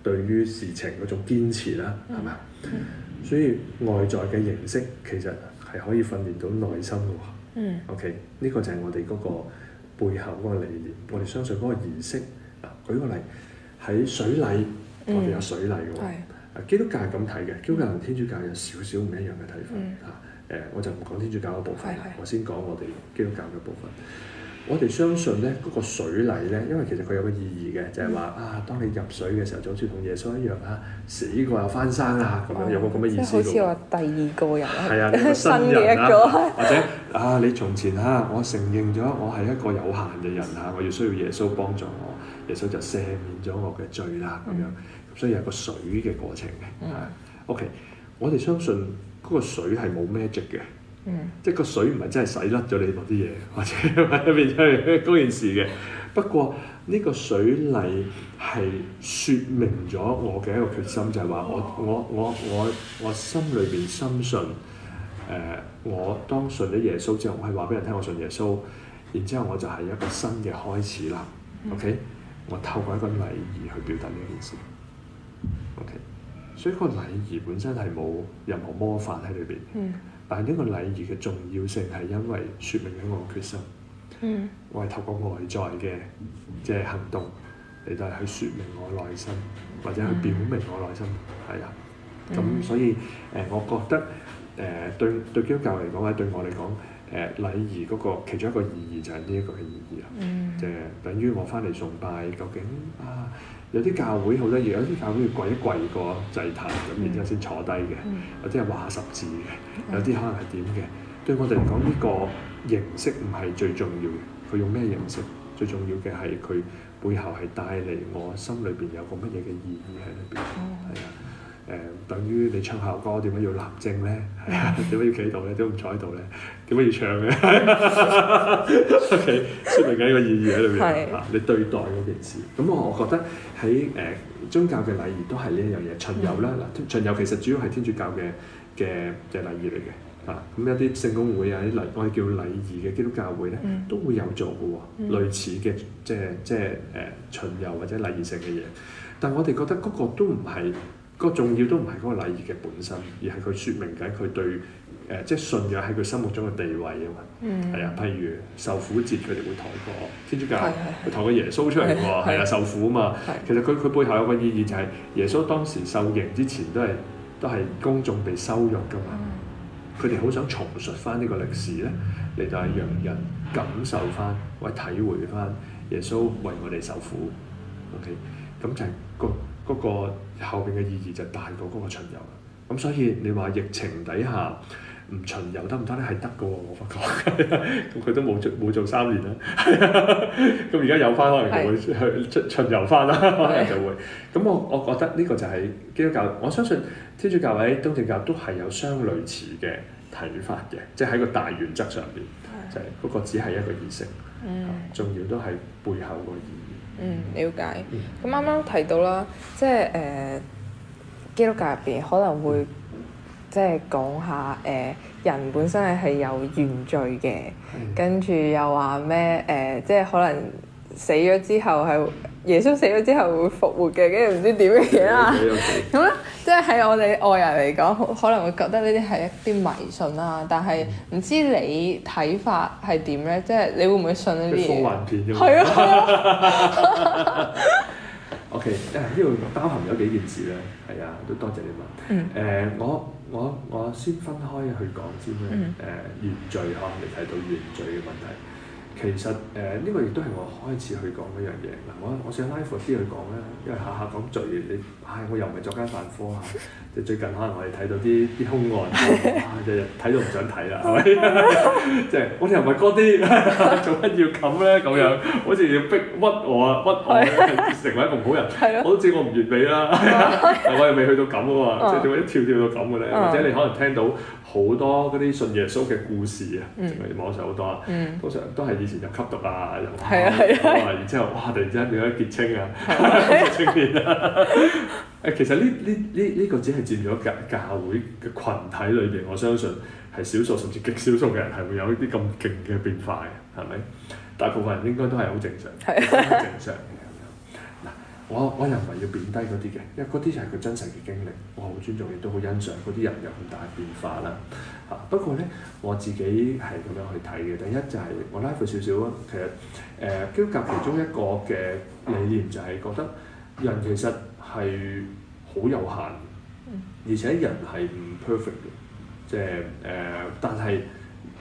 對於事情嗰種堅持啦，係咪啊？所以外在嘅形式其實係可以訓練到內心嘅。嗯，OK，呢個就係我哋嗰個背後嗰個理念，我哋相信嗰個儀式。嗱，舉個例喺水禮，嗯、我哋有水禮嘅喎。基督教係咁睇嘅，基督教同天主教有少少唔一樣嘅睇法嚇。誒、嗯呃，我就唔講天主教嘅部分，的我先講我哋基督教嘅部分。我哋相信咧，嗰個水禮咧，因為其實佢有個意義嘅，就係、是、話啊，當你入水嘅時候，就好似同耶穌一樣啊，死過又翻生啊，咁樣有冇咁嘅意思？哦、好似話第二個人，係啊，啊你新嘅一個，或者啊，你從前啊，我承認咗我係一個有限嘅人嚇，我要需要耶穌幫助我，耶穌就赦免咗我嘅罪啦，咁樣，所以有個水嘅過程嘅，係、嗯。OK，我哋相信嗰個水係冇 magic 嘅。嗯、即係個水唔係真係洗甩咗你嗰啲嘢，或者或者變咗係嗰件事嘅。 *laughs* *laughs* *laughs* 不過呢、呢個水禮係説明咗我嘅一個決心，就係、是、話我我我我我心裏邊深信誒、呃，我當信咗耶穌之後，我係話俾人聽我信耶穌，然之後我就係一個新嘅開始啦。嗯、OK，我透過一個禮儀去表達呢件事。OK，所以個禮儀本身係冇任何魔法喺裏邊。嗯但呢個禮儀嘅重要性係因為説明咗我嘅決心，嗯、我係透過外在嘅即係行動嚟到、就係、去説明我內心，或者去表明我內心係啊。咁所以誒、呃，我覺得誒、呃、對對基督教嚟講，或者對我嚟講，誒、呃、禮儀嗰個其中一個意義就係呢一個嘅意義啊，即係、嗯、等於我翻嚟崇拜，究竟啊。有啲教會好多嘢，有啲教會要跪一跪個祭壇，咁然之後先坐低嘅，有啲係畫十字嘅，有啲可能係點嘅。對我哋嚟講，呢個形式唔係最重要嘅，佢用咩形式？最重要嘅係佢背後係帶嚟我心裏邊有個乜嘢嘅意義喺入邊係啊！嗯誒、呃，等於你唱校歌點解要立正咧？係啊， *laughs* 點解要企喺度咧？點解唔坐喺度咧？點解要唱咧？OK，說明緊一個意義喺裏邊啊！ *laughs* 你對待嗰件事，咁、嗯、我我覺得喺誒、呃、宗教嘅禮儀都係呢一樣嘢巡遊啦。嗱，巡遊其實主要係天主教嘅嘅嘅禮儀嚟嘅，啊，咁一啲聖公會啊，啲禮我哋叫禮儀嘅基督教會咧，都會有做嘅喎，類似嘅即係即係誒巡遊或者禮儀性嘅嘢，但我哋覺得嗰個都唔係。個重要都唔係嗰個禮儀嘅本身，而係佢説明緊佢對誒、呃，即係信仰喺佢心目中嘅地位啊嘛。係、嗯、啊，譬如受苦節，佢哋會抬過天主教，嗯、抬過耶穌出嚟喎。係啊，受苦啊嘛。啊，其實佢佢背後有個意義、就是，就係耶穌當時受刑之前都係都係公眾被羞辱噶嘛。佢哋好想重述翻呢個歷史咧，嚟到係讓人感受翻或體會翻耶穌為我哋受苦。OK，咁就係個嗰個。那個那個那個後邊嘅意義就大過嗰個巡遊啦，咁所以你話疫情底下唔巡遊得唔得咧？係得嘅喎，我發覺，咁 *laughs* 佢都冇做冇做三年啦，咁而家有翻可能就會去巡遊翻啦，可能就會，咁我我覺得呢個就係基督教，我相信天主教位東正教都係有相類似嘅。睇法嘅，即係喺個大原則上邊，的就係嗰個只係一個意識，嗯，重要都係背後個意義。嗯，了解。咁啱啱提到啦，即係誒、呃、基督教入邊可能會、嗯、即係講下誒、呃、人本身係有原罪嘅，嗯、跟住又話咩誒，即係可能死咗之後係。耶穌死咗之後會復活嘅，跟住唔知點嘅嘢啦。咁咧，即係喺我哋外人嚟講，可能會覺得呢啲係一啲迷信啦。但係唔知你睇法係點咧？即係你會唔會信呢啲嘢？係 okay ,啊、okay. *laughs* 嗯。O K，誒呢度包含咗幾件事咧。係、嗯、啊，都多謝你問。誒、 *laughs* 嗯，我我我先分開去講先啦。誒，原罪可能，你睇到原罪嘅問題。其實誒呢、呃這個亦都係我開始去講嗰樣嘢嗱，我我想拉闊啲去講啦，因為下下咁講完你唉、哎，我又唔係作奸犯科啊！你最近可能我哋睇到啲啲兇案，日日睇到唔想睇啦，係咪？即係、 *laughs* 就是、我哋又唔係嗰啲，做 *laughs* 乜要咁咧？咁樣好似要逼屈我啊，屈我 *laughs* *laughs* 成為一個好人， *laughs* *laughs* 我都知我唔完美啦， *laughs* 但我又未去到咁啊嘛，即係點解一跳跳到咁咧？或者你可能聽到。好多嗰啲信耶穌嘅故事啊，仲係網上好多啊，嗯、通常都係以前又吸毒啊，嗯、又啊，哇的！然之後， *laughs* 哇！突然之間變咗潔清啊，的 *laughs* 青年啊，誒，其實呢呢呢呢個只係佔咗教教會嘅群體裏邊，我相信係少數甚至極少數嘅人係會有呢啲咁勁嘅變化嘅，係咪？大部分人應該都係好正常，正常。我我又唔係要貶低嗰啲嘅，因為嗰啲就係佢真實嘅經歷，我好尊重亦都好欣賞嗰啲人有咁大變化啦嚇、啊。不過咧，我自己係咁樣去睇嘅。第一就係我拉佢少少啊，其實誒，基督教其中一個嘅理念就係覺得人其實係好有限，而且人係唔 perfect 嘅，即係誒。但係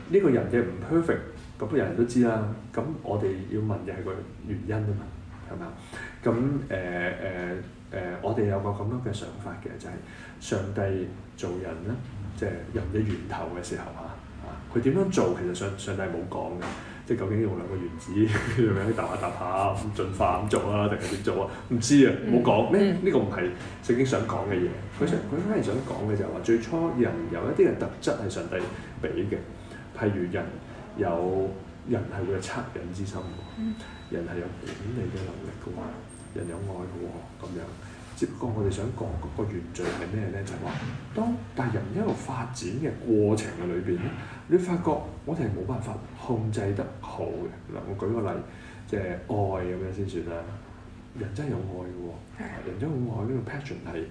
呢個人嘅唔 perfect，咁人人都知啦、啊。咁我哋要問嘅係個原因啊嘛，係咪啊？咁誒誒誒，我哋有個咁樣嘅想法嘅，就係、是、上帝造人咧，即、就、係、是、人嘅源頭嘅時候嚇，佢、啊、點樣做？其實上上帝冇講嘅，即係究竟用兩個原子做咩？ *laughs* 打下答下咁進化咁做啊，定係點做啊？唔知啊，冇講咩？呢個唔係聖經想講嘅嘢。佢、嗯、想佢啱係想講嘅就係話，最初人有一啲嘅特質係上帝俾嘅，譬如人有人係會有惻隱之心，人係有管理嘅能力嘅人有愛嘅喎，咁樣，只不過我哋想講嗰個原罪係咩咧？就係話，當但係人一路發展嘅過程嘅裏邊咧，你發覺我哋係冇辦法控制得好嘅嗱。我舉個例，即係愛咁樣先算啦。人真係有愛嘅喎，人真係有愛呢個 passion 係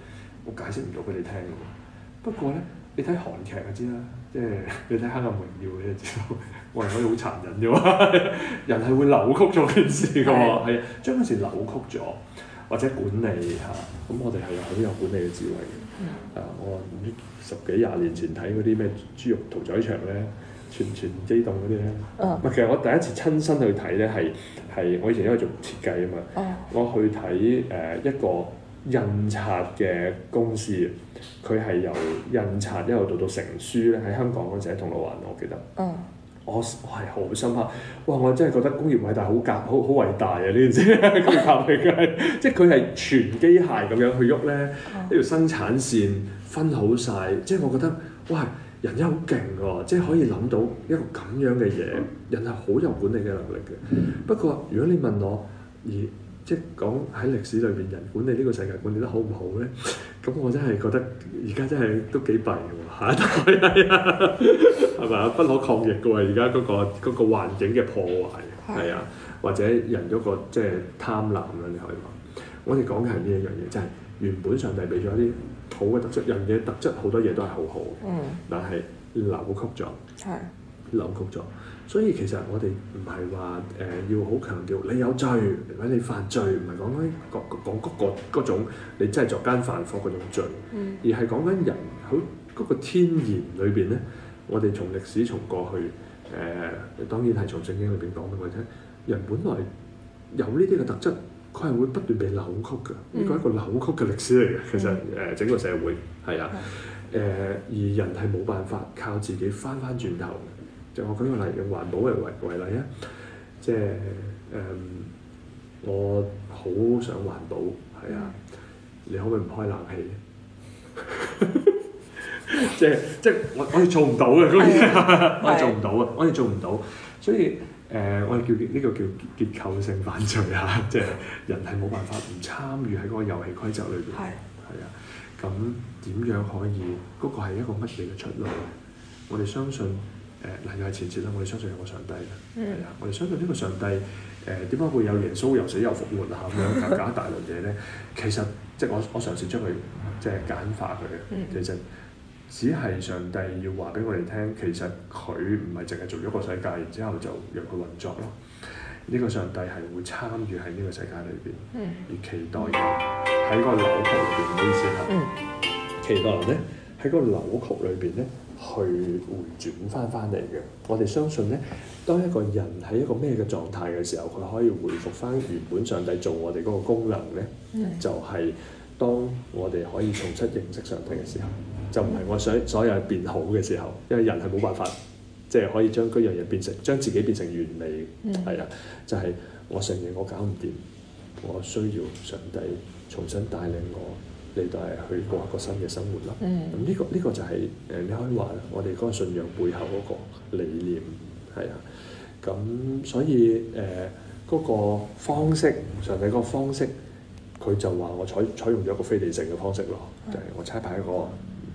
我解釋唔到俾你聽嘅喎。不過咧，你睇韓劇就知啦。即係 *music* 你睇《黑暗榮耀》嘅時候，哇！嗰啲好殘忍嘅喎，人係會扭曲咗件事㗎嘛，係啊的，將嗰時扭曲咗，或者管理吓，咁我哋係有好有管理嘅智慧嘅。啊、嗯，我唔知十幾廿年前睇嗰啲咩豬肉屠宰場咧，全全自動嗰啲咧，唔係、嗯、其實我第一次親身去睇咧，係係我以前因為做設計啊嘛，嗯、我去睇誒一個。印刷嘅公司，佢係由印刷一路到到成書咧。喺香港嗰陣時，喺銅鑼灣，我記得，嗯、我我係好深刻。哇！我真係覺得工業偉大好夾，好好偉大啊！呢件事，即係佢係全機械咁樣去喐咧，嗯、一條生產線分好晒。即係我覺得，哇！人真係好勁喎，即係可以諗到一個咁樣嘅嘢，嗯、人係好有管理嘅能力嘅。不過，如果你問我而即係講喺歷史裏邊，人管理呢個世界管理得好唔好咧？咁我真係覺得而家真係都幾弊嘅喎，係啊，係咪、啊、不可抗逆嘅喎，而家嗰個嗰、嗰個、環境嘅破壞係啊，或者人嗰、嗰個即係、即係、貪婪啦，你可以話。我哋講嘅係呢一樣嘢，就係、係、原本上帝俾咗一啲好嘅特質，人嘅特質好多嘢都係好好，但係扭曲咗，係、嗯、扭曲咗。是所以其實我哋唔係話誒要好強調你有罪或者你，你犯罪，唔係講緊講嗰個嗰種你真係作奸犯科嗰種罪，而係講緊人好嗰個天然裏邊咧，我哋從歷史從過去誒、呃，當然係從聖經裏邊講俾我哋聽，人本來有呢啲嘅特質，佢係會不斷被扭曲嘅，呢個係一個扭曲嘅歷史嚟嘅。其實誒整個社會係啊誒，而人係冇辦法靠自己翻翻轉頭。我舉個例，用環保為為例啊，即係誒、嗯，我好想環保係啊，你可唔可以唔開冷氣咧？ *laughs* 即即我我哋做唔到嘅，我哋做唔到啊，我哋做唔到，所以誒、呃，我哋叫呢、呢個叫結構性犯罪啊，即係人係冇辦法唔參與喺嗰個遊戲規則裏邊，係啊的。咁點樣可以嗰、嗰個係一個乜嘢嘅出路咧？我哋相信。誒嗱，又係前設啦，我哋相信有個上帝嘅，係啊、嗯，我哋相信呢個上帝，誒點解會有耶穌又死又復活啊，咁樣搞搞一大輪嘢咧？其實即係我我嘗試將佢即係簡化佢嘅、嗯，其實只係上帝要話俾我哋聽，其實佢唔係淨係做咗個世界，然之後就讓佢運作咯。呢、這個上帝係會參與喺呢個世界裏邊，嗯、而期待喺個扭曲裏邊，唔好意思嚇。嗯、期待咧喺個扭曲裏邊咧。去回轉翻翻嚟嘅，我哋相信咧，當一個人喺一個咩嘅狀態嘅時候，佢可以回復翻原本上帝做我哋嗰個功能咧，的就係當我哋可以重出認識上帝嘅時候，就唔係我想所有人變好嘅時候，因為人係冇辦法，即係可以將嗰樣嘢變成將自己變成完美。係啊的，就係我承認我搞唔掂，我需要上帝重新帶領我。你都係去過一個新嘅生活啦。咁呢、嗯這個呢、這個就係、是、誒，你可以話我哋嗰個信仰背後嗰個理念係啊。咁所以誒，嗰、呃那個方式，上帝個方式，佢就話我採採用咗一個非理性嘅方式咯，嗯、就係我差派一個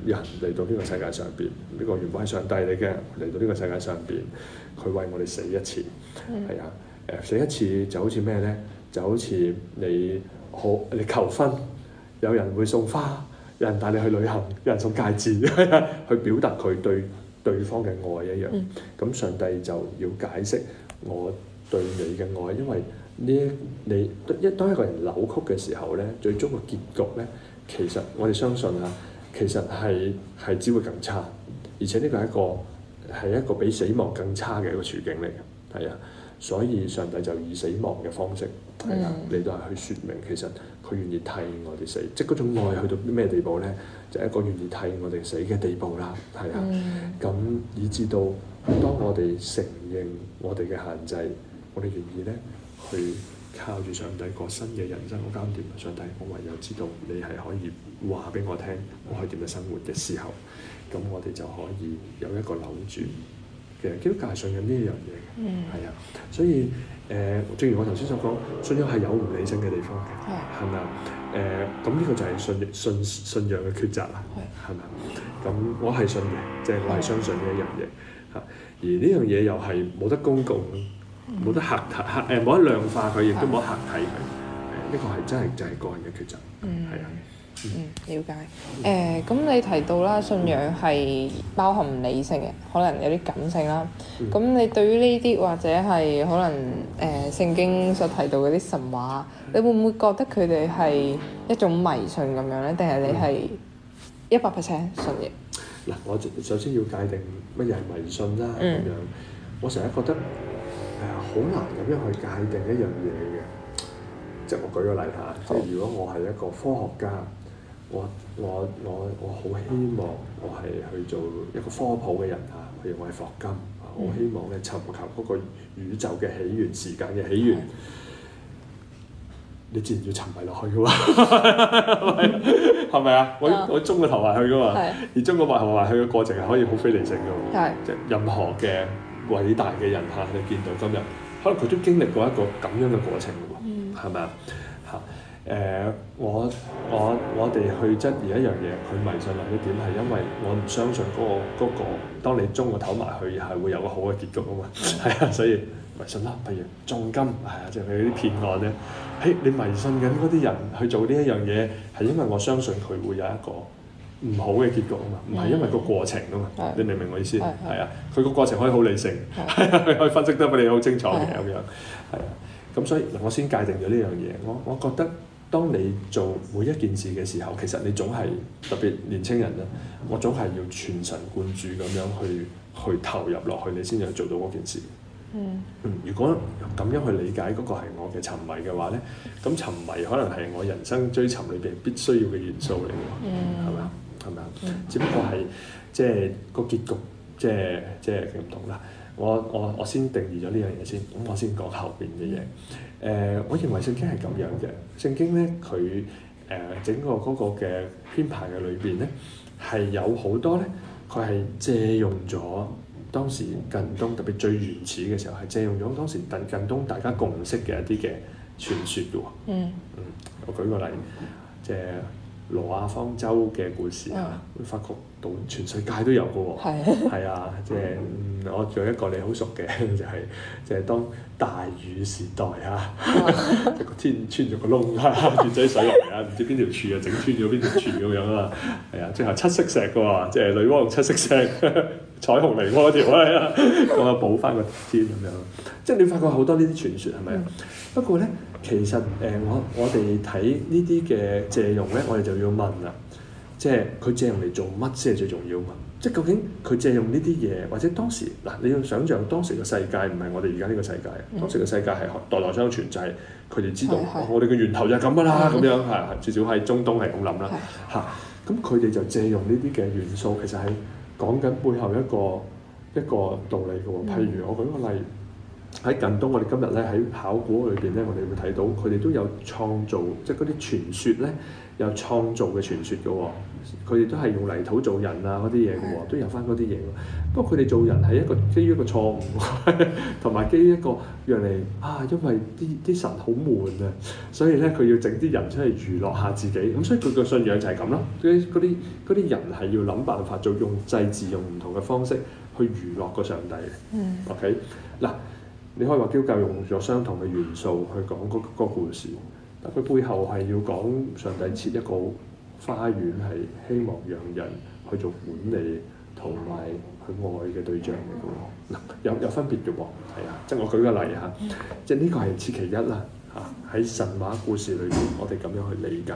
人嚟到呢個世界上邊，呢、這個原本係上帝嚟嘅嚟到呢個世界上邊，佢為我哋死一次，係啊、嗯，誒、呃、死一次就好似咩咧，就好似你好你求婚。有人會送花，有人帶你去旅行，有人送戒指去表達佢對對方嘅愛一樣。咁上帝就要解釋我對你嘅愛，因為呢你一當一個人扭曲嘅時候咧，最終嘅結局咧，其實我哋相信啊，其實係係只會更差，而且呢個係一個係一個比死亡更差嘅一個處境嚟嘅，係啊。所以上帝就以死亡嘅方式，係啦，你都係去說明其實，佢願意替我哋死，嗯、即係嗰種愛去到咩地步咧？就是、一個願意替我哋死嘅地步啦，係啊，咁、嗯、以至到當我哋承認我哋嘅限制，我哋願意咧去靠住上帝個新嘅人生嗰階段，上帝我唯有知道你係可以話俾我聽，我可以點樣生活嘅時候，咁我哋就可以有一個扭轉、嗯。其實基督教係信任呢一樣嘢嘅，係啊，所以誒，正如我頭先所講，信仰係有唔理性嘅地方嘅，係咪啊？咁呢個就係信信信仰嘅抉擇啦，係咪啊？咁我係信嘅，即係我係相信呢一樣嘢，嚇。而呢樣嘢又係冇得公共，冇得客體客誒，冇得量化佢，亦都冇得客體佢。誒，呢個係真係就係個人嘅抉擇，係啊。嗯，了解。誒，咁你提到啦，信仰係包含理性嘅，嗯、可能有啲感性啦。咁、嗯、你對於呢啲或者係可能誒聖、呃、經所提到嗰啲神話，你會唔會覺得佢哋係一種迷信咁樣咧？定係你係一百 percent 信仰？嗱，我首先要界定乜嘢係迷信啦，咁、嗯、樣。我成日覺得誒好、呃、難咁樣去界定一樣嘢嘅。即、就、係、是、我舉個例吓，即、就、係、是、如果我係一個科學家。我我我我好希望我係去做一個科普嘅人啊，譬如我係霍金。嗯、我希望咧尋求嗰個宇宙嘅起源、時間嘅起源。嗯、你自然要沉迷落去嘅喎，係咪啊？我、嗯、我中個頭埋去嘅嘛，嗯、而中個頭埋埋去嘅過程係可以好非理性嘅喎。即係、嗯、任何嘅偉大嘅人啊，你見到今日，可能佢都經歷過一個咁樣嘅過程嘅喎，係咪啊？嗯誒、uh，我我我哋去質疑一樣嘢，佢迷信或者點係因為我唔相信嗰、嗰個嗰、嗰個、當你中個唞埋去係會有個好嘅結局啊嘛，係啊，所以迷信啦，譬如重金係啊，即係佢啲騙案咧，嘿，你迷信緊嗰啲人去做呢一樣嘢，係因為我相信佢會有一個唔好嘅結局啊嘛，唔係因為個過程啊嘛，mm hmm. 你明唔明我意思？係、mm hmm. 啊，佢個過程可以好理性，係啊、mm，hmm. *laughs* 佢可以分析得俾你好清楚嘅咁、mm hmm. *laughs* 樣，係啊，咁所以我先界定咗呢樣嘢，我我覺得。當你做每一件事嘅時候，其實你總係特別年青人咧，我總係要全神貫注咁樣去去投入落去，你先至做到嗰件事。Mm. 嗯，如果咁樣去理解嗰、那個係我嘅沉迷嘅話咧，咁沉迷可能係我人生追尋裏邊必須要嘅元素嚟㗎，係咪啊？係咪、mm. 只不過係即係個結局、就是，即係即係唔同啦。我我我先定義咗呢樣嘢先，咁我先講後邊嘅嘢。誒、呃，我認為聖經係咁樣嘅。聖經咧，佢誒、呃、整個嗰個嘅編排嘅裏邊咧，係有好多咧，佢係借用咗當時近東，特別最原始嘅時候係借用咗當時近近東大家共識嘅一啲嘅傳說喎。嗯，嗯，我舉個例，即、就、係、是、羅亞方舟嘅故事啊，會發覺，全世界都有噶喎、哦，係 *noise* 啊，即、就、係、是嗯、我仲有一個你好熟嘅，就係、是、就係、是、當大雨時代嚇，個 *laughs* *laughs* 天穿咗個窿，哈，仔水落嚟啊，唔知邊條柱啊整穿咗邊條柱咁樣啊，係啊，即係七色石嘅喎，即係女媧用七色石 *laughs* 彩虹嚟彎條啊，我補翻個天咁樣，即係 *laughs* 你發覺好多呢啲傳說係咪啊？是不，是 *noise* 不過咧，其實誒、呃、我我哋睇呢啲嘅借用咧，我哋就要問啦。 *noise* 即係佢借用嚟做乜先係最重要嘛？即係究竟佢借用呢啲嘢，或者當時嗱，你要想象當時嘅世界唔係我哋而家呢個世界，當時嘅世界係代代相傳，就係佢哋知道我哋嘅源頭就係咁噶啦，咁樣係至少喺中東係咁諗啦嚇。咁佢哋就借用呢啲嘅元素，其實係講緊背後一個一個道理嘅喎。譬如我舉個例喺近東，我哋今日咧喺考古裏邊咧，我哋會睇到佢哋都有創造即係嗰啲傳說咧。有創造嘅傳說嘅喎、哦，佢哋都係用泥土做人啊，嗰啲嘢嘅喎，都有翻嗰啲嘢。不過佢哋做人係一個基於一個錯誤，同 *laughs* 埋基於一個讓你啊，因為啲啲神好悶啊，所以咧佢要整啲人出去娛樂下自己。咁所以佢個信仰就係咁咯。嗰嗰啲嗰啲人係要諗辦法做用祭祀，用唔同嘅方式去娛樂個上帝嘅。O K、嗯。嗱、okay，你可以話基督教用咗相同嘅元素去講嗰、嗰個嗰個故事。佢背後係要講上帝設一個花園，係希望讓人去做管理同埋去愛嘅對象嚟嘅喎。嗱， *laughs* 有有分別嘅喎，係啊，即係我舉個例嚇，即係呢個係設其一啦嚇。喺神話故事裏邊，我哋咁樣去理解。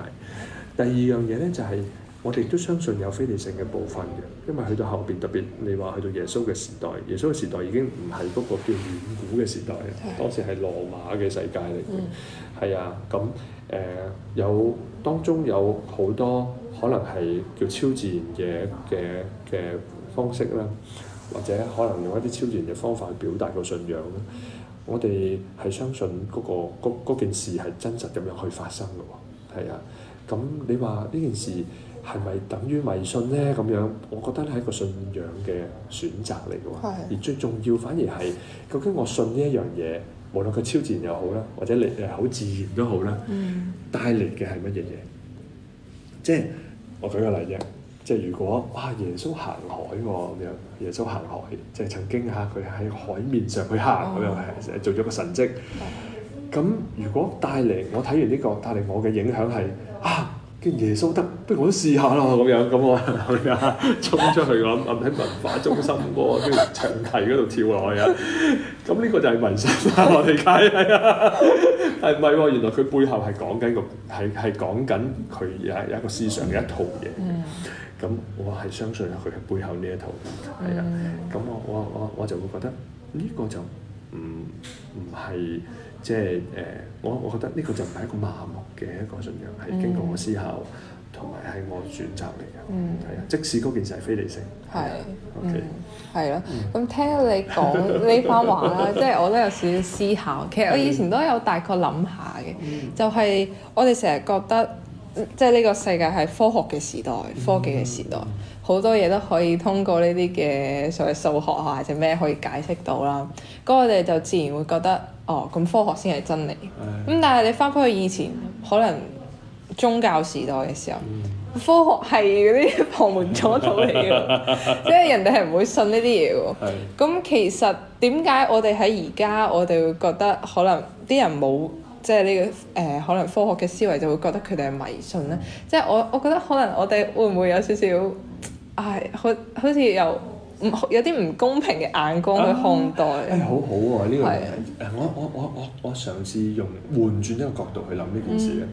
第二樣嘢咧就係、是。我哋都相信有非理性嘅部分嘅，因為去到後邊，特別你話去到耶穌嘅時代，耶穌嘅時代已經唔係嗰個叫遠古嘅時代，嗯、當時係羅馬嘅世界嚟嘅，係、嗯、啊。咁誒，有、呃、當中有好多可能係叫超自然嘅嘅嘅方式啦，或者可能用一啲超自然嘅方法去表達個信仰啦，我哋係相信嗰、嗰個嗰件事係真實咁樣去發生嘅係啊。咁你話呢件事，係咪等於迷信咧？咁樣，我覺得咧係一個信仰嘅選擇嚟嘅喎。是而最重要，反而係究竟我信呢一樣嘢，無論佢超自然又好啦，或者你誒好自然都好啦，帶嚟嘅係乜嘢嘢？嗯、即係我舉個例啫，即係如果啊，耶穌行海喎咁樣，耶穌行海，即係曾經嚇佢喺海面上去行咁、哦、樣係做咗個神跡。咁、嗯、如果帶嚟，我睇完呢、這個帶嚟我嘅影響係啊。耶穌得，不如我都試下啦咁樣，咁我係啊， *laughs* 衝出去我咁喺文化中心嗰個長梯嗰度跳落去啊！咁呢個就係迷信啦，我哋睇係啊，係唔係？原來佢背後係講緊個係係講緊佢有有一個思想嘅一套嘢。嗯。咁我係相信佢嘅背後呢一套係啊。咁我我我我就會覺得呢個就唔唔係。即係誒，我、就是呃、我覺得呢個就唔係一個麻木嘅一個信仰，係經過我思考同埋係我選擇嚟嘅，嗯，係啊。即使嗰件事係非理性，係，OK，係咯。咁聽你講呢番話啦， *laughs* 即係我都有少少思考。其實我以前都有大概諗下嘅，嗯、就係我哋成日覺得即係呢個世界係科學嘅時代，科技嘅時代。嗯嗯好多嘢都可以通過呢啲嘅所謂數學啊，或者咩可以解釋到啦？嗰我哋就自然會覺得哦，咁科學先係真理咁的、嗯。但係你翻返去以前，可能宗教時代嘅時候，嗯、科學係嗰啲旁門阻道旁門左道嚟嘅，即係 *laughs* 人哋係唔會信呢啲嘢嘅。咁的其實點解我哋喺而家我哋會覺得可能啲人冇即係呢個誒、呃，可能科學嘅思維就會覺得佢哋係迷信呢？即、就、係、是、我我覺得可能我哋會唔會有少少？係、哎啊哎，好好似有唔有啲唔公平嘅眼光去看待。誒、這個，好好喎呢個問題，誒我我我我我嘗試用換轉一個角度去諗呢件事咧，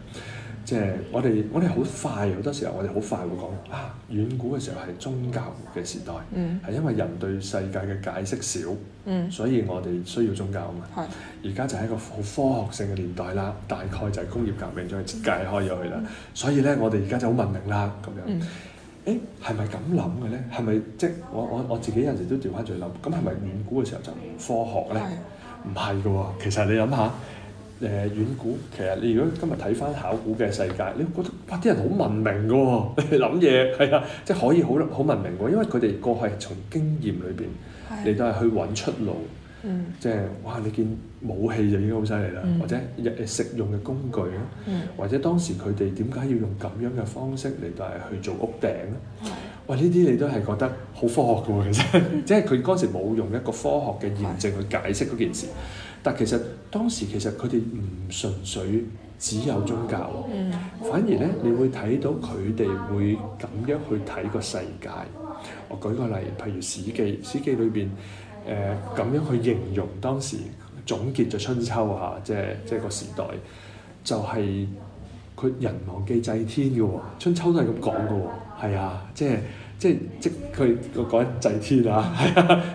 即係、嗯、我哋我哋好快好多時候，我哋好快會講啊，遠古嘅時候係宗教嘅時代，係、嗯、因為人對世界嘅解釋少，嗯、所以我哋需要宗教啊嘛。而家、嗯、就係一個好科學性嘅年代啦，大概就係工業革命將佢解開咗去啦，嗯、所以咧我哋而家就好文明啦咁樣。嗯。誒係咪咁諗嘅咧？係咪、欸、即係我我我自己有陣時都調翻轉諗，咁係咪遠古嘅時候就唔科學咧？唔係嘅喎，其實你諗下，誒、呃、遠古其實你如果今日睇翻考古嘅世界，你覺得哇啲人好文明嘅喎，哦，你諗嘢係啊，即係可以好好文明喎，因為佢哋過去從經驗裏邊你都係去揾出路。即係、就是、哇！你見武器就已經好犀利啦，嗯、或者食用嘅工具咧，嗯、或者當時佢哋點解要用咁樣嘅方式嚟到去做屋頂咧？嗯、哇！呢啲你都係覺得好科學嘅喎，其實即係佢嗰時冇用一個科學嘅驗證去解釋嗰件事。嗯、但其實當時其實佢哋唔純粹只有宗教，哦嗯、反而咧、嗯、你會睇到佢哋會咁樣去睇個世界。我舉個例，譬如史《史記》，《史記》裏面裏邊。誒咁、呃、樣去形容當時總結咗春秋嚇、啊，即係即係個時代就係、是、佢人忘記祭天嘅喎。春秋都係咁講嘅喎，係啊，即係即係即佢講一祭天啊，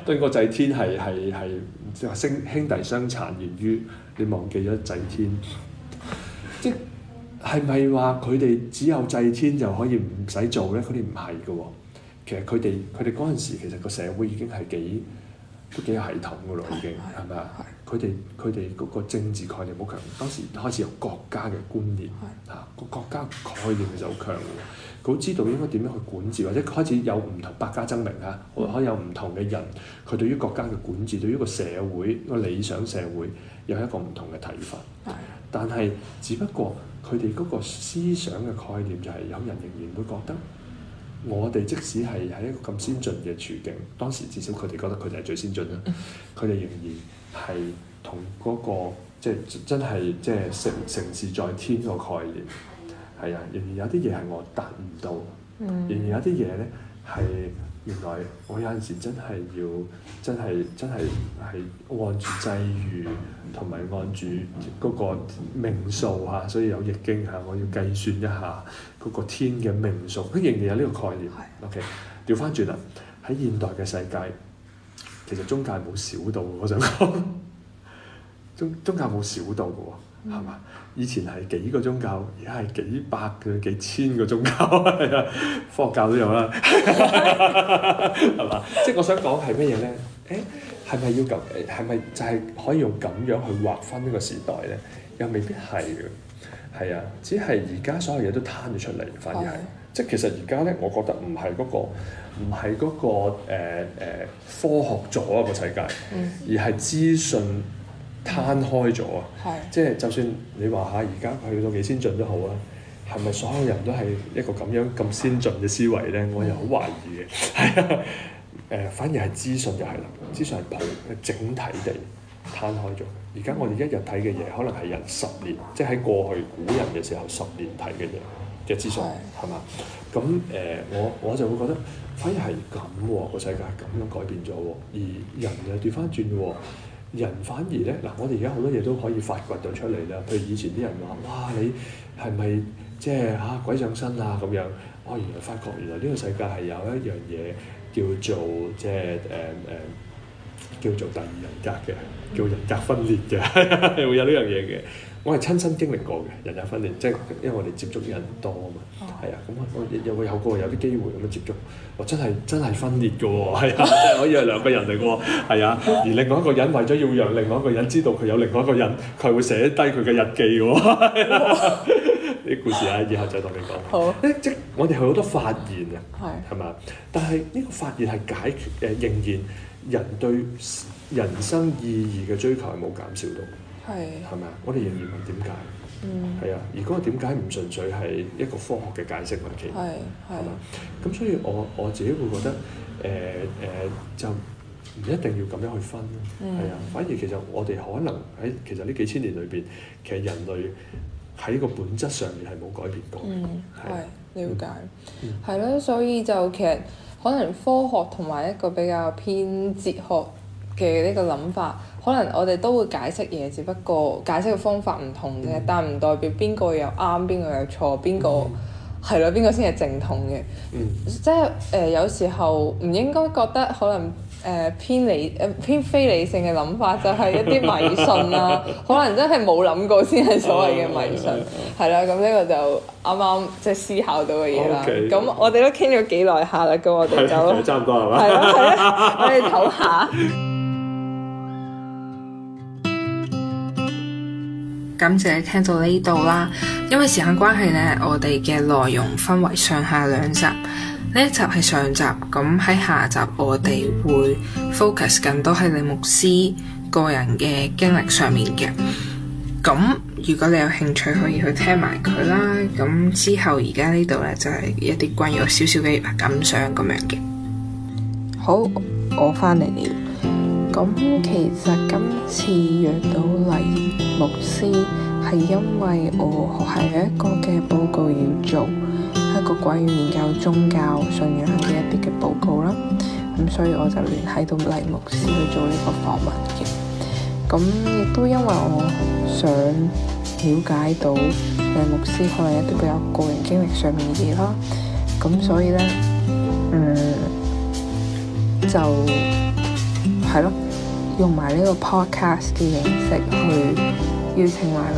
對、啊、個祭天係係係即話兄兄弟相殘，源於你忘記咗祭天。即係咪話佢哋只有祭天就可以唔使做咧？佢哋唔係嘅喎。其實佢哋佢哋嗰陣時其實個社會已經係幾都幾系統㗎咯，已經係咪啊？佢哋佢哋嗰個政治概念好強，當時開始有國家嘅觀念嚇，個、啊、國家概念其實好強嘅，佢都知道應該點樣去管治，或者開始有唔同百家爭鳴啊，可以有唔同嘅人佢對於國家嘅管治，對於個社會個理想社會有一個唔同嘅睇法。 *noise* 但係只不過佢哋嗰個思想嘅概念就係、是、有人仍然會覺得。我哋即使係喺一個咁先進嘅處境，當時至少佢哋覺得佢哋係最先進啦。佢哋 *laughs* 仍然係同嗰個即係真係即係城城市在天個概念係啊。 *laughs* 仍然有啲嘢係我達唔到， *laughs* 仍然有啲嘢咧係原來我有陣時真係要真係真係係按住際遇同埋按住嗰個命數嚇，所以有易經嚇，我要計算一下。嗰個天嘅命數，佢仍然有呢個概念。O K，調翻轉啊，喺、okay。現代嘅世界，其實宗教冇少到我想講，宗宗教冇少到嘅喎，係嘛？嗯、以前係幾個宗教，而家係幾百個、幾千個宗教啊，科學教都有啦，係嘛？即係我想講係咩嘢咧？誒、欸，係咪要咁？係咪就係可以用咁樣去劃分呢個時代咧？又未必係。係啊，只係而家所有嘢都攤咗出嚟，反而係，是即係其實而家咧，我覺得唔係嗰個，唔係嗰個誒、呃呃、科學咗一個世界，嗯、而係資訊攤開咗啊！是即係就算你話下而家去到幾先進都好啊，係咪所有人都係一個咁樣咁先進嘅思維咧？我又好懷疑嘅，係啊誒，反而係資訊又係啦，資訊普嘅整體地攤開咗。而家我哋一日睇嘅嘢，可能係人十年，即係喺過去古人嘅時候十年睇嘅嘢嘅資訊，係嘛對？咁誒、呃，我我就會覺得，反而係咁喎，個世界咁樣改變咗喎，而人又調翻轉喎，人反而咧，嗱，我哋而家好多嘢都可以發掘到出嚟啦，譬如以前啲人話，哇，你係咪即係吓鬼上身啊咁樣？我、哦、原來發覺，原來呢個世界係有一樣嘢叫做即係誒誒，叫做第二人格嘅。叫人格分裂嘅， *laughs* 會有呢樣嘢嘅。我係親身經歷過嘅人格分裂，即係因為我哋接觸嘅人多啊嘛。係、oh. 啊，咁我又會有個有啲機會咁樣接觸，我真係真係分裂嘅喎。係啊， *laughs* 可以係兩個人嚟嘅喎。係啊，而另外一個人為咗要讓另外一個人知道佢有另外一個人，佢會寫低佢嘅日記喎。啲、啊 oh. 故事啊，以後再同你講。好、oh.，即係我哋係好多發現啊，係嘛、oh. 是？但係呢個發現係解決誒，仍然人對。人生意義嘅追求係冇減少到，係係咪啊？我哋仍然問點解，係啊。如果點解唔純粹係一個科學嘅解釋問題，係係嘛？咁所以我我自己會覺得，誒誒、嗯呃呃，就唔一定要咁樣去分咯，係、嗯、啊。反而其實我哋可能喺其實呢幾千年裏邊，其實人類喺個本質上面係冇改變過，嗯係、啊、係了解，係咯、嗯嗯。所以就其實可能科學同埋一個比較偏哲學嘅呢個諗法，可能我哋都會解釋嘢，只不過解釋嘅方法唔同啫，但唔代表邊個又啱，邊個又錯，邊個係咯，邊個先係正統嘅。嗯，即係誒有時候唔應該覺得可能誒偏理誒偏非理性嘅諗法，就係一啲迷信啦。可能真係冇諗過先係所謂嘅迷信，係啦。咁呢個就啱啱即係思考到嘅嘢啦。咁我哋都傾咗幾耐下啦，咁我哋就差唔多係嘛？係啊，我哋唞下。感謝你聽到呢度啦。因為時間關係呢，我哋嘅內容分為上下兩集，呢一集係上集，咁喺下集我哋會 focus 更多喺你牧師個人嘅經歷上面嘅。咁如果你有興趣，可以去聽埋佢啦。咁之後而家呢度呢，就係一啲關於我少少嘅感想咁樣嘅。好，我翻嚟了。咁其實今次約到黎牧師，係因為我學系有一個嘅報告要做，一個關於研究宗教信仰嘅一啲嘅報告啦。咁所以我就聯繫到黎牧師去做呢個訪問嘅。咁亦都因為我想了解到黎牧師可能一啲比較個人經歷上面嘅嘢啦。咁所以咧，嗯，就係咯。用埋呢個 podcast 嘅形式去邀請埋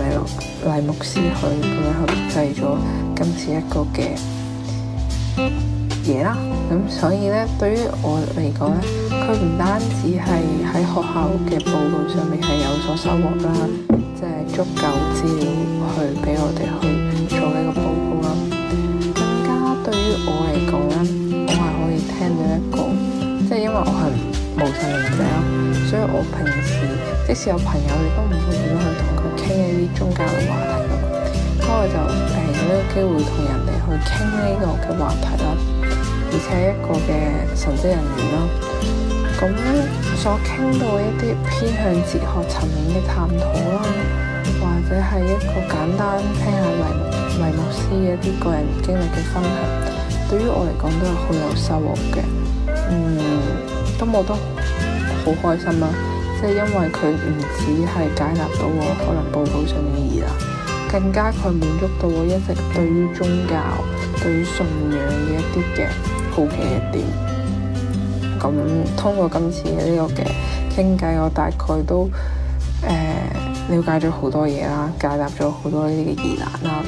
黎牧師去，咁樣去製咗今次一個嘅嘢啦。咁所以咧，對於我嚟講咧，佢唔單止係喺學校嘅報告上面係有所收穫啦，即係足夠資料去俾我哋去做呢個報告啦。更加對於我嚟講咧，我係可以聽到一個，即係因為我係。無神論者啦，所以我平時即使有朋友，亦都唔會點樣去同佢傾一啲宗教嘅話題噶嘛。咁我就誒都有機會同人哋去傾呢個嘅話題啦，而且一個嘅神職人員啦，咁所傾到一啲偏向哲學層面嘅探討啦，或者係一個簡單聽下黎牧師嘅一啲個人經歷嘅分享，對於我嚟講都係好有收穫嘅，嗯。咁我都好開心啦，即係因為佢唔止係解答到我可能報告上面嘅疑難，更加佢滿足到我一直對於宗教、對於信仰嘅一啲嘅好奇嘅點。咁通過今次呢個嘅傾偈，我大概都誒、呃、了解咗好多嘢啦，解答咗好多呢啲嘅疑難啦。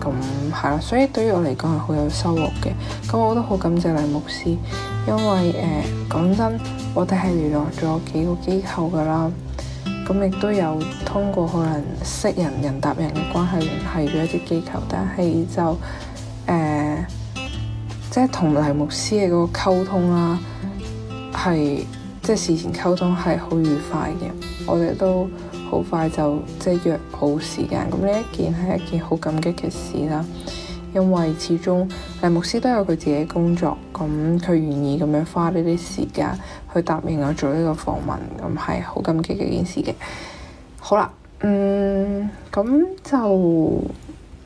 咁係啦，所以對於我嚟講係好有收穫嘅。咁我都好感謝黎牧師。因為誒講、呃、真，我哋係聯絡咗幾個機構噶啦，咁亦都有通過可能識人人搭人嘅關係聯繫咗一啲機構，但係就誒、呃、即係同黎牧師嘅嗰個溝通啦，係即係事前溝通係好愉快嘅，我哋都好快就即係約好時間，咁呢一件係一件好感激嘅事啦。因為始終誒牧師都有佢自己工作，咁佢願意咁樣花呢啲時間去答應我做呢個訪問，咁係好感激嘅件事嘅。好啦，嗯，咁就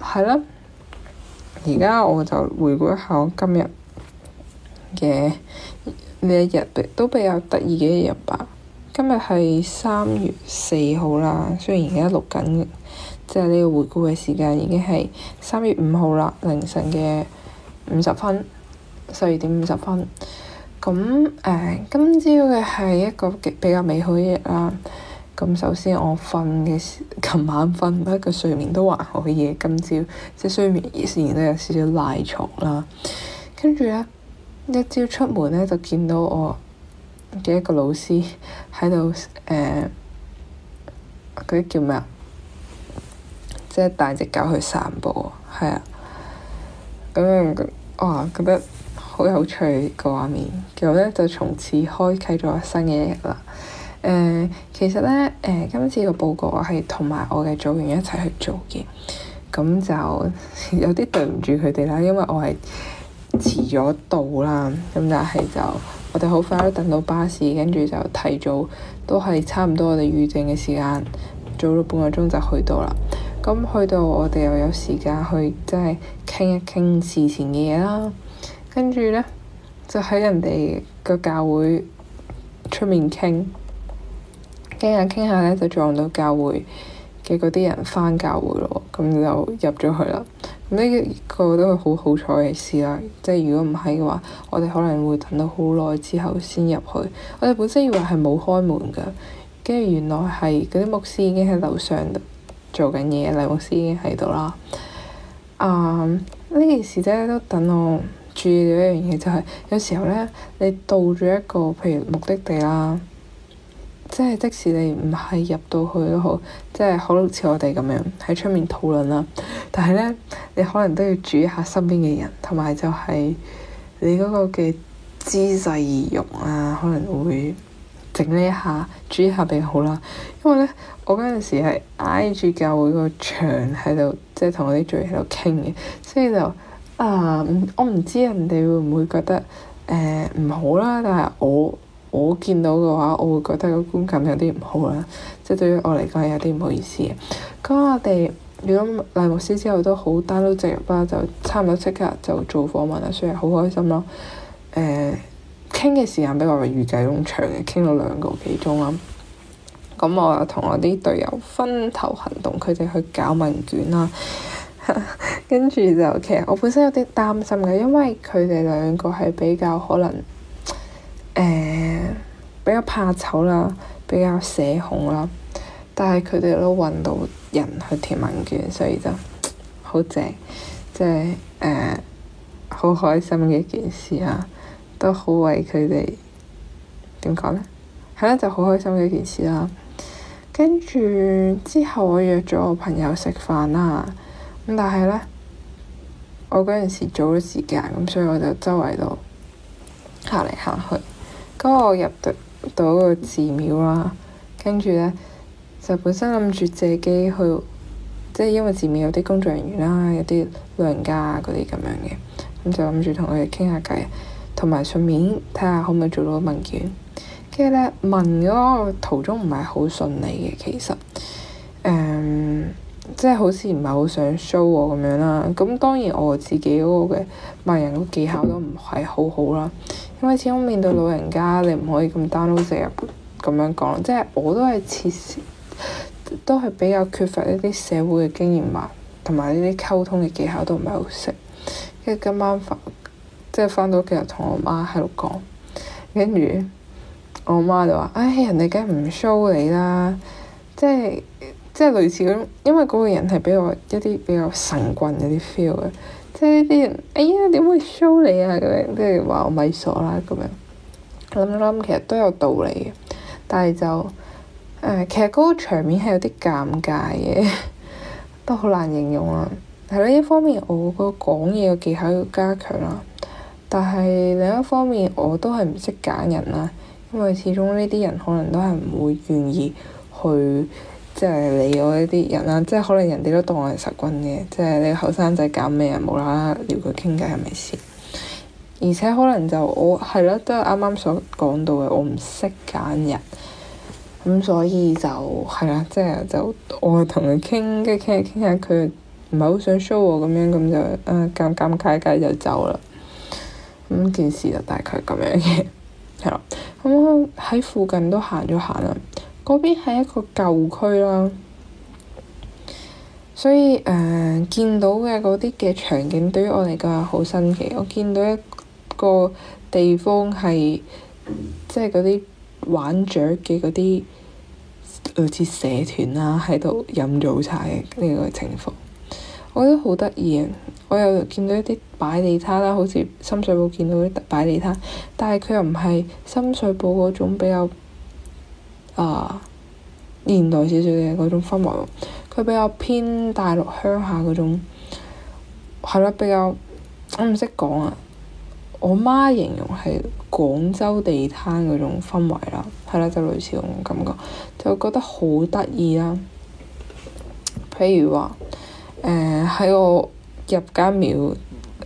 係啦。而家我就回顧一下我今日嘅呢一日，都比較得意嘅一日吧。今日係三月四號啦，雖然而家錄緊。即係呢個回顧嘅時間已經係三月五號啦，凌晨嘅五十分，十二點五十分。咁誒、呃，今朝嘅係一個極比較美好嘅日啦。咁首先我瞓嘅，琴晚瞓一個睡眠都還可以。今朝即係睡眠仍然都有少少賴床啦。跟住咧，一朝出門咧就見到我嘅一個老師喺度誒，嗰、呃、啲叫咩啊？即係帶隻狗去散步，係啊，咁樣，哇，覺得好有趣個畫面。咁咧就從此開啟咗新嘅一日啦。誒、呃，其實咧誒、呃，今次個報告我係同埋我嘅組員一齊去做嘅，咁就有啲對唔住佢哋啦，因為我係遲咗到啦。咁但係就我哋好快都等到巴士，跟住就提早都係差唔多我哋預定嘅時間，早咗半個鐘就去到啦。咁去到我哋又有時間去，即係傾一傾事前嘅嘢啦。跟住呢，就喺人哋個教會出面傾，傾下傾下呢，就撞到教會嘅嗰啲人返教會咯。咁就入咗去啦。呢個都係好好彩嘅事啦。即係如果唔係嘅話，我哋可能會等到好耐之後先入去。我哋本身以為係冇開門噶，跟住原來係嗰啲牧師已經喺樓上做緊嘢，黎牧師已經喺度啦。啊，呢件事咧都等我注意到一樣嘢，就係有時候呢，你到咗一個譬如目的地啦，即係即使你唔係入到去都好，即係好似我哋咁樣喺出面討論啦。但係呢，你可能都要注意下身邊嘅人，同埋就係你嗰個嘅姿勢儀容啊，可能會整呢一下，注意下比較好啦。因為呢，我嗰陣時係挨住教會個牆喺度，即係同我啲聚喺度傾嘅，所以就啊，我唔知人哋會唔會覺得誒唔好啦，但係我我見到嘅話，我會覺得個觀感有啲唔好啦，即係對於我嚟講係有啲唔好意思嘅。咁我哋如果黎牧師之後都好 download 直入啦，就差唔多即刻就做訪問啦，所以好開心咯。誒，傾嘅時間比我哋預計咁長嘅，傾咗兩個幾鐘啦。咁我又同我啲隊友分頭行動，佢哋去搞問卷啦。跟 *laughs* 住就其實我本身有啲擔心嘅，因為佢哋兩個係比較可能誒、呃、比較怕醜啦，比較社恐啦。但係佢哋都搵到人去填問卷，所以就好正，即係誒好開心嘅一件事啊！都好為佢哋點講呢？係啦，就好開心嘅一件事啦、啊、～跟住之後，我約咗我朋友食飯啦。咁但係呢，我嗰陣時早咗時間，咁所以我就周圍度行嚟行去。咁我入到到個寺廟啦，跟住呢，就本身諗住借機去，即係因為寺廟有啲工作人員啦，有啲老人家啊嗰啲咁樣嘅，咁、嗯、就諗住同佢哋傾下偈，同埋順便睇下可唔可以做到個問卷。跟住咧問嗰個途中唔係好順利嘅，其實誒，即係好似唔係好想 show 我咁樣啦。咁當然我自己嗰個嘅問人嘅技巧都唔係好好啦，因為始終面對老人家，你唔可以咁 download 成日咁樣講。即係我都係似都係比較缺乏一啲社會嘅經驗嘛，同埋呢啲溝通嘅技巧都唔係好識。跟住今晚即係翻到屋企同我媽喺度講，跟住。我媽就話：唉、哎，人哋梗係唔 show 你啦，即係即係類似咁，因為嗰個人係比較一啲比較神棍嗰啲 feel 嘅，即係呢啲人哎呀點會 show 你啊咁樣，即係話我咪傻啦咁樣。諗一諗，其實都有道理嘅，但係就誒、呃，其實嗰個場面係有啲尷尬嘅， *laughs* 都好難形容啦。係咯，一方面我個講嘢嘅技巧要加強啦，但係另一方面我都係唔識揀人啦。因為始終呢啲人可能都係唔會願意去即係、就是、理我呢啲人啦，即係可能人哋都當我係實君嘅，即係你後生仔搞咩啊，無啦啦撩佢傾偈係咪先？而且可能就我係啦，都係啱啱所講到嘅，我唔識揀人，咁所以就係啦，即係就，是、就我同佢傾，跟住傾下傾下佢唔係好想 show 我咁樣，咁就啊尷尷尬尬就走啦。咁件事就大概咁樣嘅。係啦，咁我喺附近都行咗行啦。嗰邊係一個舊區啦，所以誒、呃、見到嘅嗰啲嘅場景，對於我嚟講係好新奇。我見到一個地方係即係嗰啲玩雀嘅嗰啲類似社團啦，啊，喺度飲早茶嘅呢個情況，我覺得好得意啊！我又見到一啲。擺地攤啦，好似深水埗見到啲擺地攤，但係佢又唔係深水埗嗰種比較啊、呃、現代少少嘅嗰種氛圍。佢比較偏大陸鄉下嗰種，係啦，比較我唔識講啊。我媽形容係廣州地攤嗰種氛圍啦，係啦，就是、類似嗰種感覺，就覺得好得意啦。譬如話誒，喺、呃、我入間廟。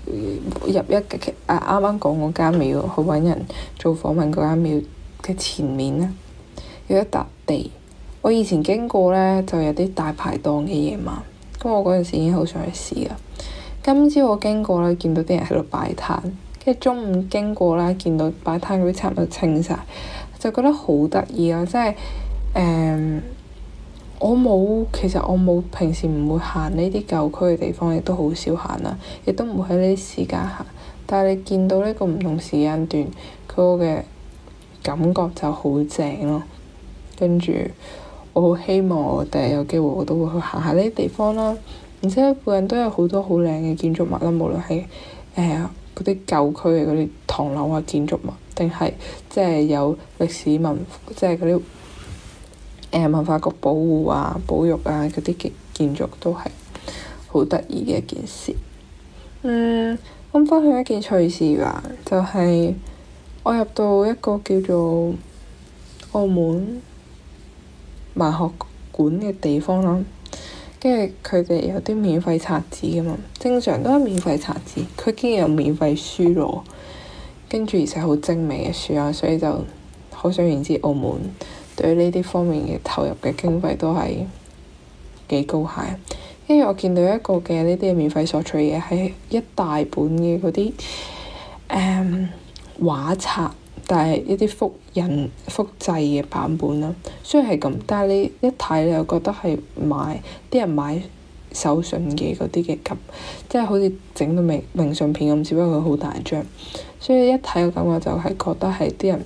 入一嘅啊，啱啱講嗰間廟，去揾人做訪問嗰間廟嘅前面呢，有一笪地。我以前經過呢，就有啲大排檔嘅夜晚，咁我嗰陣時已經好想去試啦。今朝我經過呢，見到啲人喺度擺攤，跟住中午經過呢，見到擺攤嗰啲差唔多清晒，就覺得好得意咯。即係誒。嗯我冇，其實我冇平時唔會行呢啲舊區嘅地方，亦都好少行啦，亦都唔會喺呢啲時間行。但係你見到呢個唔同時間段，佢嘅感覺就好正咯、啊。跟住我好希望我第日有機會我都會去行下呢啲地方啦、啊。而且附近都有好多好靚嘅建築物啦，無論係誒嗰啲舊區嘅嗰啲唐樓啊建築物，定係、呃、即係有歷史文，即係嗰啲。誒文化局保護啊、保育啊嗰啲建建築都係好得意嘅一件事。嗯，咁分享一件趣事吧，就係、是、我入到一個叫做澳門文學館嘅地方啦。跟住佢哋有啲免費冊子㗎嘛，正常都係免費冊子。佢竟然有免費書囉，跟住而且好精美嘅書啊，所以就好想認識澳門，對呢啲方面嘅投入嘅經費都係幾高下，因為我見到一個嘅呢啲免費索取嘢，係一大本嘅嗰啲誒畫冊，但係一啲複印、複製嘅版本啦。雖然係咁，但係你一睇你又覺得係買啲人買手信嘅嗰啲嘅咁，即係好似整到明明信片咁，只不過佢好大張。所以一睇嘅感覺就係覺得係啲人。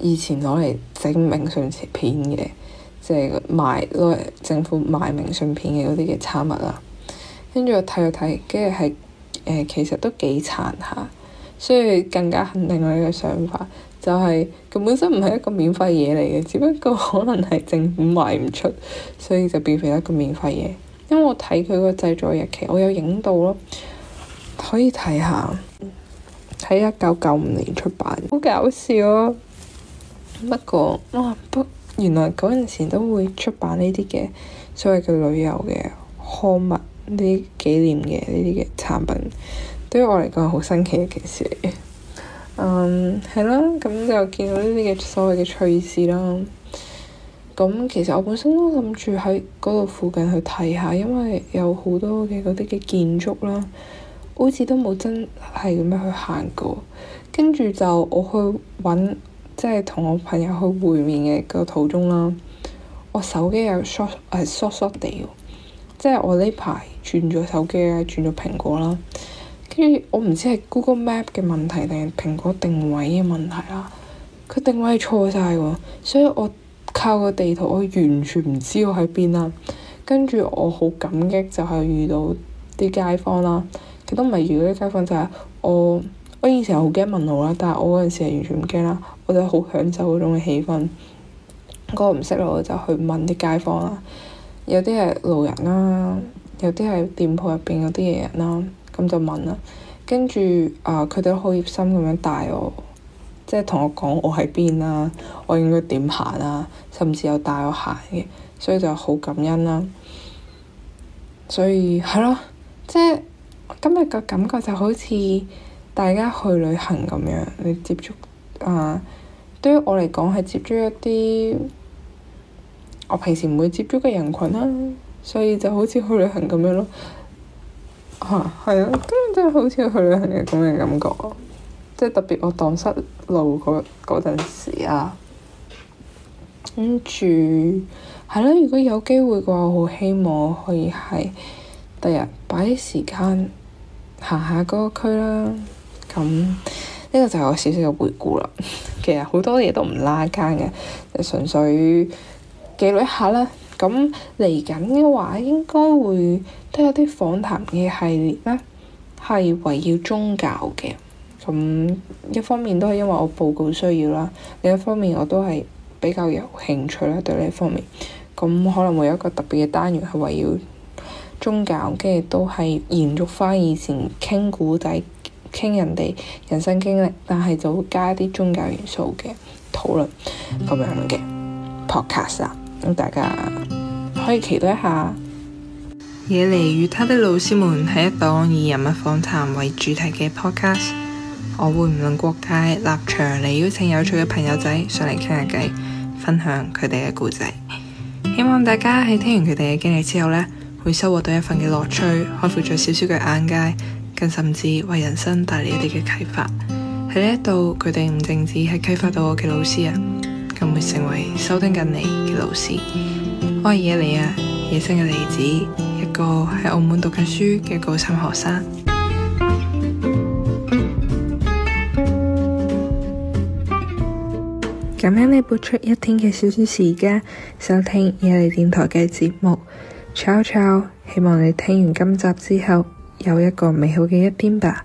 以前攞嚟整明信片嘅，即係賣攞嚟政府賣明信片嘅嗰啲嘅刊物啦。跟住我睇咗睇，跟住係誒，其實都幾殘下，所以更加肯定我嘅想法，就係佢本身唔係一個免費嘢嚟嘅，只不過可能係政府賣唔出，所以就變成一個免費嘢。因為我睇佢個製作日期，我有影到咯，可以睇下，喺一九九五年出版，好搞笑咯。不過哇，不原來嗰陣時都會出版呢啲嘅所謂嘅旅遊嘅刊物呢，紀念嘅呢啲嘅產品，對於我嚟講係好新奇嘅一件事嚟嘅。嗯、um，係啦，咁就見到呢啲嘅所謂嘅趣事啦。咁其實我本身都諗住喺嗰度附近去睇下，因為有好多嘅嗰啲嘅建築啦，好似都冇真係咁樣去行過。跟住就我去搵。即係同我朋友去會面嘅個途中啦，我手機又 short，係 short short 哋喎。即係我呢排轉咗手機啊，轉咗蘋果啦。跟住我唔知係 Google Map 嘅問題定係蘋果定位嘅問題啦。佢定位錯曬喎，所以我靠個地圖，我完全唔知我喺邊啦。跟住我好感激，就係遇到啲街坊啦。佢都唔係遇到啲街坊，就係、是、我我以前好驚問路啦，但係我嗰陣時係完全唔驚啦。我就好享受嗰種嘅氣氛。我唔識路，我就去問啲街坊啦。有啲係路人啦，有啲係店鋪入邊嗰啲嘅人啦，咁就問啦。跟住啊，佢哋好熱心咁樣帶我，即係同我講我喺邊啦，我應該點行啊，甚至有帶我行嘅，所以就好感恩啦。所以係咯，即係今日個感覺就好似大家去旅行咁樣，你接觸。啊！對於我嚟講係接觸一啲我平時唔會接觸嘅人群啦，啊，所以就好似去旅行咁樣咯。嚇係啊，根、啊啊、真係好似去旅行嘅咁嘅感覺。即係特別，我蕩失路嗰嗰陣時啊，跟住係啦。如果有機會嘅話，我好希望可以係第日擺啲時間行下嗰個區啦。咁。呢個就係我少少嘅回顧啦。其實好多嘢都唔拉更嘅，就純粹記錄一下啦。咁嚟緊嘅話，應該會都有啲訪談嘅系列啦，係圍繞宗教嘅。咁一方面都係因為我報告需要啦，另一方面我都係比較有興趣啦，對呢方面。咁可能會有一個特別嘅單元係圍繞宗教，跟住都係延續翻以前傾古仔。傾人哋人生經歷，但係就會加啲宗教元素嘅討論咁、mm hmm. 樣嘅 podcast 啊，咁大家可以期待一下。野梨與他的老師們係一檔以人物訪談為主題嘅 podcast。我會唔論國界立場嚟邀請有趣嘅朋友仔上嚟傾下偈，分享佢哋嘅故仔。希望大家喺聽完佢哋嘅經歷之後呢，會收穫到一份嘅樂趣，開闊咗少少嘅眼界。更甚至為人生帶嚟一啲嘅啟發。喺呢一度，佢哋唔淨止係啟發到我嘅老師啊，更會成為收聽緊你嘅老師。我係野梨啊，野生嘅梨子，一個喺澳門讀緊書嘅高三學生。感恩你撥出一天嘅少少時間收聽野梨電台嘅節目，炒炒。希望你聽完今集之後，有一個美好嘅一天吧。